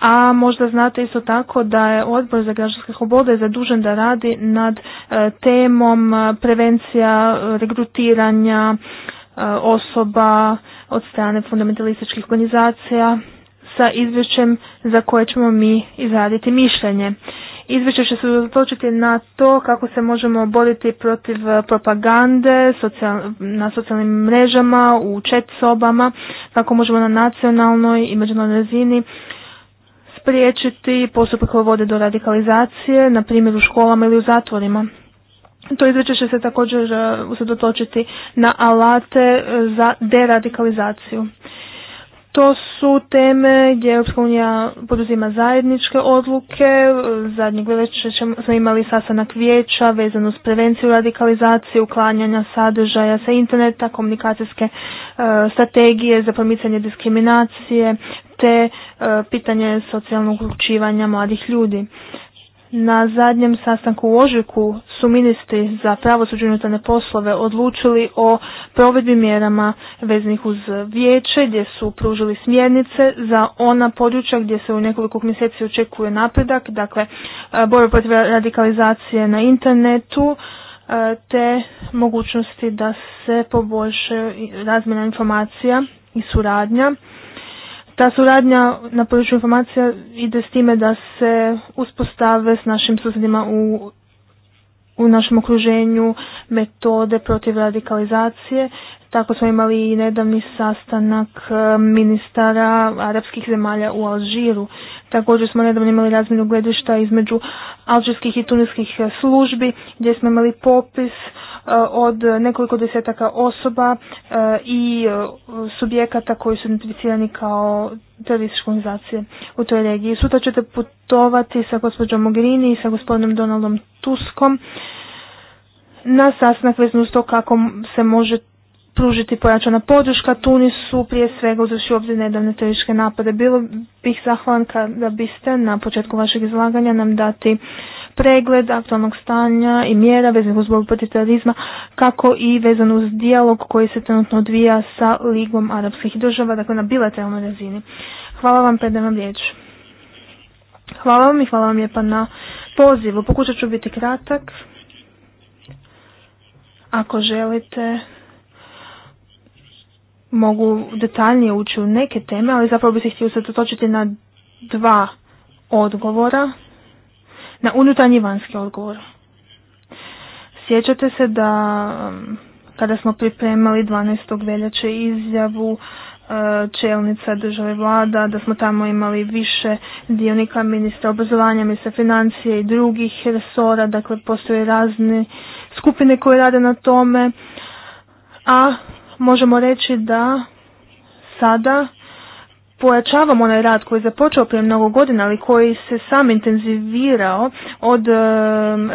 a možda znate isto tako da je odbor za građanske slobode zadužen da radi nad e, temom prevencija, regrutiranja, E, osoba od strane fundamentalističkih organizacija sa izvješćem za koje ćemo mi izraditi mišljenje. Izvješće će se uzatočiti na to kako se možemo boriti protiv propagande na socijalnim mrežama, u chat sobama, kako možemo na nacionalnoj i međunarodnoj razini spriječiti postupke koje vode do radikalizacije, na primjer u školama ili u zatvorima. To izveće će se također e, usredotočiti na alate e, za deradikalizaciju. To su teme gdje EU poduzima zajedničke odluke. E, Zadnjeg večer smo imali sastanak vijeća vezano uz prevenciju radikalizacije, uklanjanja sadržaja sa interneta, komunikacijske strategije za promicanje diskriminacije te pitanje socijalnog uključivanja mladih ljudi. Na zadnjem sastanku u Ožujku su ministri za pravosuđe unutarnje poslove odlučili o provedbi mjerama veznih uz vijeće gdje su pružili smjernice za ona područja gdje se u nekoliko mjeseci očekuje napredak, dakle e, borba protiv radikalizacije na internetu e, te mogućnosti da se poboljše razmjena informacija i suradnja ta suradnja na području informacija ide s time da se uspostave s našim susjedima u, u našem okruženju metode protiv radikalizacije. Tako smo imali i nedavni sastanak e, ministara arapskih zemalja u Alžiru. Također smo nedavno imali razmjenu gledišta između alžirskih i tuniskih e, službi gdje smo imali popis E, od nekoliko desetaka osoba e, i e, subjekata koji su identificirani kao terorističke organizacije u toj regiji. Sutra ćete putovati sa gospođom Mogherini i sa gospodinom Donaldom Tuskom na sastanak vezno uz to kako se može pružiti pojačana podrška Tunisu, prije svega uzrši obzir nedavne terorističke napade. Bilo bih zahvalan kada biste na početku vašeg izlaganja nam dati pregled aktualnog stanja i mjera vezanih uz borbu protiv terorizma, kako i vezan uz dijalog koji se trenutno odvija sa Ligom arapskih država, dakle na bilateralnoj razini. Hvala vam, predajem vam riječ. Hvala vam i hvala vam lijepa na pozivu. Pokušat ću biti kratak. Ako želite, mogu detaljnije ući u neke teme, ali zapravo bi se htio se na dva odgovora na unutarnji vanjski odgovor. Sjećate se da um, kada smo pripremali 12. veljače izjavu uh, čelnica države vlada, da smo tamo imali više dionika ministra obrazovanja, ministra financije i drugih resora, dakle postoje razne skupine koje rade na tome, a možemo reći da sada pojačavamo onaj rad koji je započeo prije mnogo godina, ali koji se sam intenzivirao od eh,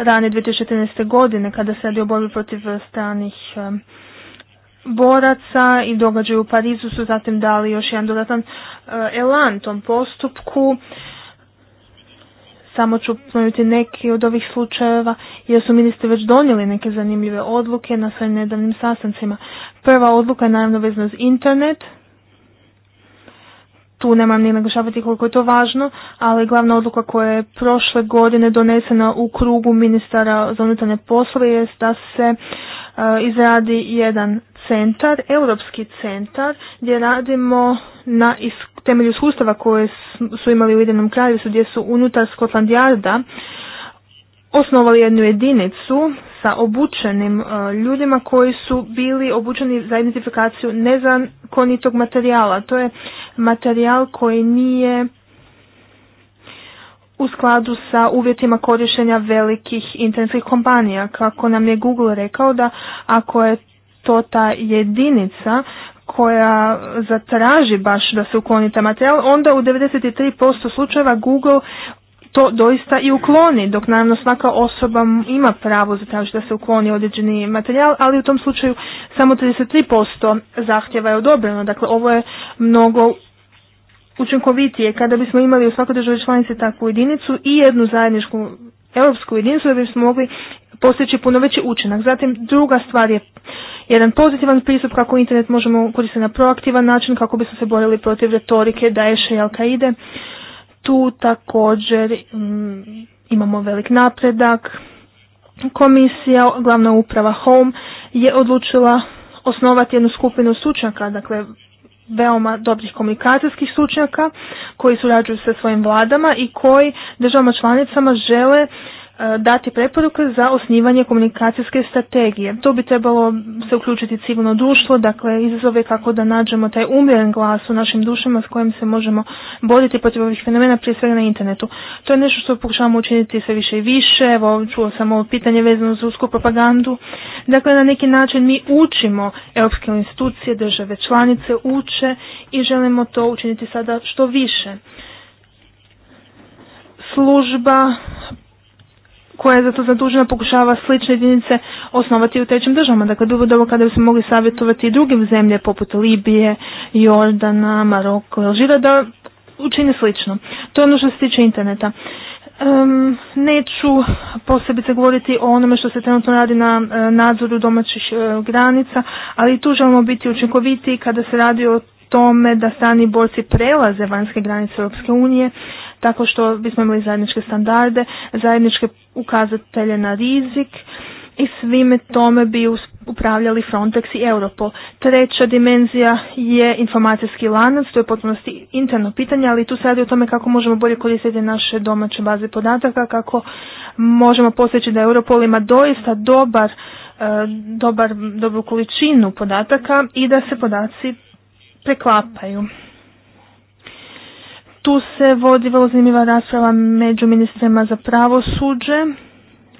rane 2014. godine kada se radi o borbi protiv stranih eh, boraca i događaju u Parizu su zatim dali još jedan dodatan eh, elan tom postupku. Samo ću ponoviti neki od ovih slučajeva jer su ministri već donijeli neke zanimljive odluke na svojim nedavnim sastancima. Prva odluka je naravno vezana uz internet, tu nemam ni naglašavati koliko je to važno, ali glavna odluka koja je prošle godine donesena u krugu ministara za unutarnje poslove je da se e, izradi jedan centar, europski centar, gdje radimo na temelju iskustava koje su imali u jedinom kraju, gdje su unutar Skotland osnovali jednu jedinicu sa obučenim e, ljudima koji su bili obučeni za identifikaciju nezakonitog materijala. To je materijal koji nije u skladu sa uvjetima korištenja velikih internetskih kompanija. Kako nam je Google rekao da ako je to ta jedinica koja zatraži baš da se ukloni ta materijal, onda u 93% slučajeva Google to doista i ukloni, dok naravno svaka osoba ima pravo tražiti da se ukloni određeni materijal, ali u tom slučaju samo 33% zahtjeva je odobreno. Dakle, ovo je mnogo učinkovitije kada bismo imali u svakoj državi članici takvu jedinicu i jednu zajedničku europsku jedinicu da bismo mogli postići puno veći učinak. Zatim druga stvar je jedan pozitivan pristup kako internet možemo koristiti na proaktivan način kako bismo se borili protiv retorike Daesha i al tu također mm, imamo velik napredak. Komisija, glavna uprava Home, je odlučila osnovati jednu skupinu stručnjaka, dakle veoma dobrih komunikacijskih stručnjaka koji surađuju sa svojim vladama i koji državama članicama žele E, dati preporuke za osnivanje komunikacijske strategije. To bi trebalo se uključiti civilno društvo, dakle izazove kako da nađemo taj umjeren glas u našim dušama s kojim se možemo boriti protiv ovih fenomena, prije svega na internetu. To je nešto što pokušavamo učiniti sve više i više, evo čuo sam ovo pitanje vezano za rusku propagandu. Dakle, na neki način mi učimo europske institucije, države članice uče i želimo to učiniti sada što više služba koja je za to zadužena pokušava slične jedinice osnovati u trećim državama. Dakle, bilo dobro kada bi se mogli savjetovati i drugim zemlje poput Libije, Jordana, Maroko, Alžira da učine slično. To je ono što se tiče interneta. Um, neću posebice govoriti o onome što se trenutno radi na e, nadzoru domaćih e, granica, ali tu želimo biti učinkoviti kada se radi o tome da strani borci prelaze vanjske granice Europske unije tako što bismo imali zajedničke standarde, zajedničke ukazatelje na rizik i svime tome bi upravljali Frontex i Europol. Treća dimenzija je informacijski lanac, to je potpunosti interno pitanje, ali tu se radi o tome kako možemo bolje koristiti naše domaće baze podataka, kako možemo postići da Europol ima doista dobar, e, dobar, dobru količinu podataka i da se podaci preklapaju. Tu se vodi vrlo zanimljiva rasprava među ministrima za pravosuđe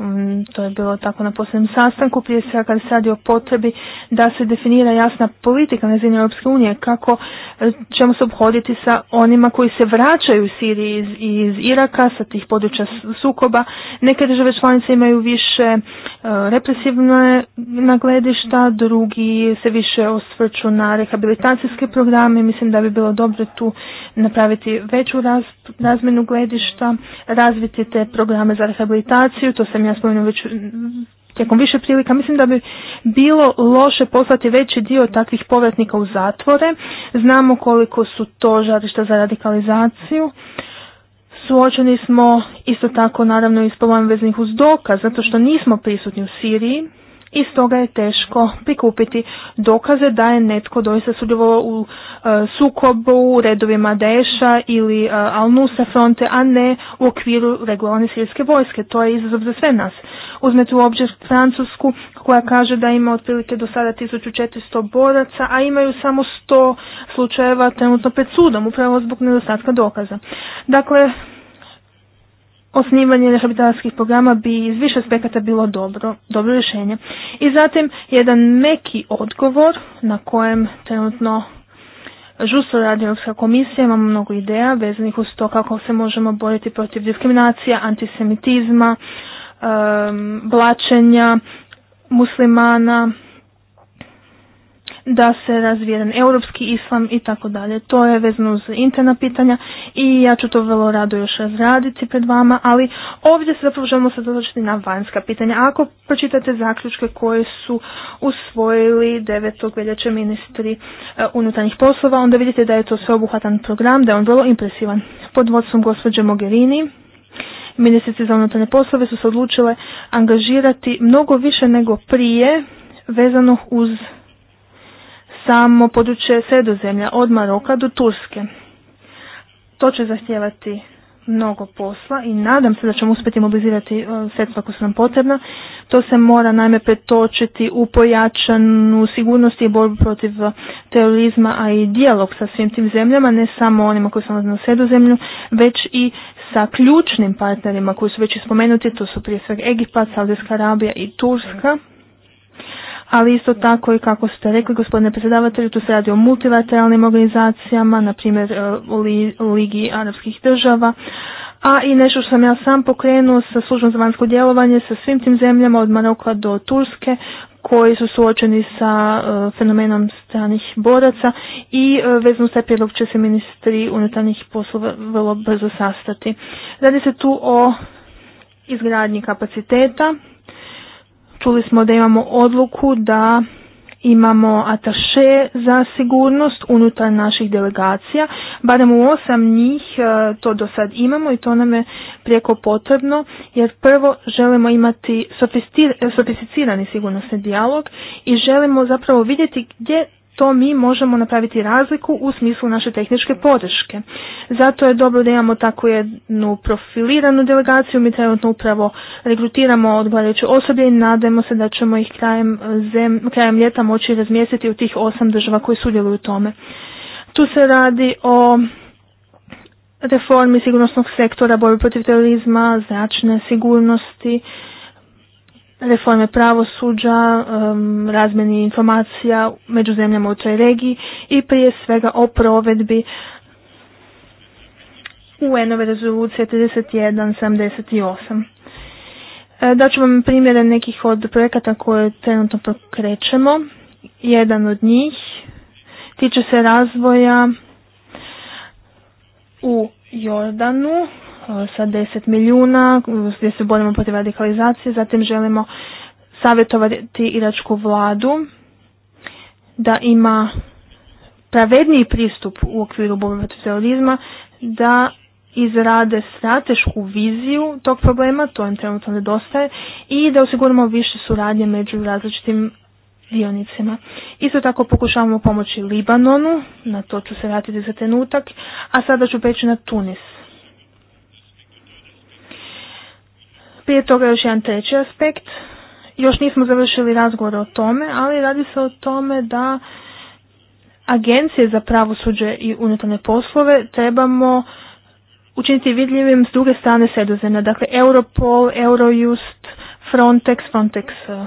Mm, to je bilo tako na posljednjem sastanku, prije svega kad se radi o potrebi da se definira jasna politika na zemlji Europske unije, kako e, ćemo se obhoditi sa onima koji se vraćaju iz Siriji iz, iz Iraka, sa tih područja sukoba. Neke države članice imaju više e, represivne nagledišta, drugi se više osvrću na rehabilitacijske programe. Mislim da bi bilo dobro tu napraviti veću raz, razmenu gledišta, razviti te programe za rehabilitaciju, to sam ja spomenuo već tijekom više prilika, mislim da bi bilo loše poslati veći dio takvih povratnika u zatvore. Znamo koliko su to žarišta za radikalizaciju. Suočeni smo isto tako naravno i s problemom vezanih uz dokaz, zato što nismo prisutni u Siriji, i stoga je teško prikupiti dokaze da je netko doista sudjelovao u e, sukobu, u redovima Deša ili e, Alnusa fronte, a ne u okviru regularne sirijske vojske. To je izazov za sve nas. Uzmete u obzir Francusku koja kaže da ima otprilike do sada 1400 boraca, a imaju samo 100 slučajeva trenutno pred sudom, upravo zbog nedostatka dokaza. Dakle, osnivanje rehabilitacijskih programa bi iz više aspekata bilo dobro, dobro rješenje. I zatim jedan meki odgovor na kojem trenutno žusto radi Europska komisija, imamo mnogo ideja vezanih uz to kako se možemo boriti protiv diskriminacija, antisemitizma, blačenja, muslimana, da se jedan europski islam i tako dalje. To je vezano uz interna pitanja i ja ću to vrlo rado još razraditi pred vama, ali ovdje se zapravo želimo se na vanjska pitanja. Ako pročitate zaključke koje su usvojili devetog veljače ministri e, unutarnjih poslova, onda vidite da je to sveobuhvatan program, da je on vrlo impresivan. Pod vodstvom gospođe Mogherini ministrice za unutarnje poslove su se odlučile angažirati mnogo više nego prije vezano uz samo područje sredozemlja od Maroka do Turske. To će zahtijevati mnogo posla i nadam se da ćemo uspjeti mobilizirati e, sredstva koja su nam potrebna. To se mora naime pretočiti u pojačanu sigurnost i borbu protiv terorizma, a i dijalog sa svim tim zemljama, ne samo onima koji su na sredozemlju, već i sa ključnim partnerima koji su već i spomenuti, to su prije svega Egipat, Saudijska Arabija i Turska ali isto tako i kako ste rekli gospodine predsjedavatelju, tu se radi o multilateralnim organizacijama, na primjer e, u Ligi Arabskih država, a i nešto što sam ja sam pokrenuo sa službom za vanjsko djelovanje sa svim tim zemljama od Maroka do Turske koji su suočeni sa e, fenomenom stranih boraca i e, vezno taj prijedlog će se ministri unutarnjih poslova vrlo brzo sastati. Radi se tu o izgradnji kapaciteta čuli smo da imamo odluku da imamo ataše za sigurnost unutar naših delegacija. Barem u osam njih e, to do sad imamo i to nam je prijeko potrebno jer prvo želimo imati sofisticirani sigurnosni dijalog i želimo zapravo vidjeti gdje to mi možemo napraviti razliku u smislu naše tehničke podrške. Zato je dobro da imamo takvu jednu profiliranu delegaciju, mi trenutno upravo regrutiramo odgovarajuće osoblje i nadamo se da ćemo ih krajem, zem, krajem ljeta moći razmjestiti u tih osam država koji sudjeluju u tome. Tu se radi o reformi sigurnosnog sektora, borbi protiv terorizma, zračne sigurnosti, reforme pravosuđa, razmjeni informacija među zemljama u toj regiji i prije svega o provedbi UN-ove rezolucije 3178. E, Daću ću vam primjere nekih od projekata koje trenutno pokrećemo. Jedan od njih tiče se razvoja u Jordanu E, sa 10 milijuna gdje se borimo protiv radikalizacije, zatim želimo savjetovati iračku vladu da ima pravedniji pristup u okviru borbe protiv terorizma, da izrade stratešku viziju tog problema, to im trenutno nedostaje, i da osiguramo više suradnje među različitim dionicima. Isto tako pokušavamo pomoći Libanonu, na to ću se vratiti za trenutak, a sada ću peći na Tunis. Prije toga još jedan treći aspekt. Još nismo završili razgovor o tome, ali radi se o tome da agencije za pravosuđe i unutarnje poslove trebamo učiniti vidljivim s druge strane sredozemlja. Dakle, Europol, Eurojust, Frontex, Frontex eh,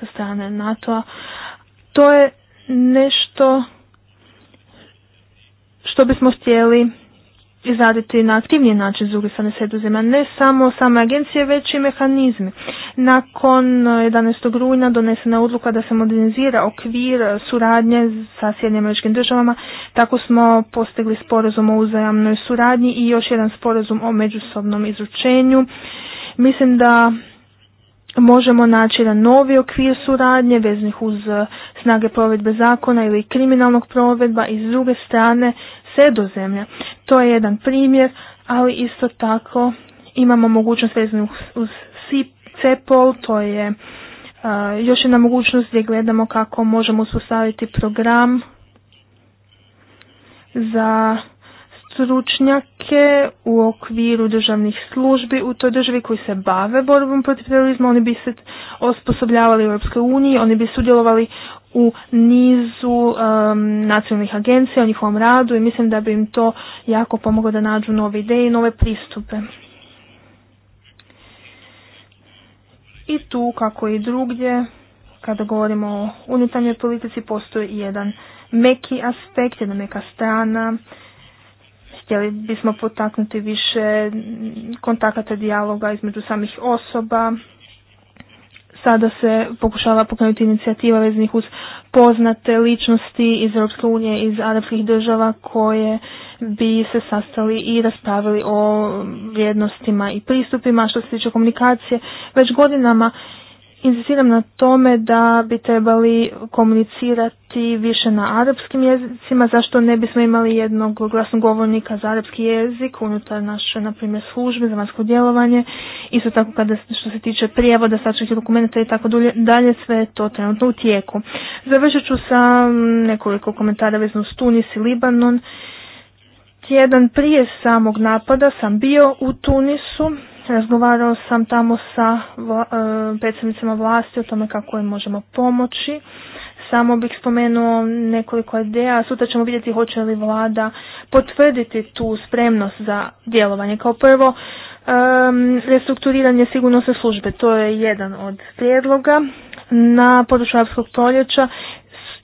sa strane NATO-a. To je nešto što bismo htjeli izraditi na aktivniji način s druge strane ne samo same agencije, već i mehanizmi. Nakon 11. Eh, rujna donesena odluka da se modernizira okvir suradnje sa Sjednjim američkim državama, tako smo postigli sporazum o uzajamnoj suradnji i još jedan sporazum o međusobnom izručenju. Mislim da možemo naći jedan novi okvir suradnje veznih uz eh, snage provedbe zakona ili kriminalnog provedba i s druge strane sredozemlja. To je jedan primjer, ali isto tako imamo mogućnost vezanu uz CEPOL, to je još jedna mogućnost gdje gledamo kako možemo uspostaviti program za stručnjake u okviru državnih službi u toj državi koji se bave borbom protiv terorizma, oni bi se osposobljavali u Europskoj uniji, oni bi sudjelovali u nizu um, nacionalnih agencija o njihovom radu i mislim da bi im to jako pomoglo da nađu nove ideje i nove pristupe. I tu, kako i drugdje, kada govorimo o unutarnjoj politici, postoji jedan meki aspekt, jedna meka strana. Htjeli bismo potaknuti više kontakata dijaloga između samih osoba, Sada se pokušava pokrenuti inicijativa veznih uz poznate ličnosti iz Europske unije, iz arapskih država koje bi se sastali i raspravili o vrijednostima i pristupima što se tiče komunikacije. Već godinama Inzistiram na tome da bi trebali komunicirati više na arapskim jezicima, zašto ne bismo imali jednog govornika za arapski jezik unutar naše, na primjer, službe za vanjsko djelovanje, isto tako kada što se tiče prijevoda, stačnih dokumenta i tako dalje, sve je to trenutno u tijeku. Završit ću sa mm, nekoliko komentara vezno s Tunis i Libanon. Tjedan prije samog napada sam bio u Tunisu, Razgovarao sam tamo sa vla, e, predstavnicima vlasti o tome kako im možemo pomoći. Samo bih spomenuo nekoliko ideja, sutra ćemo vidjeti hoće li vlada potvrditi tu spremnost za djelovanje. Kao prvo, restrukturiranje sigurnosne službe, to je jedan od prijedloga. Na području Arabskog proljeća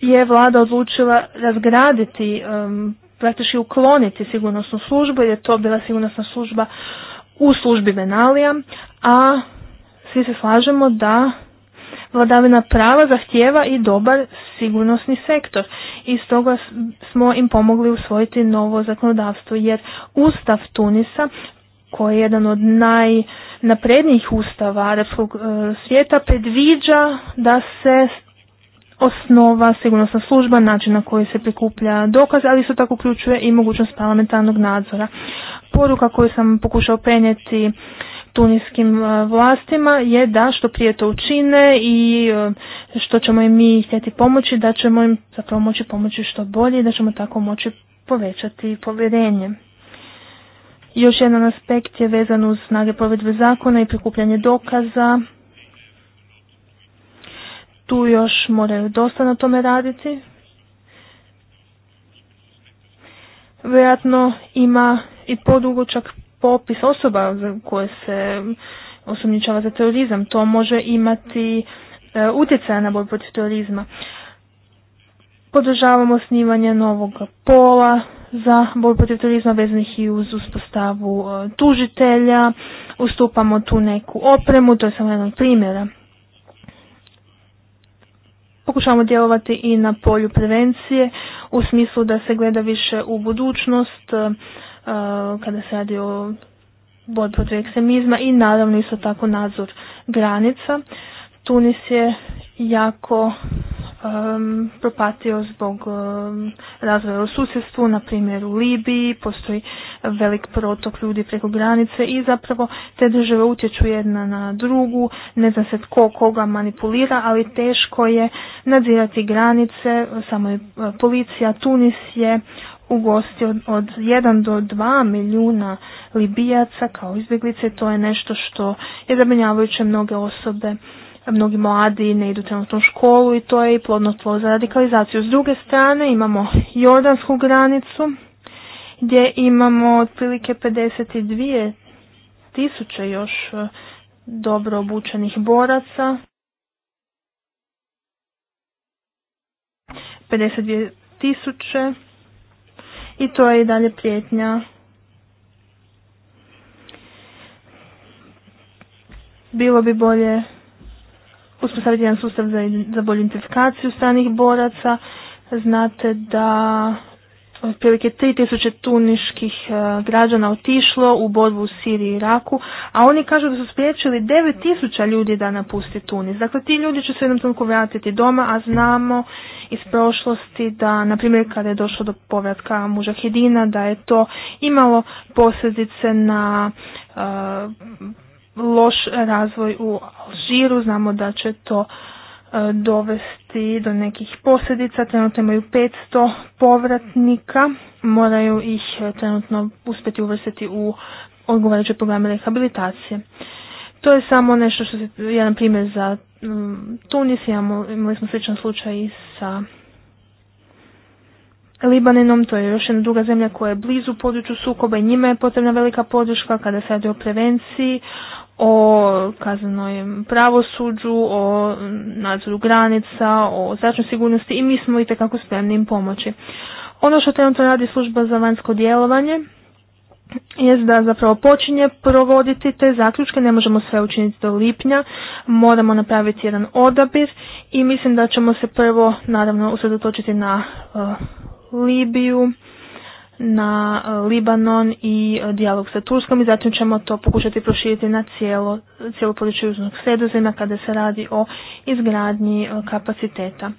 je vlada odlučila razgraditi um, praktički ukloniti sigurnosnu službu jer je to bila sigurnosna služba u službi venalija, a svi se slažemo da vladavina prava zahtjeva i dobar sigurnosni sektor i stoga smo im pomogli usvojiti novo zakonodavstvo jer Ustav Tunisa koji je jedan od najnaprednijih ustava arapskog e, svijeta predviđa da se osnova sigurnosna služba, način na koji se prikuplja dokaz, ali isto tako uključuje i mogućnost parlamentarnog nadzora poruka koju sam pokušao prenijeti tunijskim e, vlastima je da što prije to učine i e, što ćemo im mi htjeti pomoći, da ćemo im zapravo moći pomoći što bolje i da ćemo tako moći povećati povjerenje. Još jedan aspekt je vezan uz snage provedbe zakona i prikupljanje dokaza. Tu još moraju dosta na tome raditi. Vjerojatno ima i čak popis osoba koje se osumnjičava za terorizam. To može imati e, utjecaja na borbu protiv terorizma. Podržavamo osnivanje novog pola za borbu protiv terorizma vezanih i uz uspostavu e, tužitelja. Ustupamo tu neku opremu, to je samo jedan primjera. Pokušavamo djelovati i na polju prevencije u smislu da se gleda više u budućnost, Uh, kada se radi o borbi protiv ekstremizma i naravno isto tako nadzor granica. Tunis je jako um, propatio zbog um, razvoja u susjedstvu, na primjer u Libiji, postoji velik protok ljudi preko granice i zapravo te države utječu jedna na drugu, ne zna se tko koga manipulira, ali teško je nadzirati granice, samo je uh, policija, Tunis je ugosti od, od 1 do 2 milijuna Libijaca kao izbjeglice. To je nešto što je zabrinjavajuće mnoge osobe. Mnogi mladi ne idu trenutno u školu i to je i plodno tlo za radikalizaciju. S druge strane imamo jordansku granicu gdje imamo otprilike 52 tisuće još eh, dobro obučenih boraca. 52 tisuće i to je i dalje prijetnja bilo bi bolje uspostaviti jedan sustav za, za bolju identifikaciju stranih boraca. Znate da otprilike 3000 tuniških e, građana otišlo u borbu u Siriji i Iraku, a oni kažu da su spriječili 9000 ljudi da napusti Tunis. Dakle, ti ljudi će se jednom trenutku vratiti doma, a znamo iz prošlosti da, na primjer, kada je došlo do povratka mužahedina, da je to imalo posljedice na eh, loš razvoj u Alžiru. Znamo da će to eh, dovesti do nekih posljedica. Trenutno imaju 500 povratnika. Moraju ih eh, trenutno uspjeti uvrstiti u odgovarajuće programe rehabilitacije. To je samo nešto što se, jedan primjer za Mm, Tunis, imali smo sličan slučaj i sa Libaninom, to je još jedna druga zemlja koja je blizu području sukoba i njima je potrebna velika podrška kada se radi o prevenciji, o kaznenoj pravosuđu, o nadzoru granica, o zračnoj sigurnosti i mi smo i tekako spremni im pomoći. Ono što trenutno radi služba za vanjsko djelovanje je da zapravo počinje provoditi te zaključke, ne možemo sve učiniti do lipnja, moramo napraviti jedan odabir i mislim da ćemo se prvo naravno usredotočiti na eh, Libiju, na eh, Libanon i eh, dijalog sa Turskom i zatim ćemo to pokušati proširiti na cijelo, cijelo područje Južnog sredozemlja kada se radi o izgradnji kapaciteta.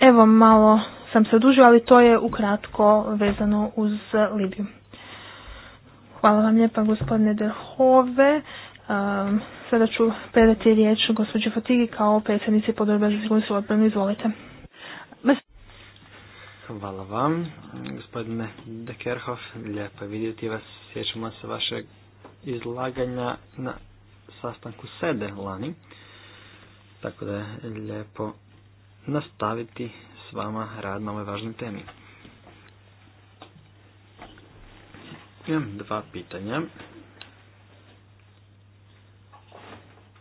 Evo malo sam se odužio, ali to je ukratko vezano uz Libiju. Hvala vam lijepa gospodine Dehove. E, sada ću predati riječ gospođe Fatigi kao predsjednici podrobe za sigurnost odbranu. Izvolite. Hvala vam, gospodine Dekerhoff. Lijepo je vidjeti vas. Sjećamo se vašeg izlaganja na sastanku sede lani. Tako da je lijepo nastaviti s vama rad na ovoj važnoj temi. Imam dva pitanja.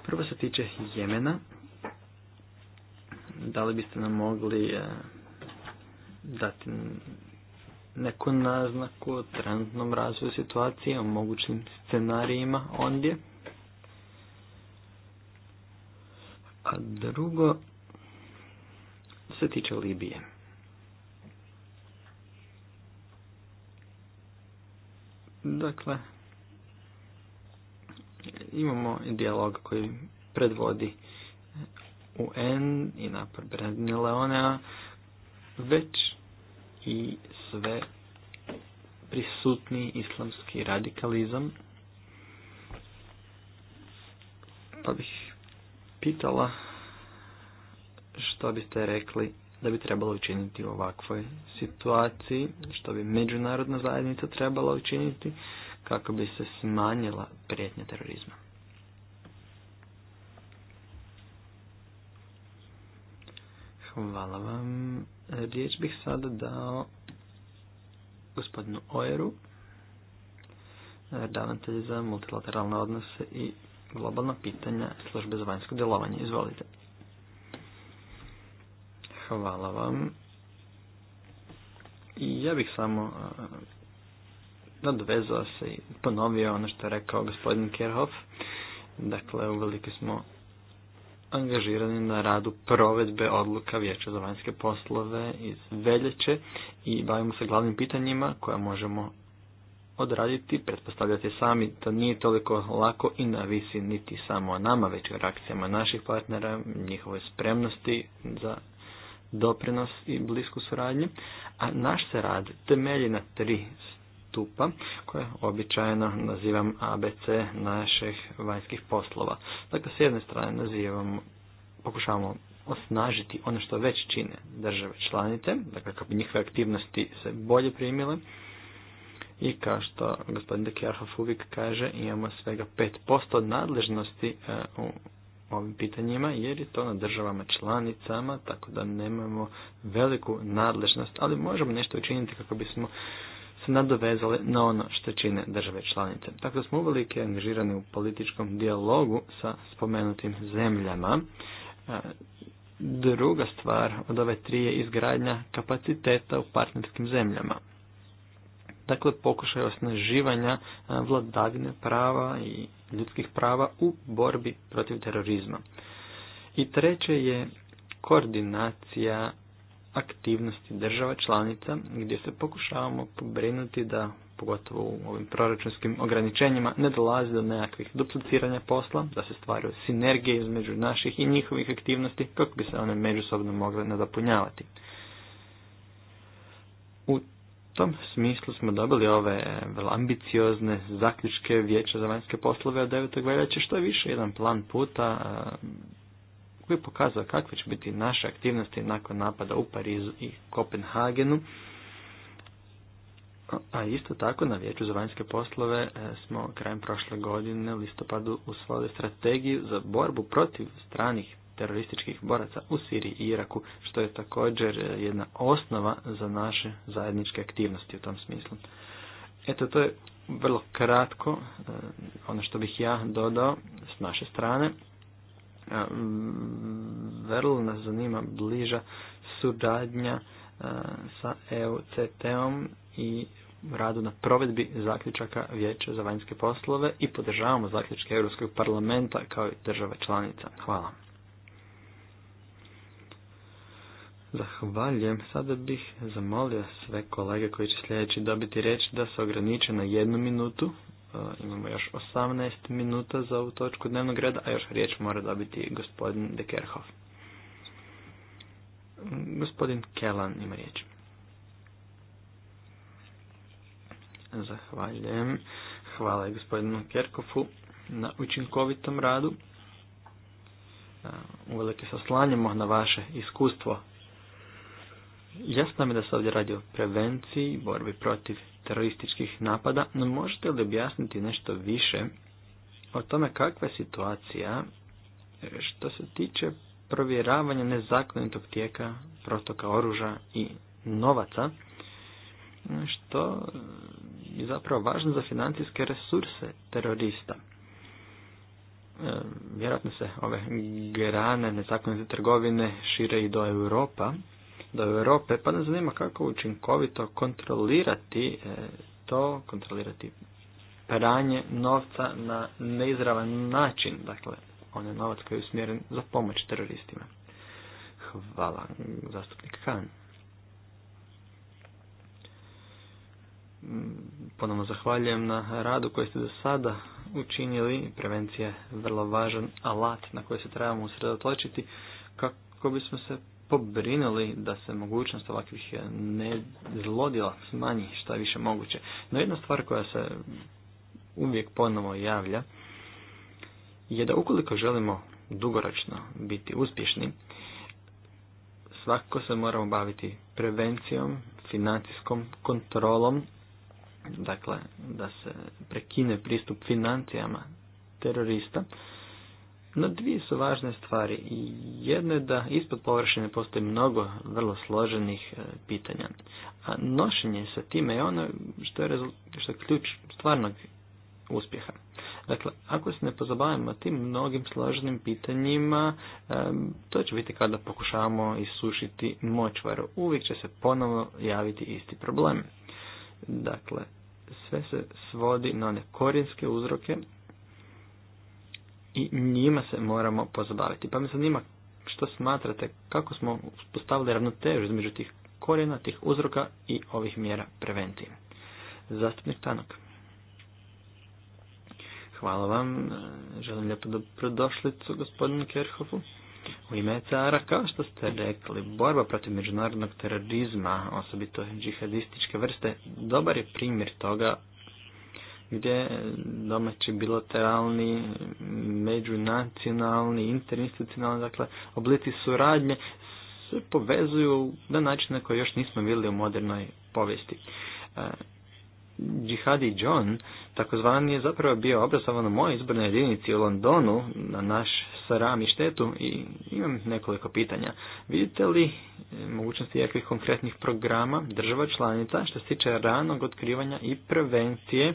Prvo se tiče Jemena. Da li biste nam mogli eh, dati neku naznaku o trenutnom razvoju situacije, o mogućim scenarijima ondje? A drugo se tiče Libije. Dakle, imamo dijalog koji predvodi UN i napor Brandine Leonea već i sve prisutni islamski radikalizam. Pa bih pitala što biste rekli da bi trebalo učiniti u ovakvoj situaciji, što bi međunarodna zajednica trebala učiniti kako bi se smanjila prijetnja terorizma. Hvala vam. Riječ bih sada dao gospodinu Ojeru, davatelji za multilateralne odnose i globalna pitanja službe za vanjsko djelovanje. Izvolite. Hvala vam. I ja bih samo nadvezao se i ponovio ono što je rekao gospodin Kerhoff. Dakle, uvelike smo angažirani na radu provedbe odluka Vijeća za vanjske poslove iz veljeće i bavimo se glavnim pitanjima koja možemo odraditi, pretpostavljati sami, to nije toliko lako i navisi niti samo o nama, već o reakcijama naših partnera, njihovoj spremnosti za doprinos i blisku suradnju, a naš se rad temelji na tri stupa koje običajno nazivam ABC naših vanjskih poslova. Dakle, s jedne strane nazivam, pokušavamo osnažiti ono što već čine države članice, dakle kako bi njihove aktivnosti se bolje primile. I kao što gospodin Dekjarhov uvijek kaže, imamo svega 5% nadležnosti e, u ovim pitanjima jer je to na državama članicama, tako da nemamo veliku nadležnost, ali možemo nešto učiniti kako bismo se nadovezali na ono što čine države članice. Tako da smo uvelike angažirani u političkom dijalogu sa spomenutim zemljama. E, druga stvar od ove tri je izgradnja kapaciteta u partnerskim zemljama. Dakle, pokušaj osnaživanja e, vladavine prava i ljudskih prava u borbi protiv terorizma. I treće je koordinacija aktivnosti država članica gdje se pokušavamo pobrinuti da pogotovo u ovim proračunskim ograničenjima ne dolazi do nekakvih dupliciranja posla, da se stvaraju sinergije između naših i njihovih aktivnosti kako bi se one međusobno mogle nadopunjavati. U tom smislu smo dobili ove e, vrlo ambiciozne zaključke Vijeća za vanjske poslove od 9. veljače, što je više jedan plan puta e, koji je pokazao kakve će biti naše aktivnosti nakon napada u Parizu i Kopenhagenu. A isto tako na Vijeću za vanjske poslove e, smo krajem prošle godine u listopadu usvojili strategiju za borbu protiv stranih terorističkih boraca u Siriji i Iraku, što je također e, jedna osnova za naše zajedničke aktivnosti u tom smislu. Eto, to je vrlo kratko e, ono što bih ja dodao s naše strane. E, vrlo nas zanima bliža suradnja sa EUCT-om i radu na provedbi zaključaka Vijeća za vanjske poslove i podržavamo zaključke Europskog parlamenta kao i država članica. Hvala. Zahvaljujem. Sada bih zamolio sve kolege koji će sljedeći dobiti reč da se ograniče na jednu minutu. E, imamo još 18 minuta za ovu točku dnevnog reda, a još riječ mora dobiti gospodin Dekerhoff. Gospodin Kelan ima riječ. Zahvaljujem. Hvala i gospodinu Kerkofu na učinkovitom radu. E, se oslanjamo na vaše iskustvo Jasno mi da se ovdje radi o prevenciji borbi protiv terorističkih napada, no možete li objasniti nešto više o tome kakva je situacija e, što se tiče provjeravanja nezakonitog tijeka, protoka oružja i novaca, što je zapravo važno za financijske resurse terorista. E, vjerojatno se ove grane nezakonite trgovine šire i do Europa, do Europe, pa ne zanima kako učinkovito kontrolirati e, to, kontrolirati pranje novca na neizravan način, dakle, je novac koji je usmjeren za pomoć teroristima. Hvala, zastupnik Khan. Ponovno zahvaljujem na radu koji ste do sada učinili. Prevencija je vrlo važan alat na koji se trebamo usredotočiti kako bismo se pobrinuli da se mogućnost ovakvih eh, ne zlodjela smanji što je više moguće. No jedna stvar koja se uvijek ponovo javlja je da ukoliko želimo dugoročno biti uspješni, svakako se moramo baviti prevencijom, financijskom kontrolom, dakle da se prekine pristup financijama terorista, no dvije su važne stvari. Jedno je da ispod površine postoji mnogo vrlo složenih e, pitanja. A nošenje sa time je ono što je, što je ključ stvarnog uspjeha. Dakle, ako se ne pozabavimo tim mnogim složenim pitanjima, e, to će biti kada pokušavamo isušiti močvaru. Uvijek će se ponovo javiti isti problem. Dakle, sve se svodi na one korijenske uzroke i njima se moramo pozabaviti. Pa me zanima što smatrate, kako smo postavili ravnotežu između tih korijena, tih uzroka i ovih mjera prevencije. Zastupnik Tanok. Hvala vam. Želim lijepo dobrodošlicu gospodinu Kerhofu. U ime cara, kao što ste rekli, borba protiv međunarodnog terorizma, osobito džihadističke vrste, dobar je primjer toga gdje domaći bilateralni, međunacionalni, interinstitucionalni, dakle, oblici suradnje se povezuju na način na koji još nismo vidjeli u modernoj povijesti. E, Džihadi John, takozvani, je zapravo bio obrazovan u mojoj izbornoj jedinici u Londonu na naš Saram i štetu i imam nekoliko pitanja. Vidite li e, mogućnosti jakvih konkretnih programa država članica što se tiče ranog otkrivanja i prevencije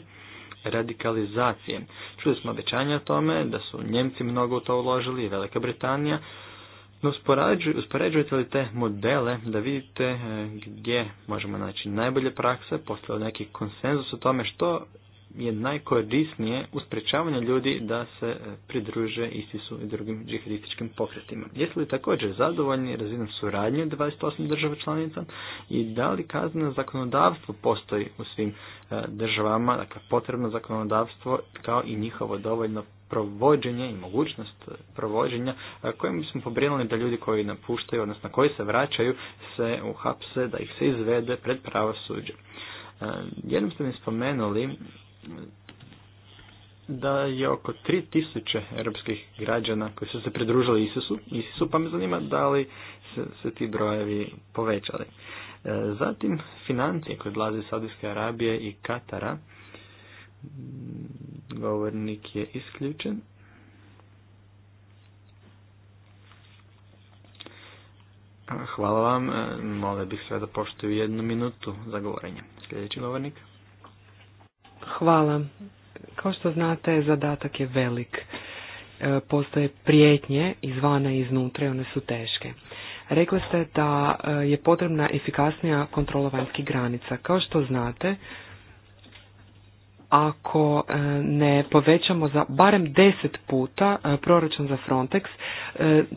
radikalizacije. Čuli smo obećanja o tome da su Njemci mnogo u to uložili i Velika Britanija. No uspoređujete li te modele da vidite eh, gdje možemo naći najbolje prakse, postoje neki konsenzus o tome što je najkorisnije u sprečavanju ljudi da se e, pridruže istisu i drugim džihadističkim pokretima. Jesu li također zadovoljni razinom suradnje 28 država članica i da li kazneno zakonodavstvo postoji u svim e, državama, dakle potrebno zakonodavstvo kao i njihovo dovoljno provođenje i mogućnost e, provođenja kojim bismo pobrinuli da ljudi koji napuštaju, odnosno koji se vraćaju, se uhapse, da ih se izvede pred pravosuđe. Jednom ste mi spomenuli da je oko 3000 europskih građana koji su se pridružili isusu pa me zanima da li se, se ti brojevi povećali. E, zatim, financije koje dolaze iz Saudijske Arabije i Katara, govornik je isključen. Hvala vam, e, mole bih sve da poštuju jednu minutu za govorenje. Sljedeći govornik. Hvala. Kao što znate, zadatak je velik. E, postoje prijetnje izvana i iznutra i one su teške. Rekli ste da e, je potrebna efikasnija kontrola vanjskih granica. Kao što znate, ako e, ne povećamo za barem deset puta proračun za Frontex,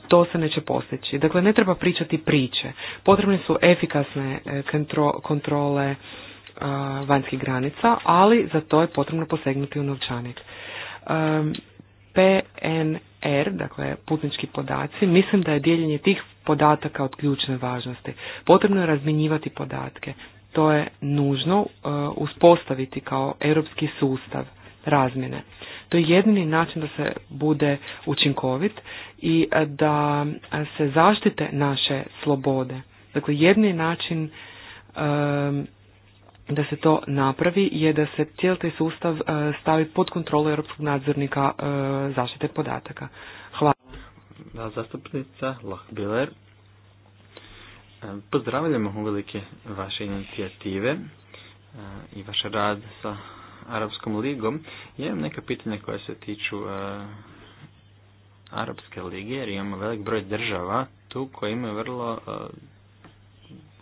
to se neće postići. Dakle, ne treba pričati priče. Potrebne su efikasne kontrole vanjskih granica, ali za to je potrebno posegnuti u novčanik. PNR, dakle putnički podaci, mislim da je dijeljenje tih podataka od ključne važnosti. Potrebno je razminjivati podatke. To je nužno e, uspostaviti kao europski sustav razmjene. To je jedini način da se bude učinkovit i e, da se zaštite naše slobode. Dakle, jedini način da se to napravi je da se cijel taj sustav e, stavi pod kontrolu europskog nadzornika e, zaštite podataka. Hvala. Da, zastupnica Lohbiler. E, Pozdravljamo uvelike vaše inicijative i vaš rad sa Arabskom ligom. Ja imam neka pitanja koja se tiču Arabske lige jer imamo velik broj država tu koje imaju vrlo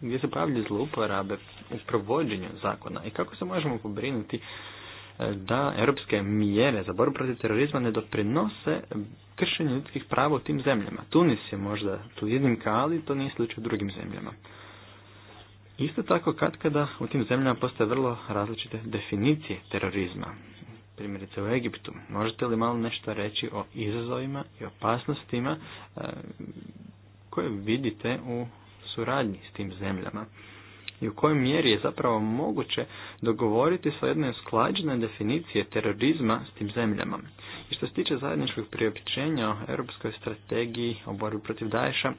gdje se pojavljuju zlouporabe u provođenju zakona i kako se možemo pobrinuti e, da europske mjere za borbu protiv terorizma ne doprinose kršenju ljudskih prava u tim zemljama. Tunis je možda tu jednim ali to nije slučaj u drugim zemljama. Isto tako kad kada u tim zemljama postoje vrlo različite definicije terorizma. Primjerice u Egiptu. Možete li malo nešto reći o izazovima i opasnostima e, koje vidite u suradnji s tim zemljama? i u kojoj mjeri je zapravo moguće dogovoriti sa jednoj usklađene definicije terorizma s tim zemljama. I što se tiče zajedničkog priopćenja o europskoj strategiji o borbi protiv Daesha,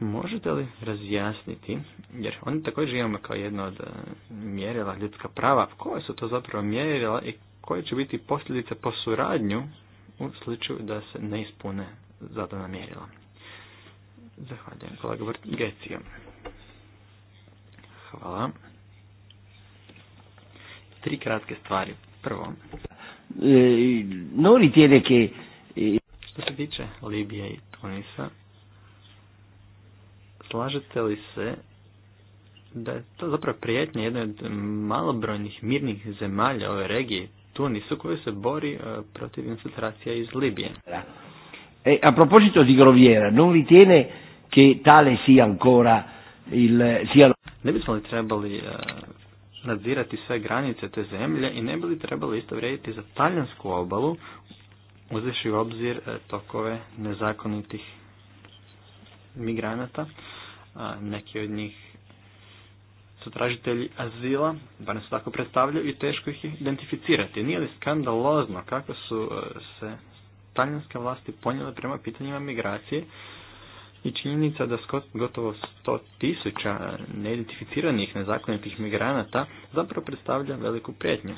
možete li razjasniti, jer oni također imamo kao jedno od e, mjerila ljudska prava, koje su to zapravo mjerila i koje će biti posljedice po suradnju u slučaju da se ne ispune zadana mjerila. Zahvaljujem kolega Gecijom. Hvala. Tri kratke stvari. Prvo. ti e, ritiene che... E, Što se tiče Libije i Tunisa, slažete li se da je to zapravo prijetnje jedne od malobrojnih mirnih zemalja ove regije, Tunisu, koje se bori e, protiv infiltracija iz Libije? E, a proposito di Groviera, non ritiene che tale sia ancora il, ne bismo li trebali e, nadzirati sve granice te zemlje i ne bi li trebali isto vrijediti za talijansku obalu, uzevši u obzir e, tokove nezakonitih migranata. Neki od njih su tražitelji azila, ne se tako predstavljaju i teško ih identificirati. Nije li skandalozno kako su e, se talijanske vlasti ponijele prema pitanjima migracije i činjenica da gotovo 100 tisuća neidentificiranih nezakonitih migranata zapravo predstavlja veliku prijetnju.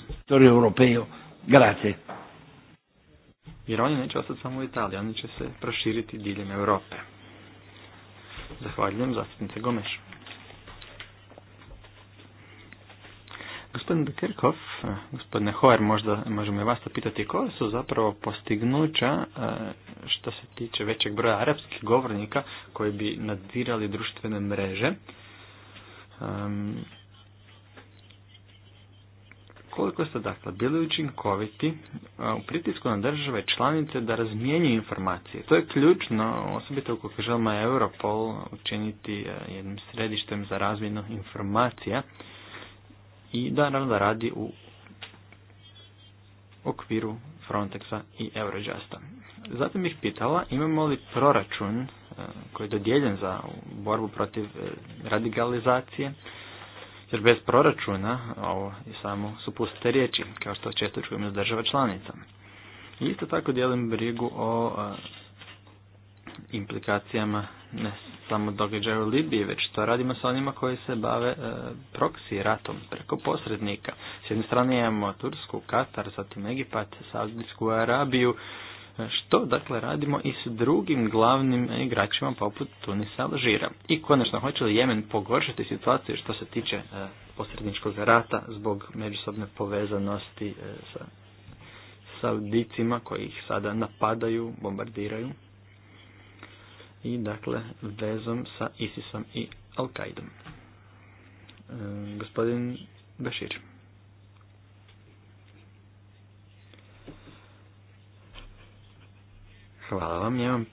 Jer oni neće ostati samo u Italiji, oni će se proširiti diljem Europe. Zahvaljujem zastupnice Gomeš. Gospodin Kirkov, eh, gospodine Hoer, možda možemo i vas to pitati, koje su zapravo postignuća eh, što se tiče većeg broja arapskih govornika koji bi nadzirali društvene mreže? koliko ste dakle bili učinkoviti u pritisku na države članice da razmijenju informacije. To je ključno, osobito ukoliko želimo Europol učiniti eh, jednim središtem za razmjenu informacija i da radi u okviru Frontexa i Eurojusta. Zatim bih pitala imamo li proračun e, koji je dodijeljen za borbu protiv e, radikalizacije, jer bez proračuna ovo je samo su puste riječi, kao što često čujemo država članica. isto tako dijelim brigu o e, implikacijama ne samo događaju u Libiji, već to radimo sa onima koji se bave e, proksi ratom preko posrednika. S jedne strane imamo Tursku, Katar, zatim Egipat, Saudijsku Arabiju, e, što dakle radimo i s drugim glavnim igračima poput Tunisa Alžira. I konačno hoće li Jemen pogoršati situaciju što se tiče e, posredničkog rata zbog međusobne povezanosti e, sa Saudicima koji ih sada napadaju, bombardiraju i dakle vezom sa ISISom i Al-Qaidom. E, gospodin Bešir. Hvala vam, ja imam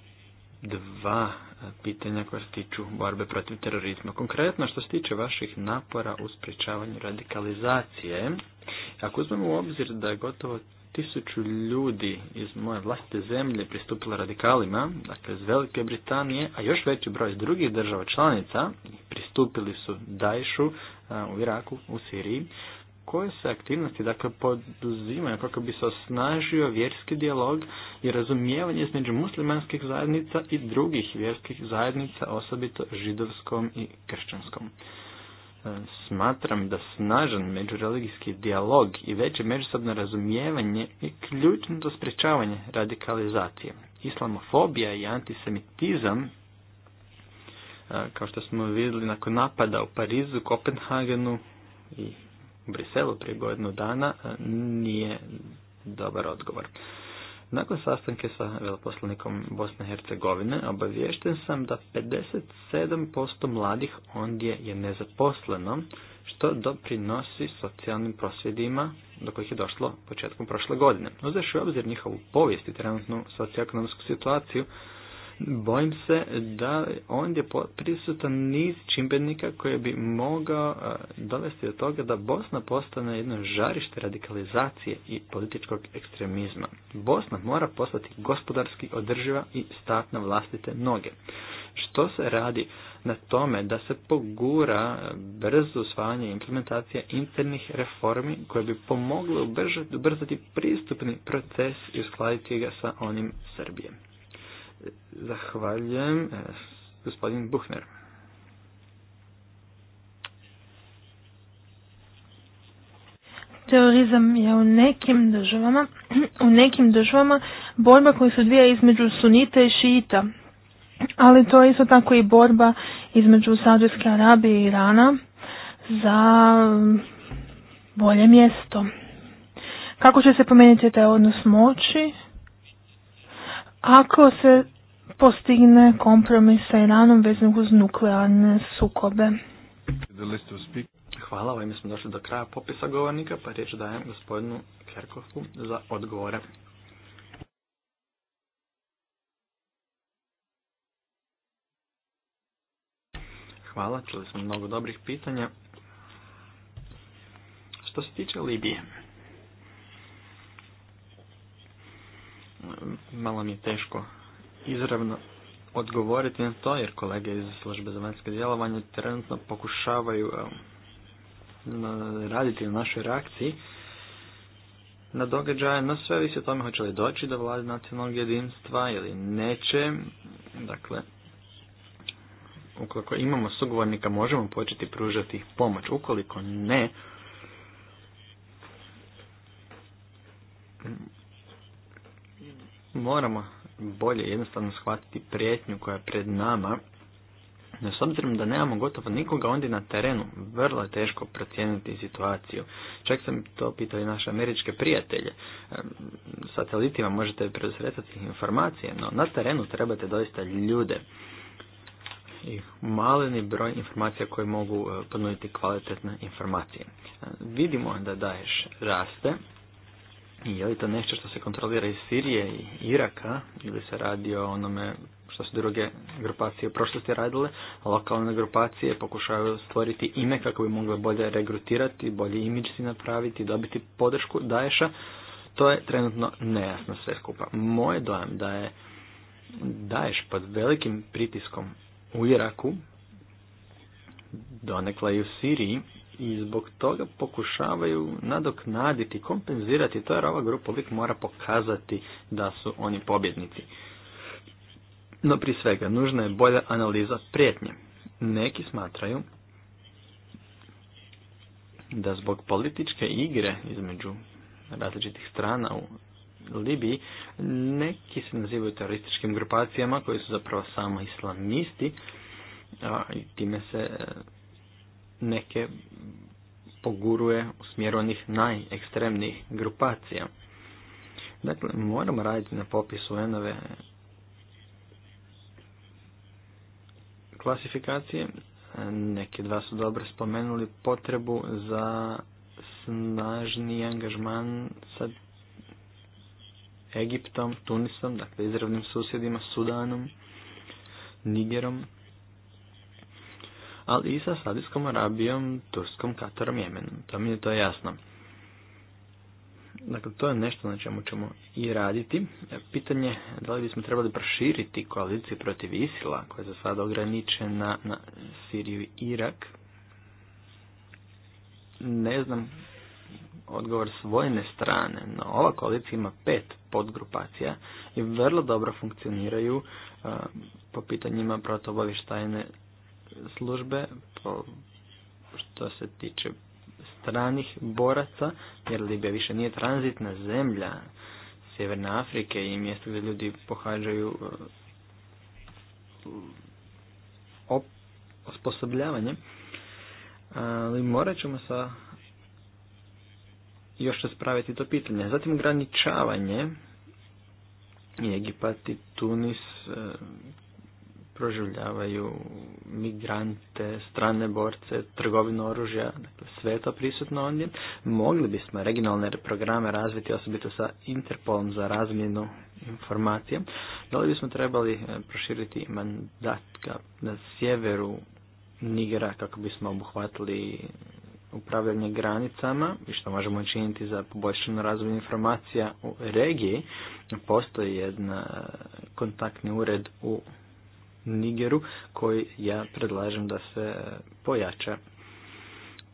dva pitanja koja se tiču borbe protiv terorizma. Konkretno što se tiče vaših napora u sprječavanju radikalizacije, ako uzmemo u obzir da je gotovo tisuću ljudi iz moje vlastite zemlje pristupilo radikalima, dakle iz Velike Britanije, a još veći broj drugih država članica pristupili su Dajšu eh, u Iraku, u Siriji, koje se aktivnosti dakle poduzimaju kako bi se osnažio vjerski dijalog i razumijevanje između muslimanskih zajednica i drugih vjerskih zajednica, osobito židovskom i kršćanskom smatram da snažan međureligijski dijalog i veće međusobno razumijevanje je ključno za sprečavanje radikalizacije. Islamofobija i antisemitizam, kao što smo vidjeli nakon napada u Parizu, Kopenhagenu i Briselu prije godinu dana, nije dobar odgovor. Nakon sastanke sa veleposlanikom Bosne i Hercegovine obaviješten sam da 57% mladih ondje je nezaposleno, što doprinosi socijalnim prosvjedima do kojih je došlo početkom prošle godine. Uzeš u obzir njihovu povijest i trenutnu socioekonomsku situaciju, bojim se da ondje prisutan niz čimbenika koji bi mogao dovesti do toga da Bosna postane jedno žarište radikalizacije i političkog ekstremizma. Bosna mora postati gospodarski održiva i stat na vlastite noge. Što se radi na tome da se pogura brzo usvajanje implementacija internih reformi koje bi pomogle ubrzati pristupni proces i uskladiti ga sa onim Srbijem? Zahvaljujem. E, gospodin Buhner. Terorizam je u nekim državama, u nekim državama borba koja se odvija između sunita i šita. Ali to je isto tako i borba između Saudijske Arabije i Irana za bolje mjesto. Kako će se pomeniti taj odnos moći? Ako se postigne kompromis sa Iranom veznog uz nuklearne sukobe. Hvala, ovaj, mi smo došli do kraja popisa govornika, pa riječ dajem gospodinu Kerkovku za odgovore. Hvala, čuli smo mnogo dobrih pitanja. Što se tiče Libije, malo mi je teško izravno odgovoriti na to, jer kolege iz službe za vanjske djelovanje trenutno pokušavaju raditi na našoj reakciji na događaje, Na sve visi o tome hoće li doći do vlade nacionalnog jedinstva ili neće. Dakle, ukoliko imamo sugovornika možemo početi pružati pomoć, ukoliko ne, moramo bolje jednostavno shvatiti prijetnju koja je pred nama. No, s obzirom da nemamo gotovo nikoga ondje na terenu, vrlo je teško procijeniti situaciju. Čak sam to pitao i naše američke prijatelje. E, satelitima možete predosretati informacije, no na terenu trebate doista ljude i maleni broj informacija koje mogu e, ponuditi kvalitetne informacije. E, vidimo da daješ raste, je li to nešto što se kontrolira iz Sirije i Iraka ili se radi o onome što su druge grupacije u prošlosti radile, lokalne grupacije pokušavaju stvoriti ime kako bi mogle bolje regrutirati, bolje imidž napraviti, dobiti podršku Daješa, to je trenutno nejasno sve skupa. Moje dojam da je Daješ pod velikim pritiskom u Iraku, donekla i u Siriji, i zbog toga pokušavaju nadoknaditi, kompenzirati to jer ova grupa uvijek mora pokazati da su oni pobjednici. No prije svega, nužna je bolja analiza prijetnje. Neki smatraju da zbog političke igre između različitih strana u Libiji, neki se nazivaju terorističkim grupacijama koji su zapravo samo islamisti, i time se neke poguruje u smjeru onih najekstremnijih grupacija. Dakle, moramo raditi na popisu enove klasifikacije. Neki dva su dobro spomenuli potrebu za snažni angažman sa Egiptom, Tunisom, dakle izravnim susjedima, Sudanom, Nigerom ali i sa Saudijskom Arabijom, Turskom, Katarom, Jemenom. To mi je to jasno. Dakle, to je nešto na čemu ćemo i raditi. E, pitanje je da li bismo trebali proširiti koaliciju protiv Isila, koja je za sada ograničena na Siriju i Irak. Ne znam odgovor s vojne strane, no ova koalicija ima pet podgrupacija i vrlo dobro funkcioniraju e, po pitanjima protobavještajne službe po, što se tiče stranih boraca, jer Libija više nije tranzitna zemlja Sjeverne Afrike i mjesto gdje ljudi pohađaju uh, op, osposobljavanje. Ali morat ćemo sa još raspraviti to pitanje. Zatim ograničavanje Egipat i Tunis uh, proživljavaju migrante, strane borce, trgovinu oružja, dakle sve to prisutno ondje. Mogli bismo regionalne programe razviti osobito sa Interpolom za razmjenu informacija. Da li bismo trebali e, proširiti mandat na sjeveru Nigera kako bismo obuhvatili upravljanje granicama i što možemo učiniti za poboljšanu razvoj informacija u regiji. Postoji jedna kontaktni ured u Nigeru koji ja predlažem da se pojača.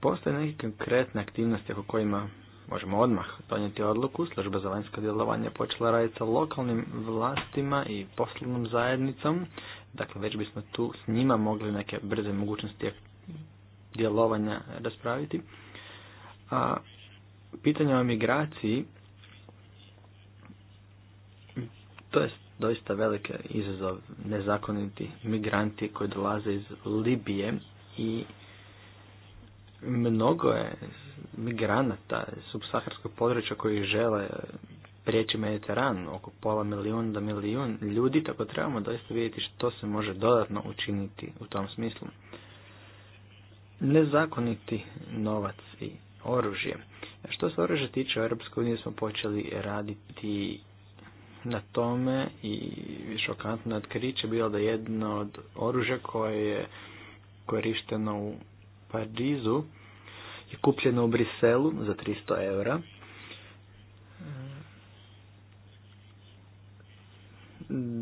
Postoje neke konkretne aktivnosti oko kojima možemo odmah donijeti odluku. Služba za vanjsko djelovanje počela raditi sa lokalnim vlastima i poslovnom zajednicom. Dakle, već bismo tu s njima mogli neke brze mogućnosti djelovanja raspraviti. A pitanje o migraciji, to je doista velike izazov nezakoniti migranti koji dolaze iz Libije i mnogo je migranata subsaharskog područja koji žele prijeći Mediteran, oko pola milijuna do milijun ljudi, tako trebamo doista vidjeti što se može dodatno učiniti u tom smislu. Nezakoniti novac i oružje. Što se oružje tiče, u EU smo počeli raditi na tome i šokantno otkriće bilo da jedno od oružja koje je korišteno u Parizu je kupljeno u Briselu za 300 eura.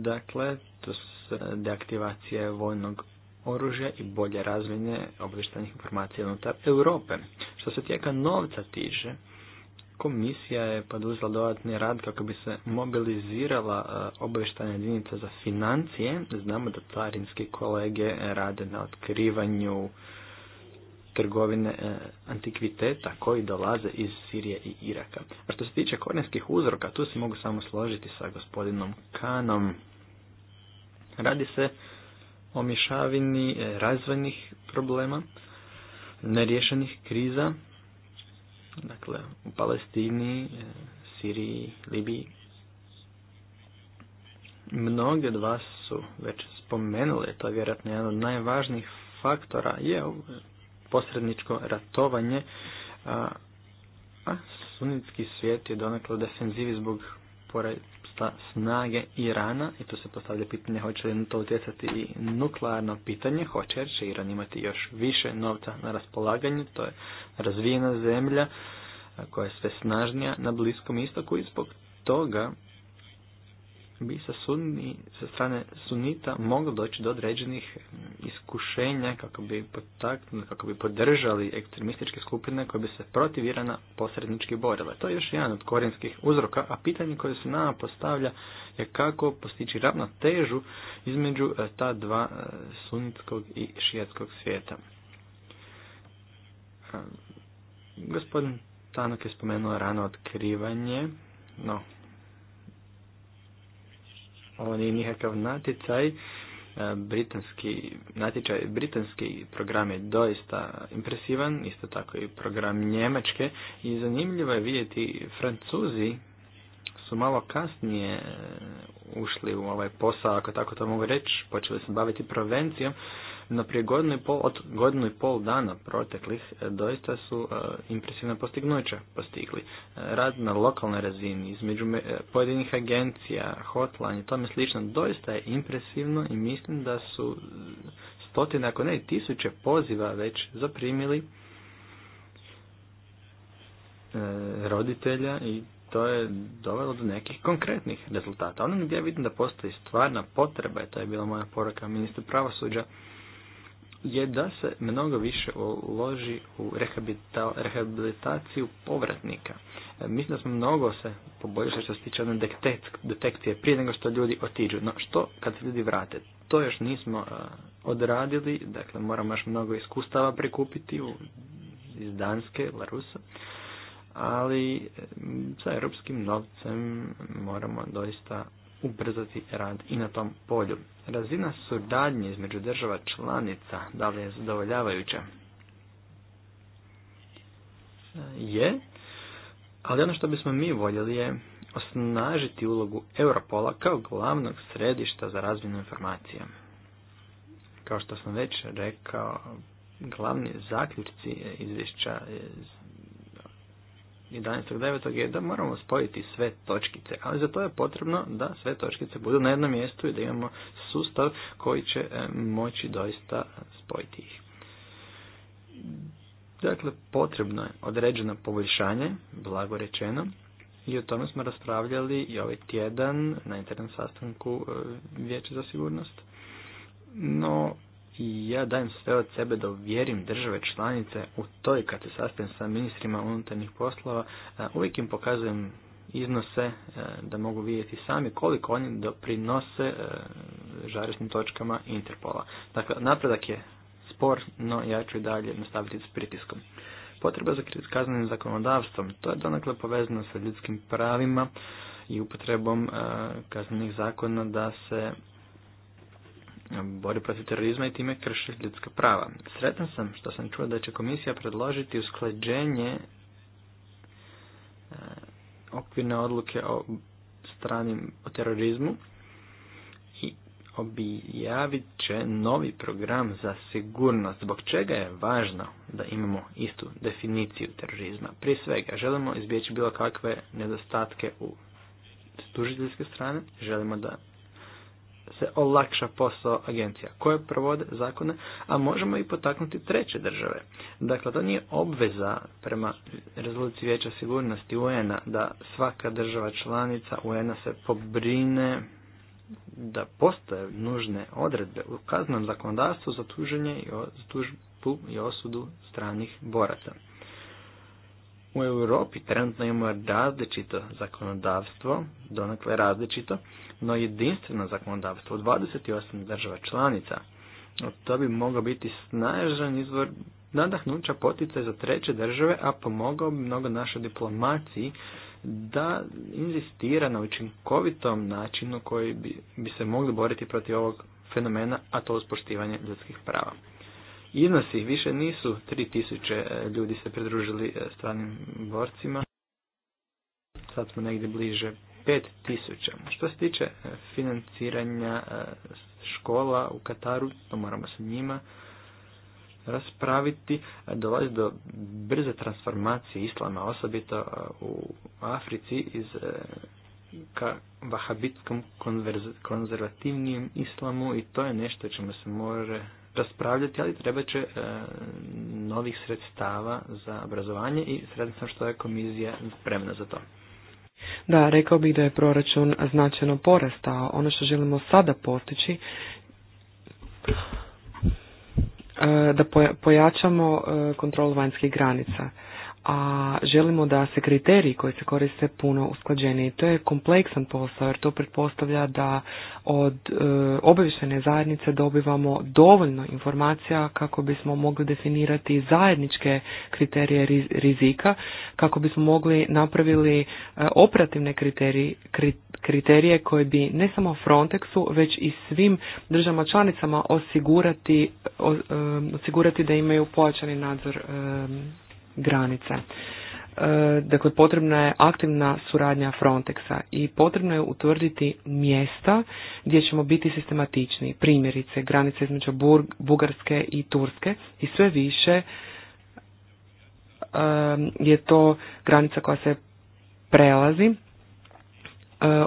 Dakle, to su deaktivacije vojnog oružja i bolje razvijenje obavještajnih informacija unutar Europe. Što se tijeka novca tiže, Komisija je poduzela dodatni rad kako bi se mobilizirala e, obavještajna jedinica za financije. Znamo da carinski kolege rade na otkrivanju trgovine e, antikviteta koji dolaze iz Sirije i Iraka. A što se tiče korenskih uzroka, tu se mogu samo složiti sa gospodinom Kanom. Radi se o mišavini e, razvojnih problema, neriješenih kriza, dakle u Palestini, e, Siriji, Libiji. Mnoge od vas su već spomenuli, to je vjerojatno jedan od najvažnijih faktora, je posredničko ratovanje, a sunitski svijet je donekle u defenzivi zbog snage Irana i tu se postavlja pitanje hoće li to utjecati i nuklearno pitanje, hoće jer će Iran imati još više novca na raspolaganju, to je razvijena zemlja koja je sve snažnija na Bliskom istoku i zbog toga bi sa, sunni, sa strane sunita moglo doći do određenih mm, iskušenja kako bi potaknuli, kako bi podržali ekstremističke skupine koje bi se protiv Irana posrednički borile. To je još jedan od korijenskih uzroka, a pitanje koje se nama postavlja je kako postići ravnotežu između e, ta dva e, sunitskog i švjetskog svijeta. E, gospodin Tanok je spomenuo rano otkrivanje, no ovo nije nikakav natjecaj. E, britanski, natječaj britanski program je doista impresivan, isto tako i program Njemačke i zanimljivo je vidjeti Francuzi su malo kasnije e, ušli u ovaj posao, ako tako to mogu reći, počeli se baviti provencijom no prije godinu i pol, od godinu i pol dana proteklih e, doista su e, impresivna postignuća postigli. E, rad na lokalnoj razini, između pojedinih agencija, hotline i tome slično, doista je impresivno i mislim da su stotine, ako ne i tisuće poziva već zaprimili roditelja i to je dovelo do nekih konkretnih rezultata. Ono gdje vidim da postoji stvarna potreba, i to je bila moja poruka ministru pravosuđa, je da se mnogo više uloži u rehabilitaciju povratnika. E, mislim da smo mnogo se poboljšali što se tiče one detekcije prije nego što ljudi otiđu. No što kad se ljudi vrate? To još nismo e, odradili, dakle moramo još mnogo iskustava prikupiti iz Danske, Larusa, ali e, sa europskim novcem moramo doista ubrzati rad i na tom polju. Razina suradnje između država članica, da li je zadovoljavajuća? Je, ali ono što bismo mi voljeli je osnažiti ulogu Europola kao glavnog središta za razmjenu informacija. Kao što sam već rekao, glavni zaključci izvješća iz 11.9. je da moramo spojiti sve točkice, ali za to je potrebno da sve točkice budu na jednom mjestu i da imamo sustav koji će e, moći doista spojiti ih. Dakle, potrebno je određeno poboljšanje, blago rečeno, i o tome smo raspravljali i ovaj tjedan na internom sastanku e, Vijeća za sigurnost. No, i ja dajem sve od sebe da uvjerim države članice u toj kad se sastavim sa ministrima unutarnjih poslova, e, uvijek im pokazujem iznose e, da mogu vidjeti sami koliko oni doprinose e, žarišnim točkama Interpola. Dakle, napredak je spor, no ja ću i dalje nastaviti s pritiskom. Potreba za kaznenim zakonodavstvom, to je donakle povezano sa ljudskim pravima i upotrebom kaznenih zakona da se bori protiv terorizma i time krši ljudska prava. Sretan sam što sam čuo da će komisija predložiti usklađenje e, okvirne odluke o stranim o terorizmu i objavit će novi program za sigurnost. Zbog čega je važno da imamo istu definiciju terorizma? Prije svega, želimo izbjeći bilo kakve nedostatke u tužiteljske strane, želimo da se olakša posao agencija koje provode zakone, a možemo i potaknuti treće države. Dakle, to nije obveza prema rezoluciji Vijeća sigurnosti UN-a da svaka država članica UN-a se pobrine da postoje nužne odredbe u kaznom zakonodavstvu za tuženje i, osudu stranih boraca. U Europi trenutno imamo različito zakonodavstvo, donekle različito, no jedinstveno zakonodavstvo u 28 država članica. To bi mogao biti snažan izvor nadahnuća poticaj za treće države, a pomogao bi mnogo našoj diplomaciji da inzistira na učinkovitom načinu koji bi, bi se mogli boriti protiv ovog fenomena, a to uz ljudskih prava iznosi više nisu tisuće e, ljudi se pridružili e, stranim borcima. Sad smo negdje bliže tisuća. Što se tiče e, financiranja škola u Kataru, to moramo sa njima raspraviti. Dolazi do brze transformacije islama, osobito u Africi iz ka vahabitskom konzervativnijem islamu i to je nešto čemu se može raspravljati, ali treba će e, novih sredstava za obrazovanje i sredstva što je komisija spremna za to. Da, rekao bih da je proračun značajno porastao. Ono što želimo sada postići e, da pojačamo e, kontrolu vanjskih granica a želimo da se kriteriji koji se koriste puno usklađeniji. To je kompleksan posao jer to pretpostavlja da od e, zajednice dobivamo dovoljno informacija kako bismo mogli definirati zajedničke kriterije rizika, kako bismo mogli napravili e, operativne kriterije, kriterije koje bi ne samo Frontexu već i svim državama članicama osigurati, e, osigurati da imaju pojačani nadzor e, granice. E, dakle, potrebna je aktivna suradnja Frontexa i potrebno je utvrditi mjesta gdje ćemo biti sistematični. Primjerice, granice između Bugarske i Turske i sve više e, je to granica koja se prelazi e,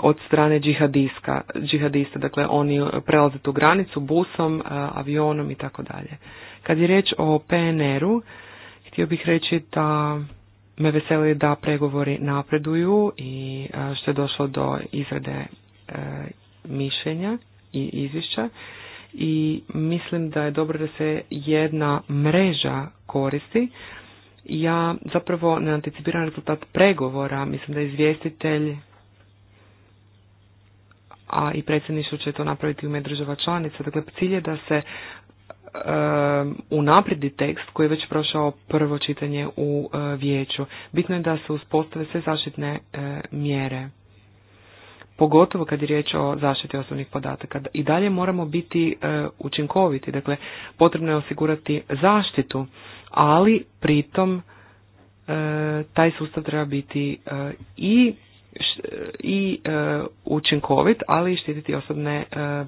od strane džihadista, džihadista, dakle oni prelaze tu granicu busom, avionom i tako dalje. Kad je riječ o PNR-u, Htio bih reći da me veseli da pregovori napreduju i e, što je došlo do izrade e, mišljenja i izvješća i mislim da je dobro da se jedna mreža koristi. Ja zapravo ne anticipiram rezultat pregovora, mislim da izvjestitelj a i predsjedništvo će to napraviti u ime država članica. Dakle, cilj je da se Um, unapredi tekst koji je već prošao prvo čitanje u uh, vijeću. Bitno je da se uspostave sve zaštitne uh, mjere, pogotovo kad je riječ o zaštiti osobnih podataka. I dalje moramo biti uh, učinkoviti, dakle potrebno je osigurati zaštitu, ali pritom taj sustav treba biti i i učinkovit, ali i štititi osobne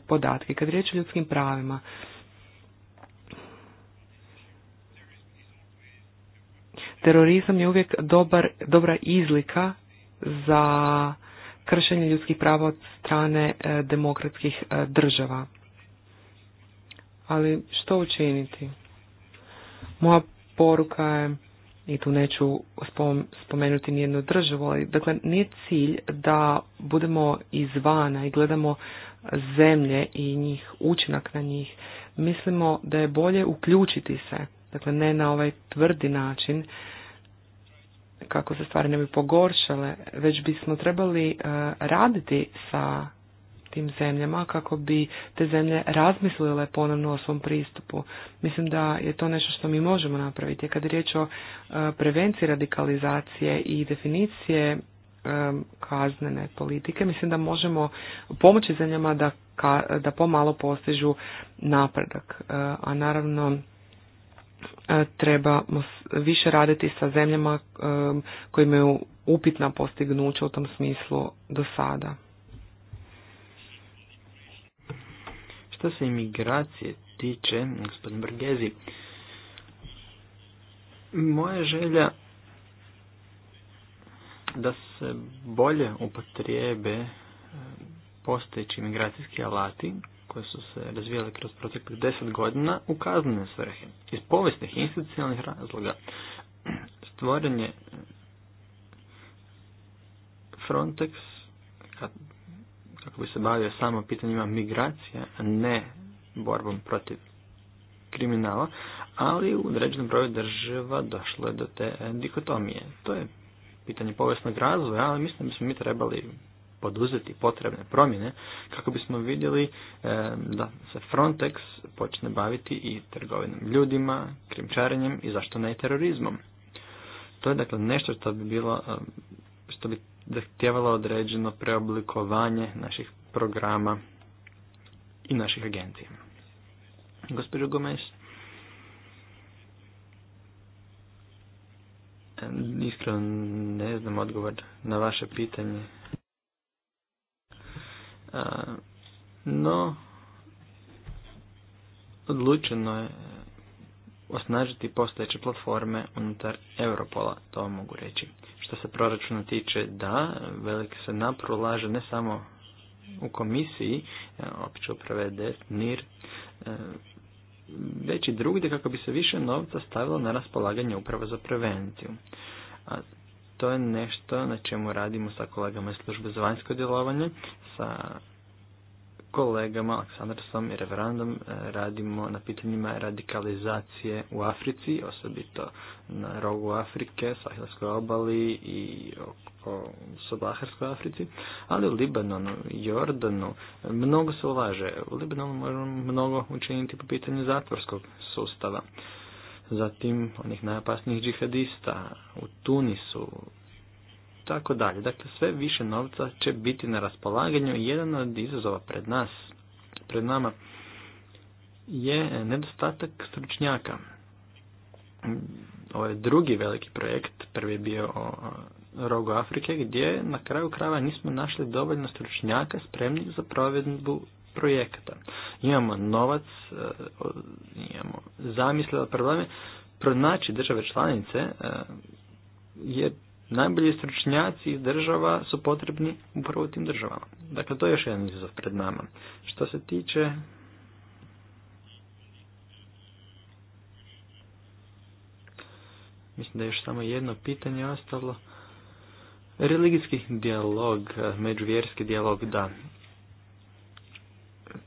podatke. Kad je riječ o ljudskim pravima, Terorizam je uvijek dobar, dobra izlika za kršenje ljudskih prava od strane e, demokratskih e, država. Ali što učiniti? Moja poruka je, i tu neću spomenuti spomenuti nijednu državu, ali dakle nije cilj da budemo izvana i gledamo zemlje i njih, učinak na njih. Mislimo da je bolje uključiti se Dakle, ne na ovaj tvrdi način kako se stvari ne bi pogoršale, već bismo trebali e, raditi sa tim zemljama kako bi te zemlje razmislile ponovno o svom pristupu. Mislim da je to nešto što mi možemo napraviti. Kad je riječ o e, prevenciji radikalizacije i definicije e, kaznene politike, mislim da možemo pomoći zemljama da, da pomalo postižu napredak. A naravno E, trebamo više raditi sa zemljama e, koje imaju upitna postignuća u tom smislu do sada. Što se imigracije tiče, gospodin Brgezi, moja želja da se bolje upotrijebe postojeći imigracijski alati koje su se razvijale kroz proteklih deset godina u kaznene svrhe. Iz povijesnih institucionalnih razloga stvoren je eh, Frontex kako bi se bavio samo pitanjima migracija, a ne borbom protiv kriminala, ali u određenom broju država došlo je do te dikotomije. To je pitanje povijesnog razloga, ali mislim da smo mi trebali poduzeti potrebne promjene kako bismo vidjeli eh, da se Frontex počne baviti i trgovinom ljudima, krimčarenjem i zašto ne i terorizmom. To je dakle nešto što bi bilo, eh, što bi zahtjevalo određeno preoblikovanje naših programa i naših agencija. Gospođo Gomez, eh, iskreno ne znam odgovor na vaše pitanje no, odlučeno je osnažiti postojeće platforme unutar Europola, to mogu reći. Što se proračuna tiče, da, velike se naprolaže ne samo u komisiji, e, opće uprave DES, NIR, e, već i drugdje kako bi se više novca stavilo na raspolaganje upravo za prevenciju to je nešto na čemu radimo sa kolegama iz službe za vanjsko djelovanje, sa kolegama Aleksandrasom i Reverandom e, radimo na pitanjima radikalizacije u Africi, osobito na rogu Afrike, Sahelskoj obali i oko Sobaharskoj Africi, ali u Libanonu, Jordanu mnogo se ulaže. U Libanonu možemo mnogo učiniti po pitanju zatvorskog sustava zatim onih najopasnijih džihadista u Tunisu, tako dalje. Dakle, sve više novca će biti na raspolaganju i jedan od izazova pred nas, pred nama, je nedostatak stručnjaka. Ovo je drugi veliki projekt, prvi je bio o rogu Afrike, gdje na kraju krava nismo našli dovoljno stručnjaka spremnih za provedbu projekata. Imamo novac, e, imamo zamisle o probleme. Pronaći države članice e, jer najbolji stručnjaci država su potrebni upravo u tim državama. Dakle, to je još jedan izazov pred nama. Što se tiče mislim da je još samo jedno pitanje ostalo. Religijski dijalog, e, međuvjerski dijalog, da.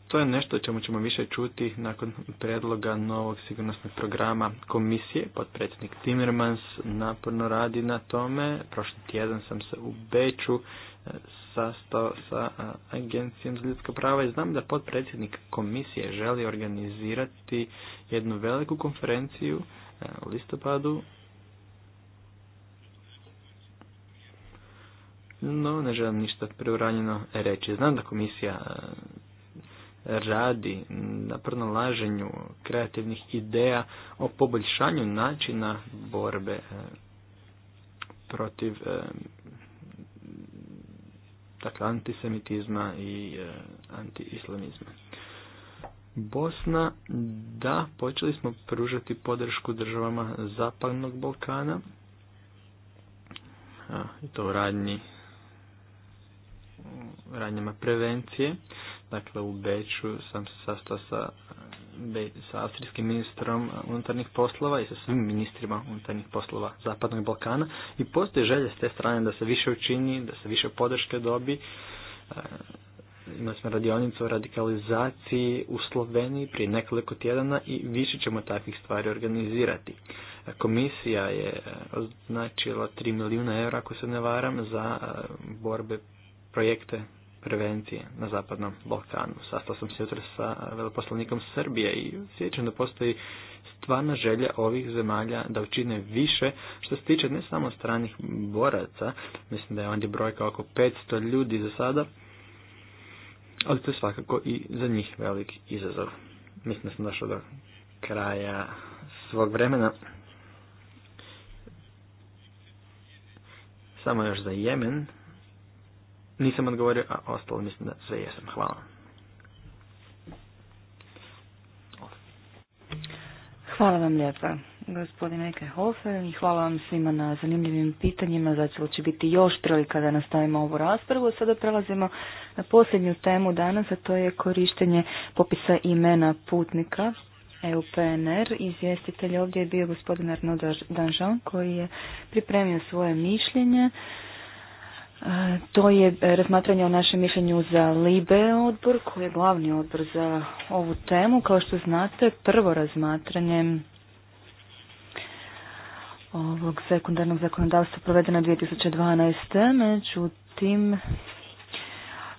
To je nešto o čemu ćemo više čuti nakon predloga novog sigurnosnog programa komisije. Potpredsjednik Timmermans naporno radi na tome. Prošli tjedan sam se u beču e, sastao sa e, Agencijom za ljudska prava i znam da potpredsjednik komisije želi organizirati jednu veliku konferenciju e, u listopadu. No, ne želim ništa preuranjeno reći. Znam da komisija radi na pronalaženju kreativnih ideja o poboljšanju načina borbe e, protiv e, dakle, antisemitizma i e, antiislamizma. Bosna, da, počeli smo pružati podršku državama Zapadnog Balkana, i to u radnji radnjama prevencije. Dakle, u Beću sam se sastao sa, sa austrijskim ministrom unutarnjih poslova i sa svim ministrima unutarnjih poslova Zapadnog Balkana i postoji želje s te strane da se više učini, da se više podrške dobi. E, imali smo radionicu o radikalizaciji u Sloveniji prije nekoliko tjedana i više ćemo takvih stvari organizirati. E, komisija je e, označila 3 milijuna eura, ako se ne varam, za borbe projekte prevencije na zapadnom Balkanu. Sastao sam se jutro sa veleposlanikom Srbije i sjećam da postoji stvarna želja ovih zemalja da učine više što se tiče ne samo stranih boraca, mislim da je ondje brojka oko 500 ljudi za sada, ali to je svakako i za njih velik izazov. Mislim da sam došao do kraja svog vremena. Samo još za Jemen nisam odgovorio, a ostalo mislim da sve jesam. Hvala. Hvala vam lijepa, gospodine Hofer i hvala vam svima na zanimljivim pitanjima. Zato znači, će biti još prilika da nastavimo ovu raspravu. Sada prelazimo na posljednju temu danas, a to je korištenje popisa imena putnika EUPNR. Izvjestitelj ovdje je bio gospodin Arnaud Danjean koji je pripremio svoje mišljenje. To je razmatranje o našem mišljenju za LIBE odbor, koji je glavni odbor za ovu temu. Kao što znate, prvo razmatranje ovog sekundarnog zakonodavstva provedeno je 2012. Međutim,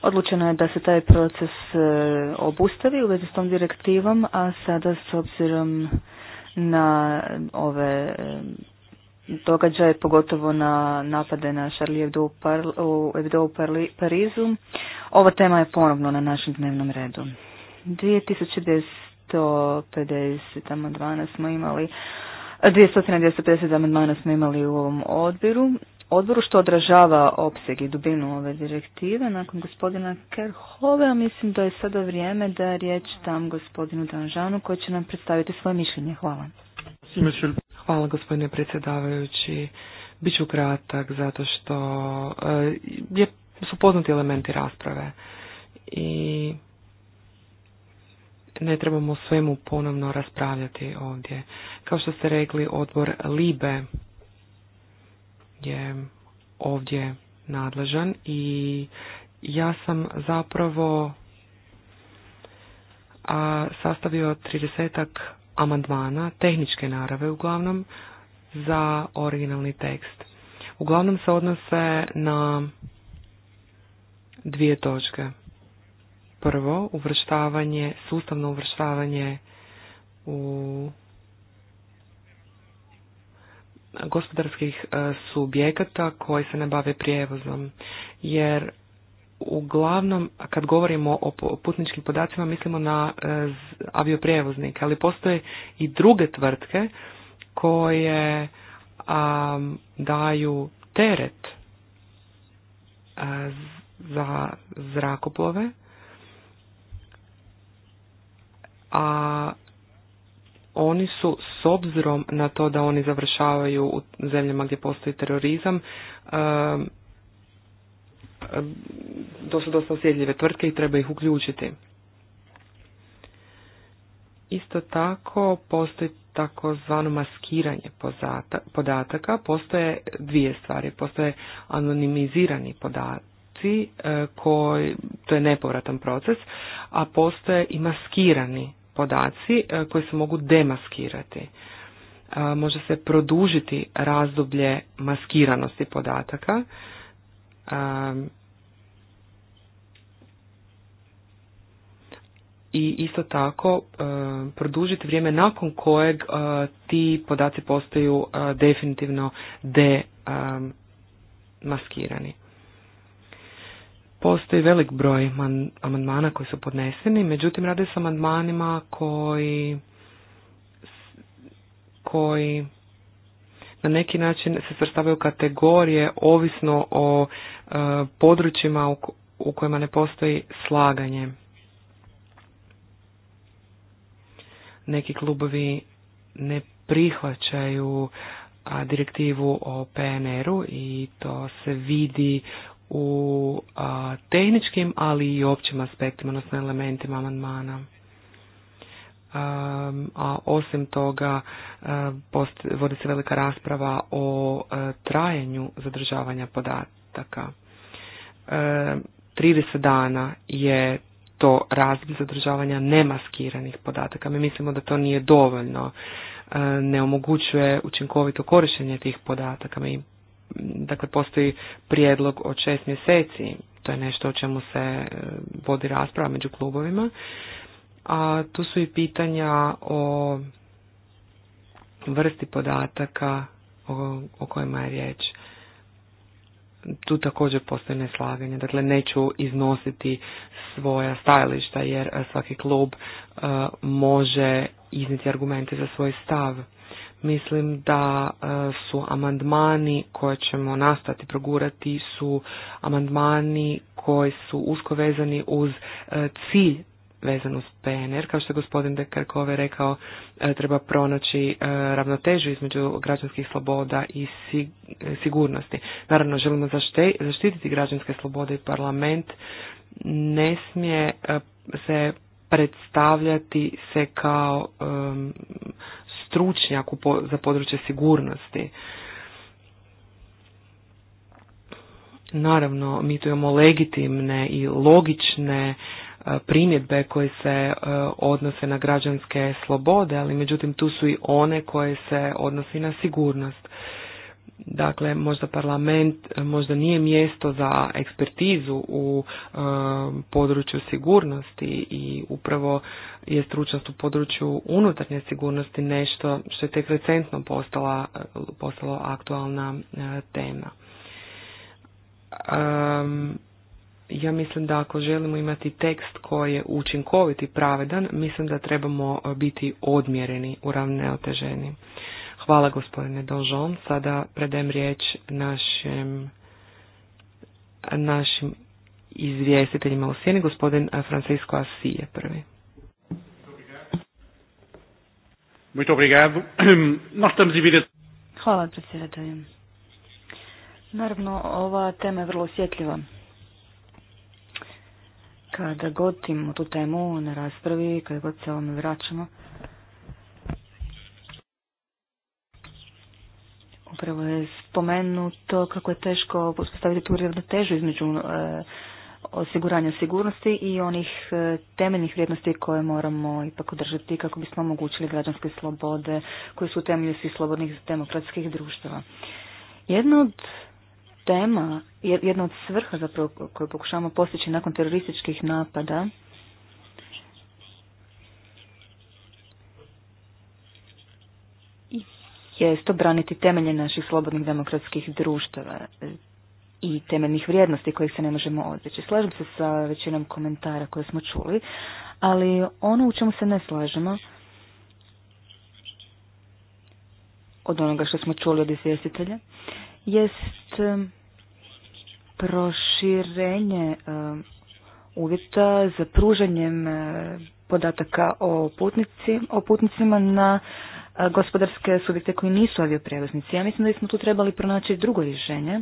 odlučeno je da se taj proces e, obustavi u vezi s tom direktivom, a sada s obzirom na ove događaje, pogotovo na napade na Charlie Hebdo u, Hebdo u Parizu. Ova tema je ponovno na našem dnevnom redu. 2250 amandmana smo imali, 250 amandmana smo imali u ovom odbiru, odboru što odražava opseg i dubinu ove direktive. Nakon gospodina Kerhove, mislim da je sada vrijeme da riječ tam gospodinu Danžanu koji će nam predstaviti svoje mišljenje. Hvala. Hvala gospodine predsjedavajući. Biću kratak zato što e, je, su poznati elementi rasprave i ne trebamo svemu ponovno raspravljati ovdje. Kao što ste rekli, odbor LIBE je ovdje nadležan i ja sam zapravo a, sastavio tridesetak amandmana, tehničke narave uglavnom, za originalni tekst. Uglavnom se odnose na dvije točke. Prvo, uvrštavanje, sustavno uvrštavanje u gospodarskih e, subjekata koji se ne bave prijevozom, jer uglavnom kad govorimo o putničkim podacima mislimo na e, avioprijevoznike, ali postoje i druge tvrtke koje daju teret e, za zrakoplove, a oni su s obzirom na to da oni završavaju u zemljama gdje postoji terorizam e, to su dosta osjetljive tvrtke i treba ih uključiti. Isto tako postoji takozvano maskiranje podataka. Postoje dvije stvari. Postoje anonimizirani podaci, e, koji, to je nepovratan proces, a postoje i maskirani podaci e, koji se mogu demaskirati. E, može se produžiti razdoblje maskiranosti podataka i isto tako produžiti vrijeme nakon kojeg ti podaci postaju definitivno demaskirani. Postoji velik broj amandmana koji su podneseni, međutim radi se o amandmanima koji koji na neki način se svrstavaju kategorije ovisno o e, područjima u, kojima ne postoji slaganje. Neki klubovi ne prihvaćaju a, direktivu o PNR-u i to se vidi u tehničkim, ali i općim aspektima, odnosno elementima amandmana a osim toga vodi se velika rasprava o e, trajanju zadržavanja podataka. 30 dana je to razbi zadržavanja nemaskiranih podataka. Mi mislimo da to nije dovoljno, e, ne omogućuje učinkovito korištenje tih podataka. Mi, dakle, postoji prijedlog od šest mjeseci, to je nešto o čemu se e, vodi rasprava među klubovima a tu su i pitanja o vrsti podataka o, kojima je riječ. Tu također postoji neslaganje. Dakle, neću iznositi svoja stajališta jer eh, svaki klub eh, može izniti argumente za svoj stav. Mislim da eh, su amandmani koje ćemo nastati progurati su amandmani koji su usko vezani uz cilj vezan uz PNR. Kao što je gospodin De rekao, e, treba pronaći e, ravnotežu između građanskih sloboda i e, sigurnosti. Naravno, želimo zaštititi građanske slobode i parlament ne smije se predstavljati se kao stručnjak za područje sigurnosti. Naravno, mi tu imamo legitimne i logične primjedbe koje se e, odnose na građanske slobode, ali međutim tu su i one koje se odnosi na sigurnost. Dakle, možda parlament e, možda nije mjesto za ekspertizu u e, području sigurnosti i upravo je stručnost u području unutarnje sigurnosti nešto što je tek recentno postala, aktualna tema ja mislim da ako želimo imati tekst koji je učinkovit i pravedan, mislim da trebamo e, biti odmjereni, oteženi. Hvala gospodine Donžon. Sada predajem riječ našem našim izvjestiteljima u sjeni, gospodin e, Francisco Asije prvi. Muito (clears throat) Hvala predsjedatelju. Naravno, ova tema je vrlo osjetljiva. Kada god imamo tu temu na raspravi, kada god se ovome vraćamo, upravo je spomenuto kako je teško postaviti tu ravnotežu između e, osiguranja sigurnosti i onih e, temeljnih vrijednosti koje moramo ipak održati kako bismo omogućili građanske slobode koje su u temelji svih slobodnih demokratskih društava. Jedna od tema, jedna od svrha zapravo koju pokušavamo postići nakon terorističkih napada je to braniti temelje naših slobodnih demokratskih društava e, i temeljnih vrijednosti kojih se ne možemo odreći. Slažem se sa većinom komentara koje smo čuli, ali ono u čemu se ne slažemo od onoga što smo čuli od izvjestitelja jest proširenje uvjeta za pružanjem e, podataka o, putnici, o putnicima na e, gospodarske subjekte koji nisu avioprijevoznici. Ja mislim da smo tu trebali pronaći drugo rješenje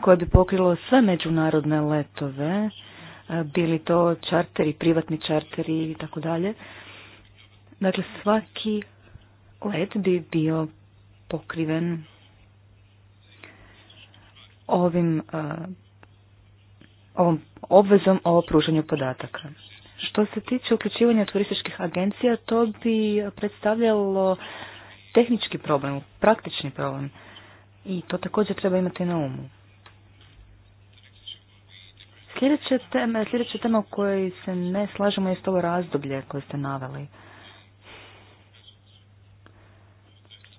koje bi pokrilo sve međunarodne letove, e, bili to čarteri, privatni čarteri i tako dalje. Dakle, svaki let bi bio pokriven ovim e, ovom obvezom o pružanju podataka. Što se tiče uključivanja turističkih agencija, to bi predstavljalo tehnički problem, praktični problem. I to također treba imati na umu. Sljedeća tema, sljedeća tema u kojoj se ne slažemo je ovo razdoblje koje ste naveli.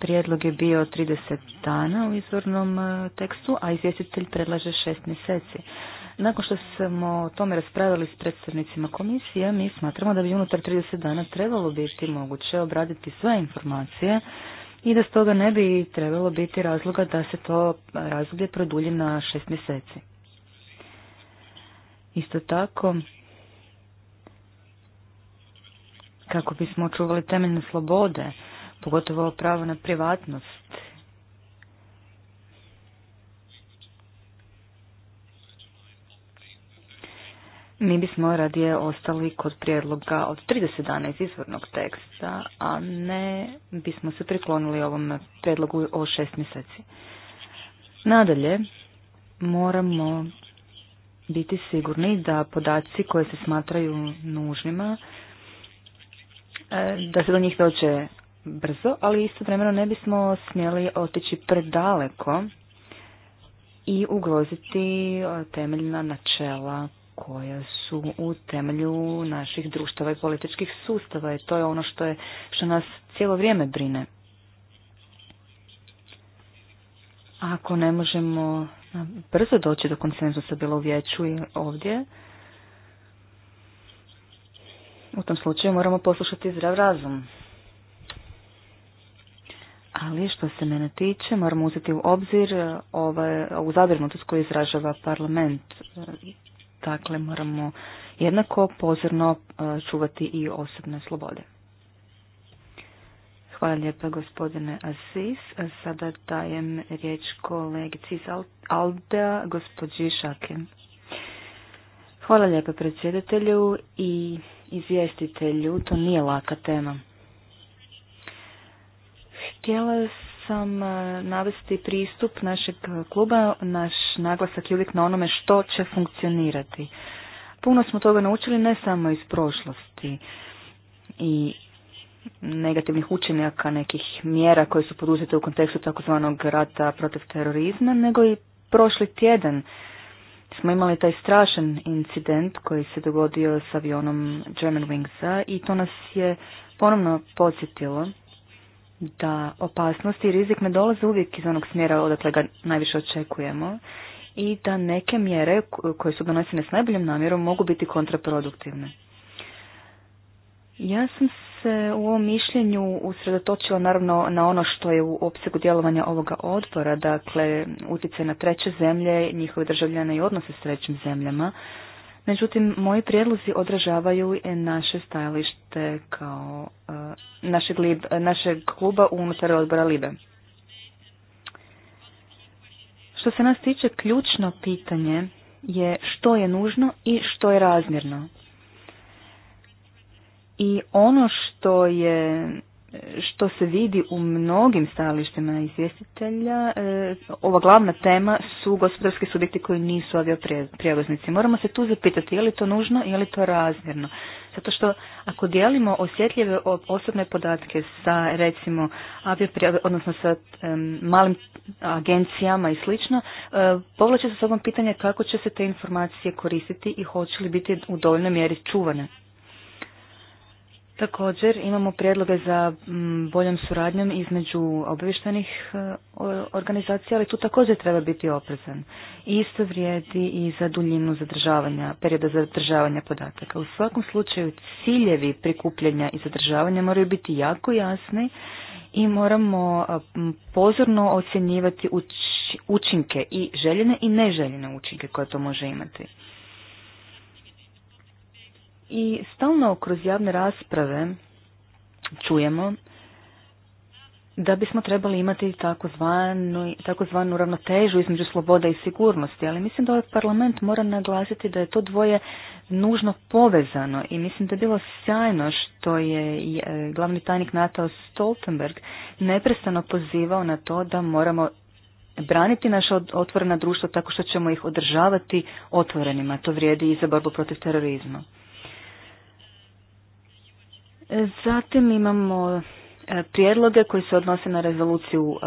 prijedlog je bio 30 dana u izvornom e, tekstu, a izvjestitelj predlaže 6 mjeseci. Nakon što smo o tome raspravili s predstavnicima komisije, mi smatramo da bi unutar 30 dana trebalo biti moguće obraditi sve informacije i da stoga ne bi trebalo biti razloga da se to razdoblje produlji na 6 mjeseci. Isto tako, kako bismo očuvali temeljne slobode, pogotovo pravo na privatnost. Mi bismo radije ostali kod prijedloga od 30 dana iz izvornog teksta, a ne bismo se priklonili ovom prijedlogu o šest mjeseci. Nadalje, moramo biti sigurni da podaci koje se smatraju nužnima, e, da se do njih dođe brzo, ali istovremeno ne bismo smjeli otići predaleko i ugroziti e, temeljna načela koja su u temelju naših društava i političkih sustava i to je ono što je što nas cijelo vrijeme brine. Ako ne možemo e, brzo doći do konsenzusa bilo u vijeću i ovdje, u tom slučaju moramo poslušati zdrav razum. Ali što se mene tiče, moramo uzeti u obzir e, ovaj, ovu zabrinutost koju izražava parlament. E, dakle, moramo jednako pozorno e, čuvati i osobne slobode. Hvala lijepa gospodine Aziz. Sada dajem riječ kolegici iz Aldea, gospođi Šakin. Hvala lijepa predsjedatelju i izvjestitelju. To nije laka tema. Htjela sam e, navesti pristup našeg kluba, naš naglasak je uvijek na onome što će funkcionirati. Puno smo toga naučili ne samo iz prošlosti i negativnih učenjaka nekih mjera koje su poduzete u kontekstu takozvanog rata protiv terorizma, nego i prošli tjedan smo imali taj strašan incident koji se dogodio s avionom German Wingsa i to nas je ponovno podsjetilo da opasnost i rizik ne dolaze uvijek iz onog smjera odakle ga najviše očekujemo i da neke mjere koje su donesene s najboljom namjerom mogu biti kontraproduktivne. Ja sam se u ovom mišljenju usredotočila naravno na ono što je u opsegu djelovanja ovoga odbora, dakle utjecaj na treće zemlje, njihove državljane i odnose s trećim zemljama, Međutim, moji prijedlozi odražavaju naše stajalište kao e, našeg, našeg kluba unutar odbora Libe. Što se nas tiče, ključno pitanje je što je nužno i što je razmjerno. I ono što je što se vidi u mnogim stajalištima izvjestitelja, e, ova glavna tema su gospodarski subjekti koji nisu avioprijevoznici. Moramo se tu zapitati je li to nužno i je li to razmjerno. Zato što ako dijelimo osjetljive osobne podatke sa recimo odnosno sa malim agencijama i slično, e, povlači se s sobom pitanje kako će se te informacije koristiti i hoće li biti u dovoljnoj mjeri čuvane. Također imamo prijedloge za mm, boljom suradnjom između obavještajnih e, organizacija, ali tu također treba biti oprezan. Isto vrijedi i za duljinu zadržavanja, perioda zadržavanja podataka. U svakom slučaju ciljevi prikupljanja i zadržavanja moraju biti jako jasni i moramo e, pozorno ocjenjivati učinke i željene i neželjene učinke koje to može imati. I stalno kroz javne rasprave čujemo da bismo trebali imati takozvanu, ravnotežu između sloboda i sigurnosti, ali mislim da ovaj parlament mora naglasiti da je to dvoje nužno povezano i mislim da je bilo sjajno što je e, glavni tajnik NATO Stoltenberg neprestano pozivao na to da moramo braniti naša otvorena društva tako što ćemo ih održavati otvorenima. To vrijedi i za borbu protiv terorizma. Zatim imamo e, prijedloge koji se odnose na rezoluciju e,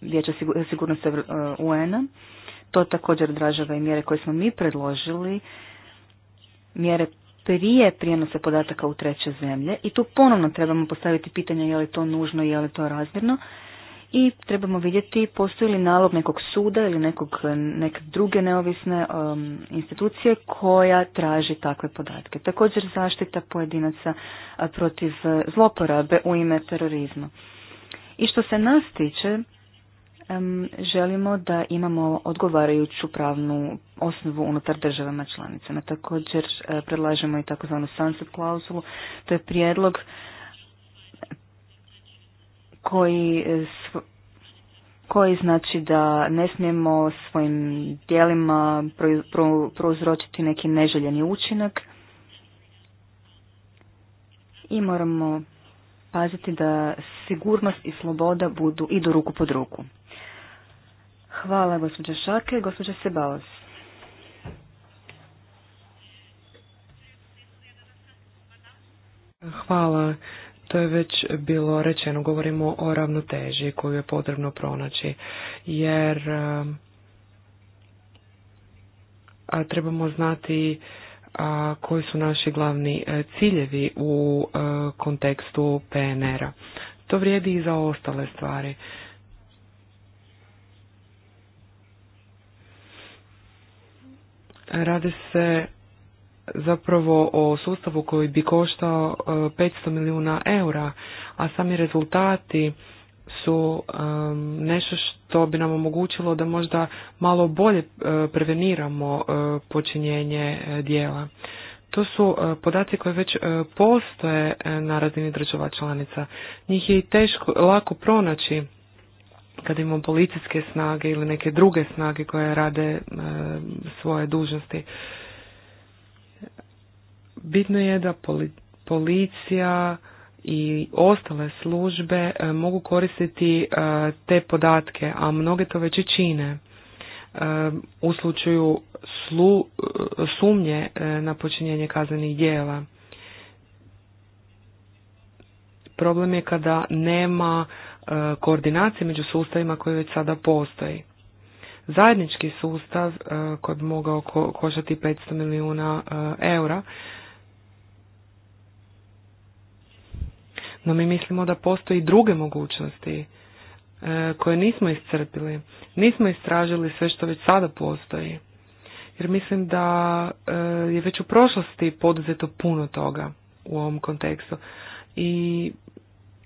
Vijeća sigurnosti e, UN-a. To također odražava i mjere koje smo mi predložili, mjere prije prijenose podataka u treće zemlje i tu ponovno trebamo postaviti pitanje je li to nužno i je li to razmjerno i trebamo vidjeti postoji li nalog nekog suda ili nekog, neke druge neovisne um, institucije koja traži takve podatke. Također zaštita pojedinaca protiv e, zloporabe u ime terorizma. I što se nas tiče, želimo da imamo odgovarajuću pravnu osnovu unutar državama članicama. Također e, predlažemo i takozvanu sunset klauzulu, to je prijedlog koji koji znači da ne smijemo svojim dijelima prouzročiti neki neželjeni učinak i moramo paziti da sigurnost i sloboda budu idu ruku pod ruku. Hvala gospođa Šake, gospođa Sebaos. Hvala što je već bilo rečeno, govorimo o ravnoteži koju je potrebno pronaći, jer um, a, trebamo znati a, koji su naši glavni e, ciljevi u e, kontekstu PNR-a. To vrijedi i za ostale stvari. Radi se zapravo o sustavu koji bi koštao 500 e, milijuna eura, a sami rezultati su nešto što bi nam omogućilo da možda malo bolje e, preveniramo e, počinjenje dijela. To su podaci koji već postoje na razini država članica. Njih je i teško, lako pronaći kad imamo policijske snage ili neke druge snage koje rade svoje dužnosti bitno je da policija i ostale službe e, mogu koristiti e, te podatke, a mnoge to već i čine. E, u slučaju slu, sumnje na počinjenje kaznenih djela. Problem je kada nema koordinacije među sustavima koji već sada postoji. Zajednički sustav koji bi mogao košati 500 milijuna eura No mi mislimo da postoji druge mogućnosti e, koje nismo iscrpili. Nismo istražili sve što već sada postoji. Jer mislim da e, je već u prošlosti poduzeto puno toga u ovom kontekstu. I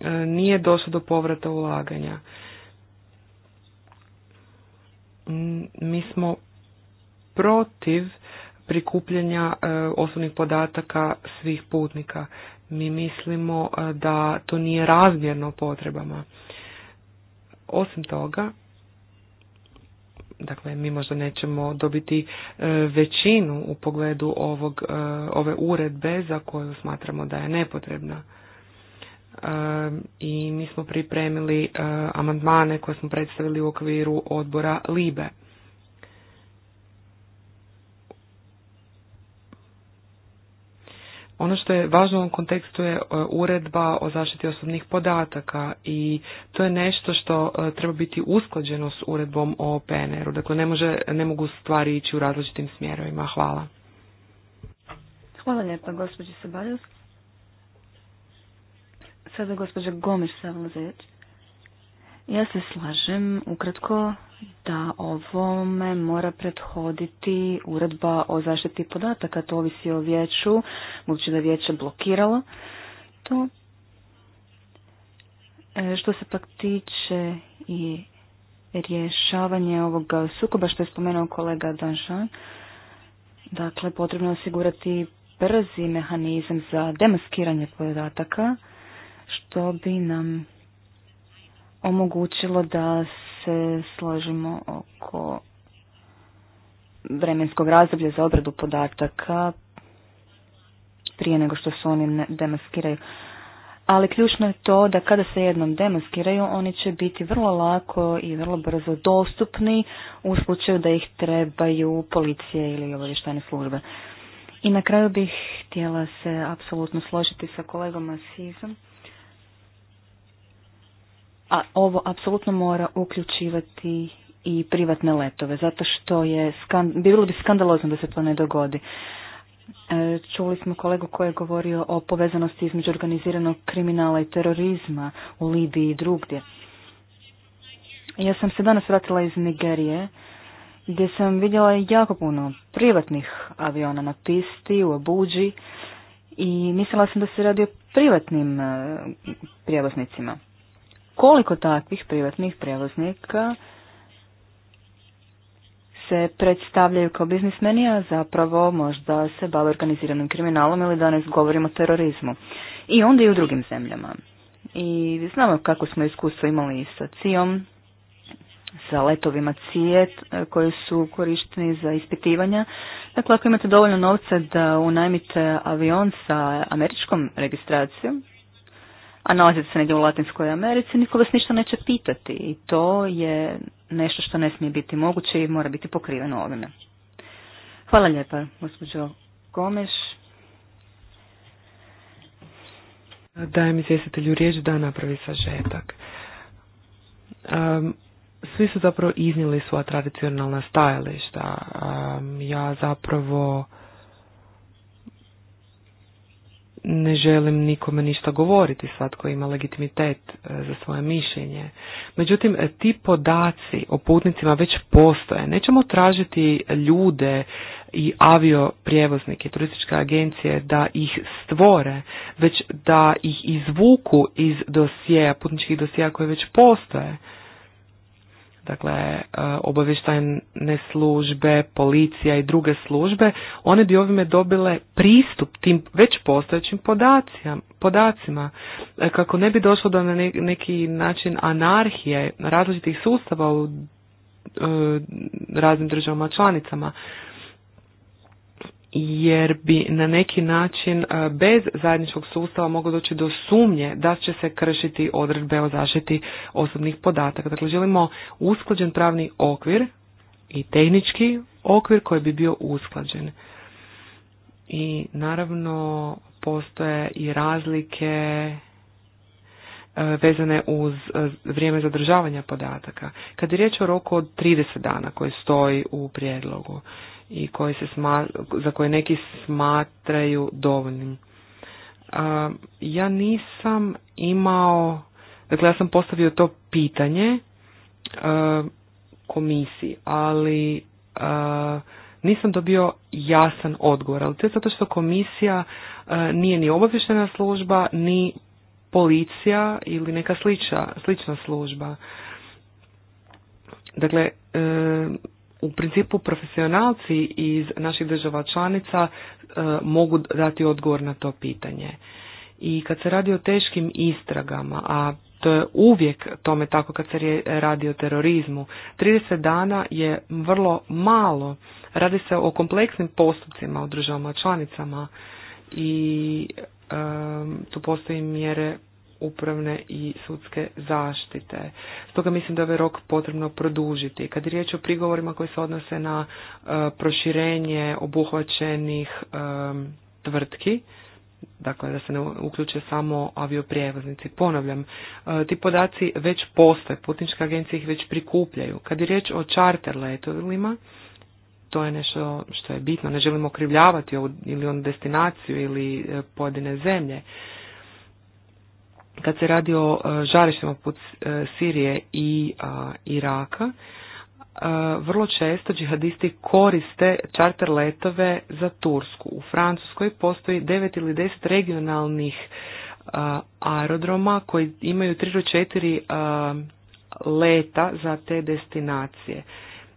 e, nije došlo do povrata ulaganja. Mi smo protiv prikupljanja osobnih podataka svih putnika. Mi mislimo e, da to nije razmjerno potrebama. Osim toga, dakle mi možda nećemo dobiti e, većinu u pogledu ovog, e, ove uredbe za koju smatramo da je nepotrebna. I mi smo pripremili amandmane koje smo predstavili u okviru odbora LIBE. Ono što je važno u ovom kontekstu je e, uredba o zaštiti osobnih podataka i to je nešto što e, treba biti usklađeno s uredbom o PNR-u. Dakle, ne, može, ne mogu stvari ići u različitim smjerovima. Hvala. Hvala lijepa, gospođi Sabaljus. Sada gospođa gomiš samo za ja se slažem ukratko da ovome mora prethoditi uredba o zaštiti podataka, to ovisi o vijeću, budući da je vijeće blokiralo to. E, što se pak tiče i rješavanje ovog sukoba što je spomenuo kolega Danšan, dakle potrebno je osigurati brzi mehanizam za demaskiranje podataka, što bi nam omogućilo da se složimo oko vremenskog razdoblja za obradu podataka prije nego što se oni demaskiraju. Ali ključno je to da kada se jednom demaskiraju, oni će biti vrlo lako i vrlo brzo dostupni u slučaju da ih trebaju policije ili obavještajne službe. I na kraju bih htjela se apsolutno složiti sa kolegom Asizom a ovo apsolutno mora uključivati i privatne letove, zato što je skan, bilo bi skandalozno da se to ne dogodi. E, čuli smo kolegu koji je govorio o povezanosti između organiziranog kriminala i terorizma u Libiji i drugdje. Ja sam se danas vratila iz Nigerije gdje sam vidjela jako puno privatnih aviona na pisti, u Abuđi i mislila sam da se radi o privatnim e, prijevoznicima koliko takvih privatnih prijevoznika se predstavljaju kao biznismeni, a zapravo možda se bave organiziranim kriminalom ili danas govorimo o terorizmu. I onda i u drugim zemljama. I znamo kako smo iskustvo imali sa CIOM, sa letovima cije koji su korišteni za ispitivanja. Dakle, ako imate dovoljno novca da unajmite avion sa američkom registracijom, a nalazite se negdje u Latinskoj Americi, niko vas ništa neće pitati i to je nešto što ne smije biti moguće i mora biti pokriveno ovime. Hvala lijepa, gospođo Gomeš. Dajem izvjestitelju riječ da napravi sažetak. svi su zapravo iznijeli svoja tradicionalna stajališta. ja zapravo ne želim nikome ništa govoriti, svatko ima legitimitet e, za svoje mišljenje. Međutim, e, ti podaci o putnicima već postoje. Nećemo tražiti ljude i avioprijevoznike, turističke agencije da ih stvore, već da ih izvuku iz dosjeja, putničkih dosjeja koje već postoje dakle e, obavještajne službe, policija i druge službe, one bi ovime dobile pristup tim već postojećim podacima, e, kako ne bi došlo do neki način anarhije različitih sustava u e, raznim državama članicama jer bi na neki način e, bez zajedničkog sustava moglo doći do sumnje da će se kršiti odredbe o zaštiti osobnih podataka. Dakle, želimo usklađen pravni okvir i tehnički okvir koji bi bio usklađen. I naravno postoje i razlike e, vezane uz e, vrijeme zadržavanja podataka. Kad je riječ o roku od 30 dana koji stoji u prijedlogu, i koje se sma, za koje neki smatraju dovoljnim. Ja nisam imao, dakle ja sam postavio to pitanje e, komisiji, ali e, nisam dobio jasan odgovor, ali to je zato što komisija e, nije ni obavještena služba, ni policija ili neka slična služba. Dakle, u principu profesionalci iz naših država članica e, mogu dati odgovor na to pitanje. I kad se radi o teškim istragama, a to je uvijek tome tako kad se radi o terorizmu, 30 dana je vrlo malo. Radi se o kompleksnim postupcima u državama članicama i e, tu postoji mjere upravne i sudske zaštite. Stoga mislim da je ovaj rok potrebno produžiti. Kad je riječ o prigovorima koji se odnose na e, proširenje obuhvaćenih e, tvrtki, dakle da se ne uključe samo avioprijevoznici. Ponavljam, e, ti podaci već postoje, putničke agencije ih već prikupljaju. Kad je riječ o čarter letovima, to je nešto što je bitno, ne želimo okrivljavati ili onu destinaciju ili pojedine zemlje kad se radi o e, žarištima put e, Sirije i Iraka, e, vrlo često džihadisti koriste čarter letove za Tursku. U Francuskoj postoji 9 ili 10 regionalnih aerodroma koji imaju 3 do 4 leta za te destinacije.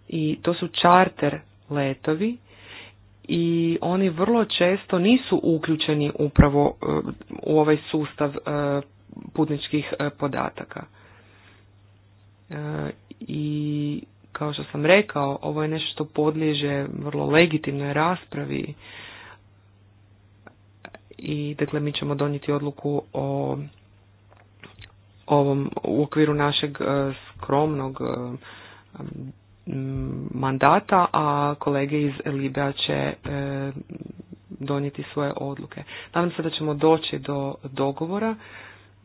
I to su čarter letovi i oni vrlo često nisu uključeni upravo u ovaj sustav putničkih e, podataka. E, I kao što sam rekao, ovo je nešto što podliježe vrlo legitimnoj raspravi i dakle mi ćemo donijeti odluku o ovom u okviru našeg e, skromnog mandata, a kolege iz Libija će donijeti svoje odluke. Nadam se da ćemo doći do dogovora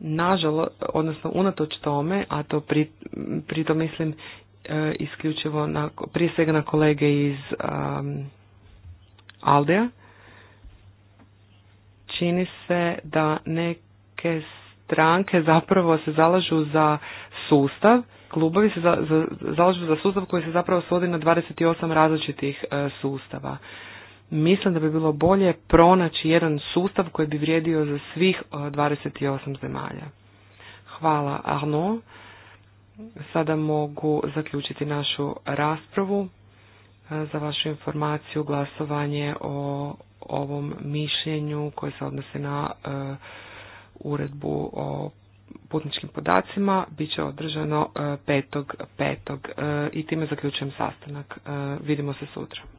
nažalost, odnosno unatoč tome, a to pri, pritom mislim e, isključivo na, prije svega na kolege iz um, čini se da neke stranke zapravo se zalažu za sustav, klubovi se za, zalažu za sustav koji se zapravo svodi na 28 različitih e, sustava mislim da bi bilo bolje pronaći jedan sustav koji bi vrijedio za svih 28 e, zemalja. Hvala Arno. Sada mogu zaključiti našu raspravu. E, za vašu informaciju glasovanje o ovom mišljenju koje se odnose na e, uredbu o putničkim podacima bit će održano petog i time zaključujem sastanak. Vidimo se sutra.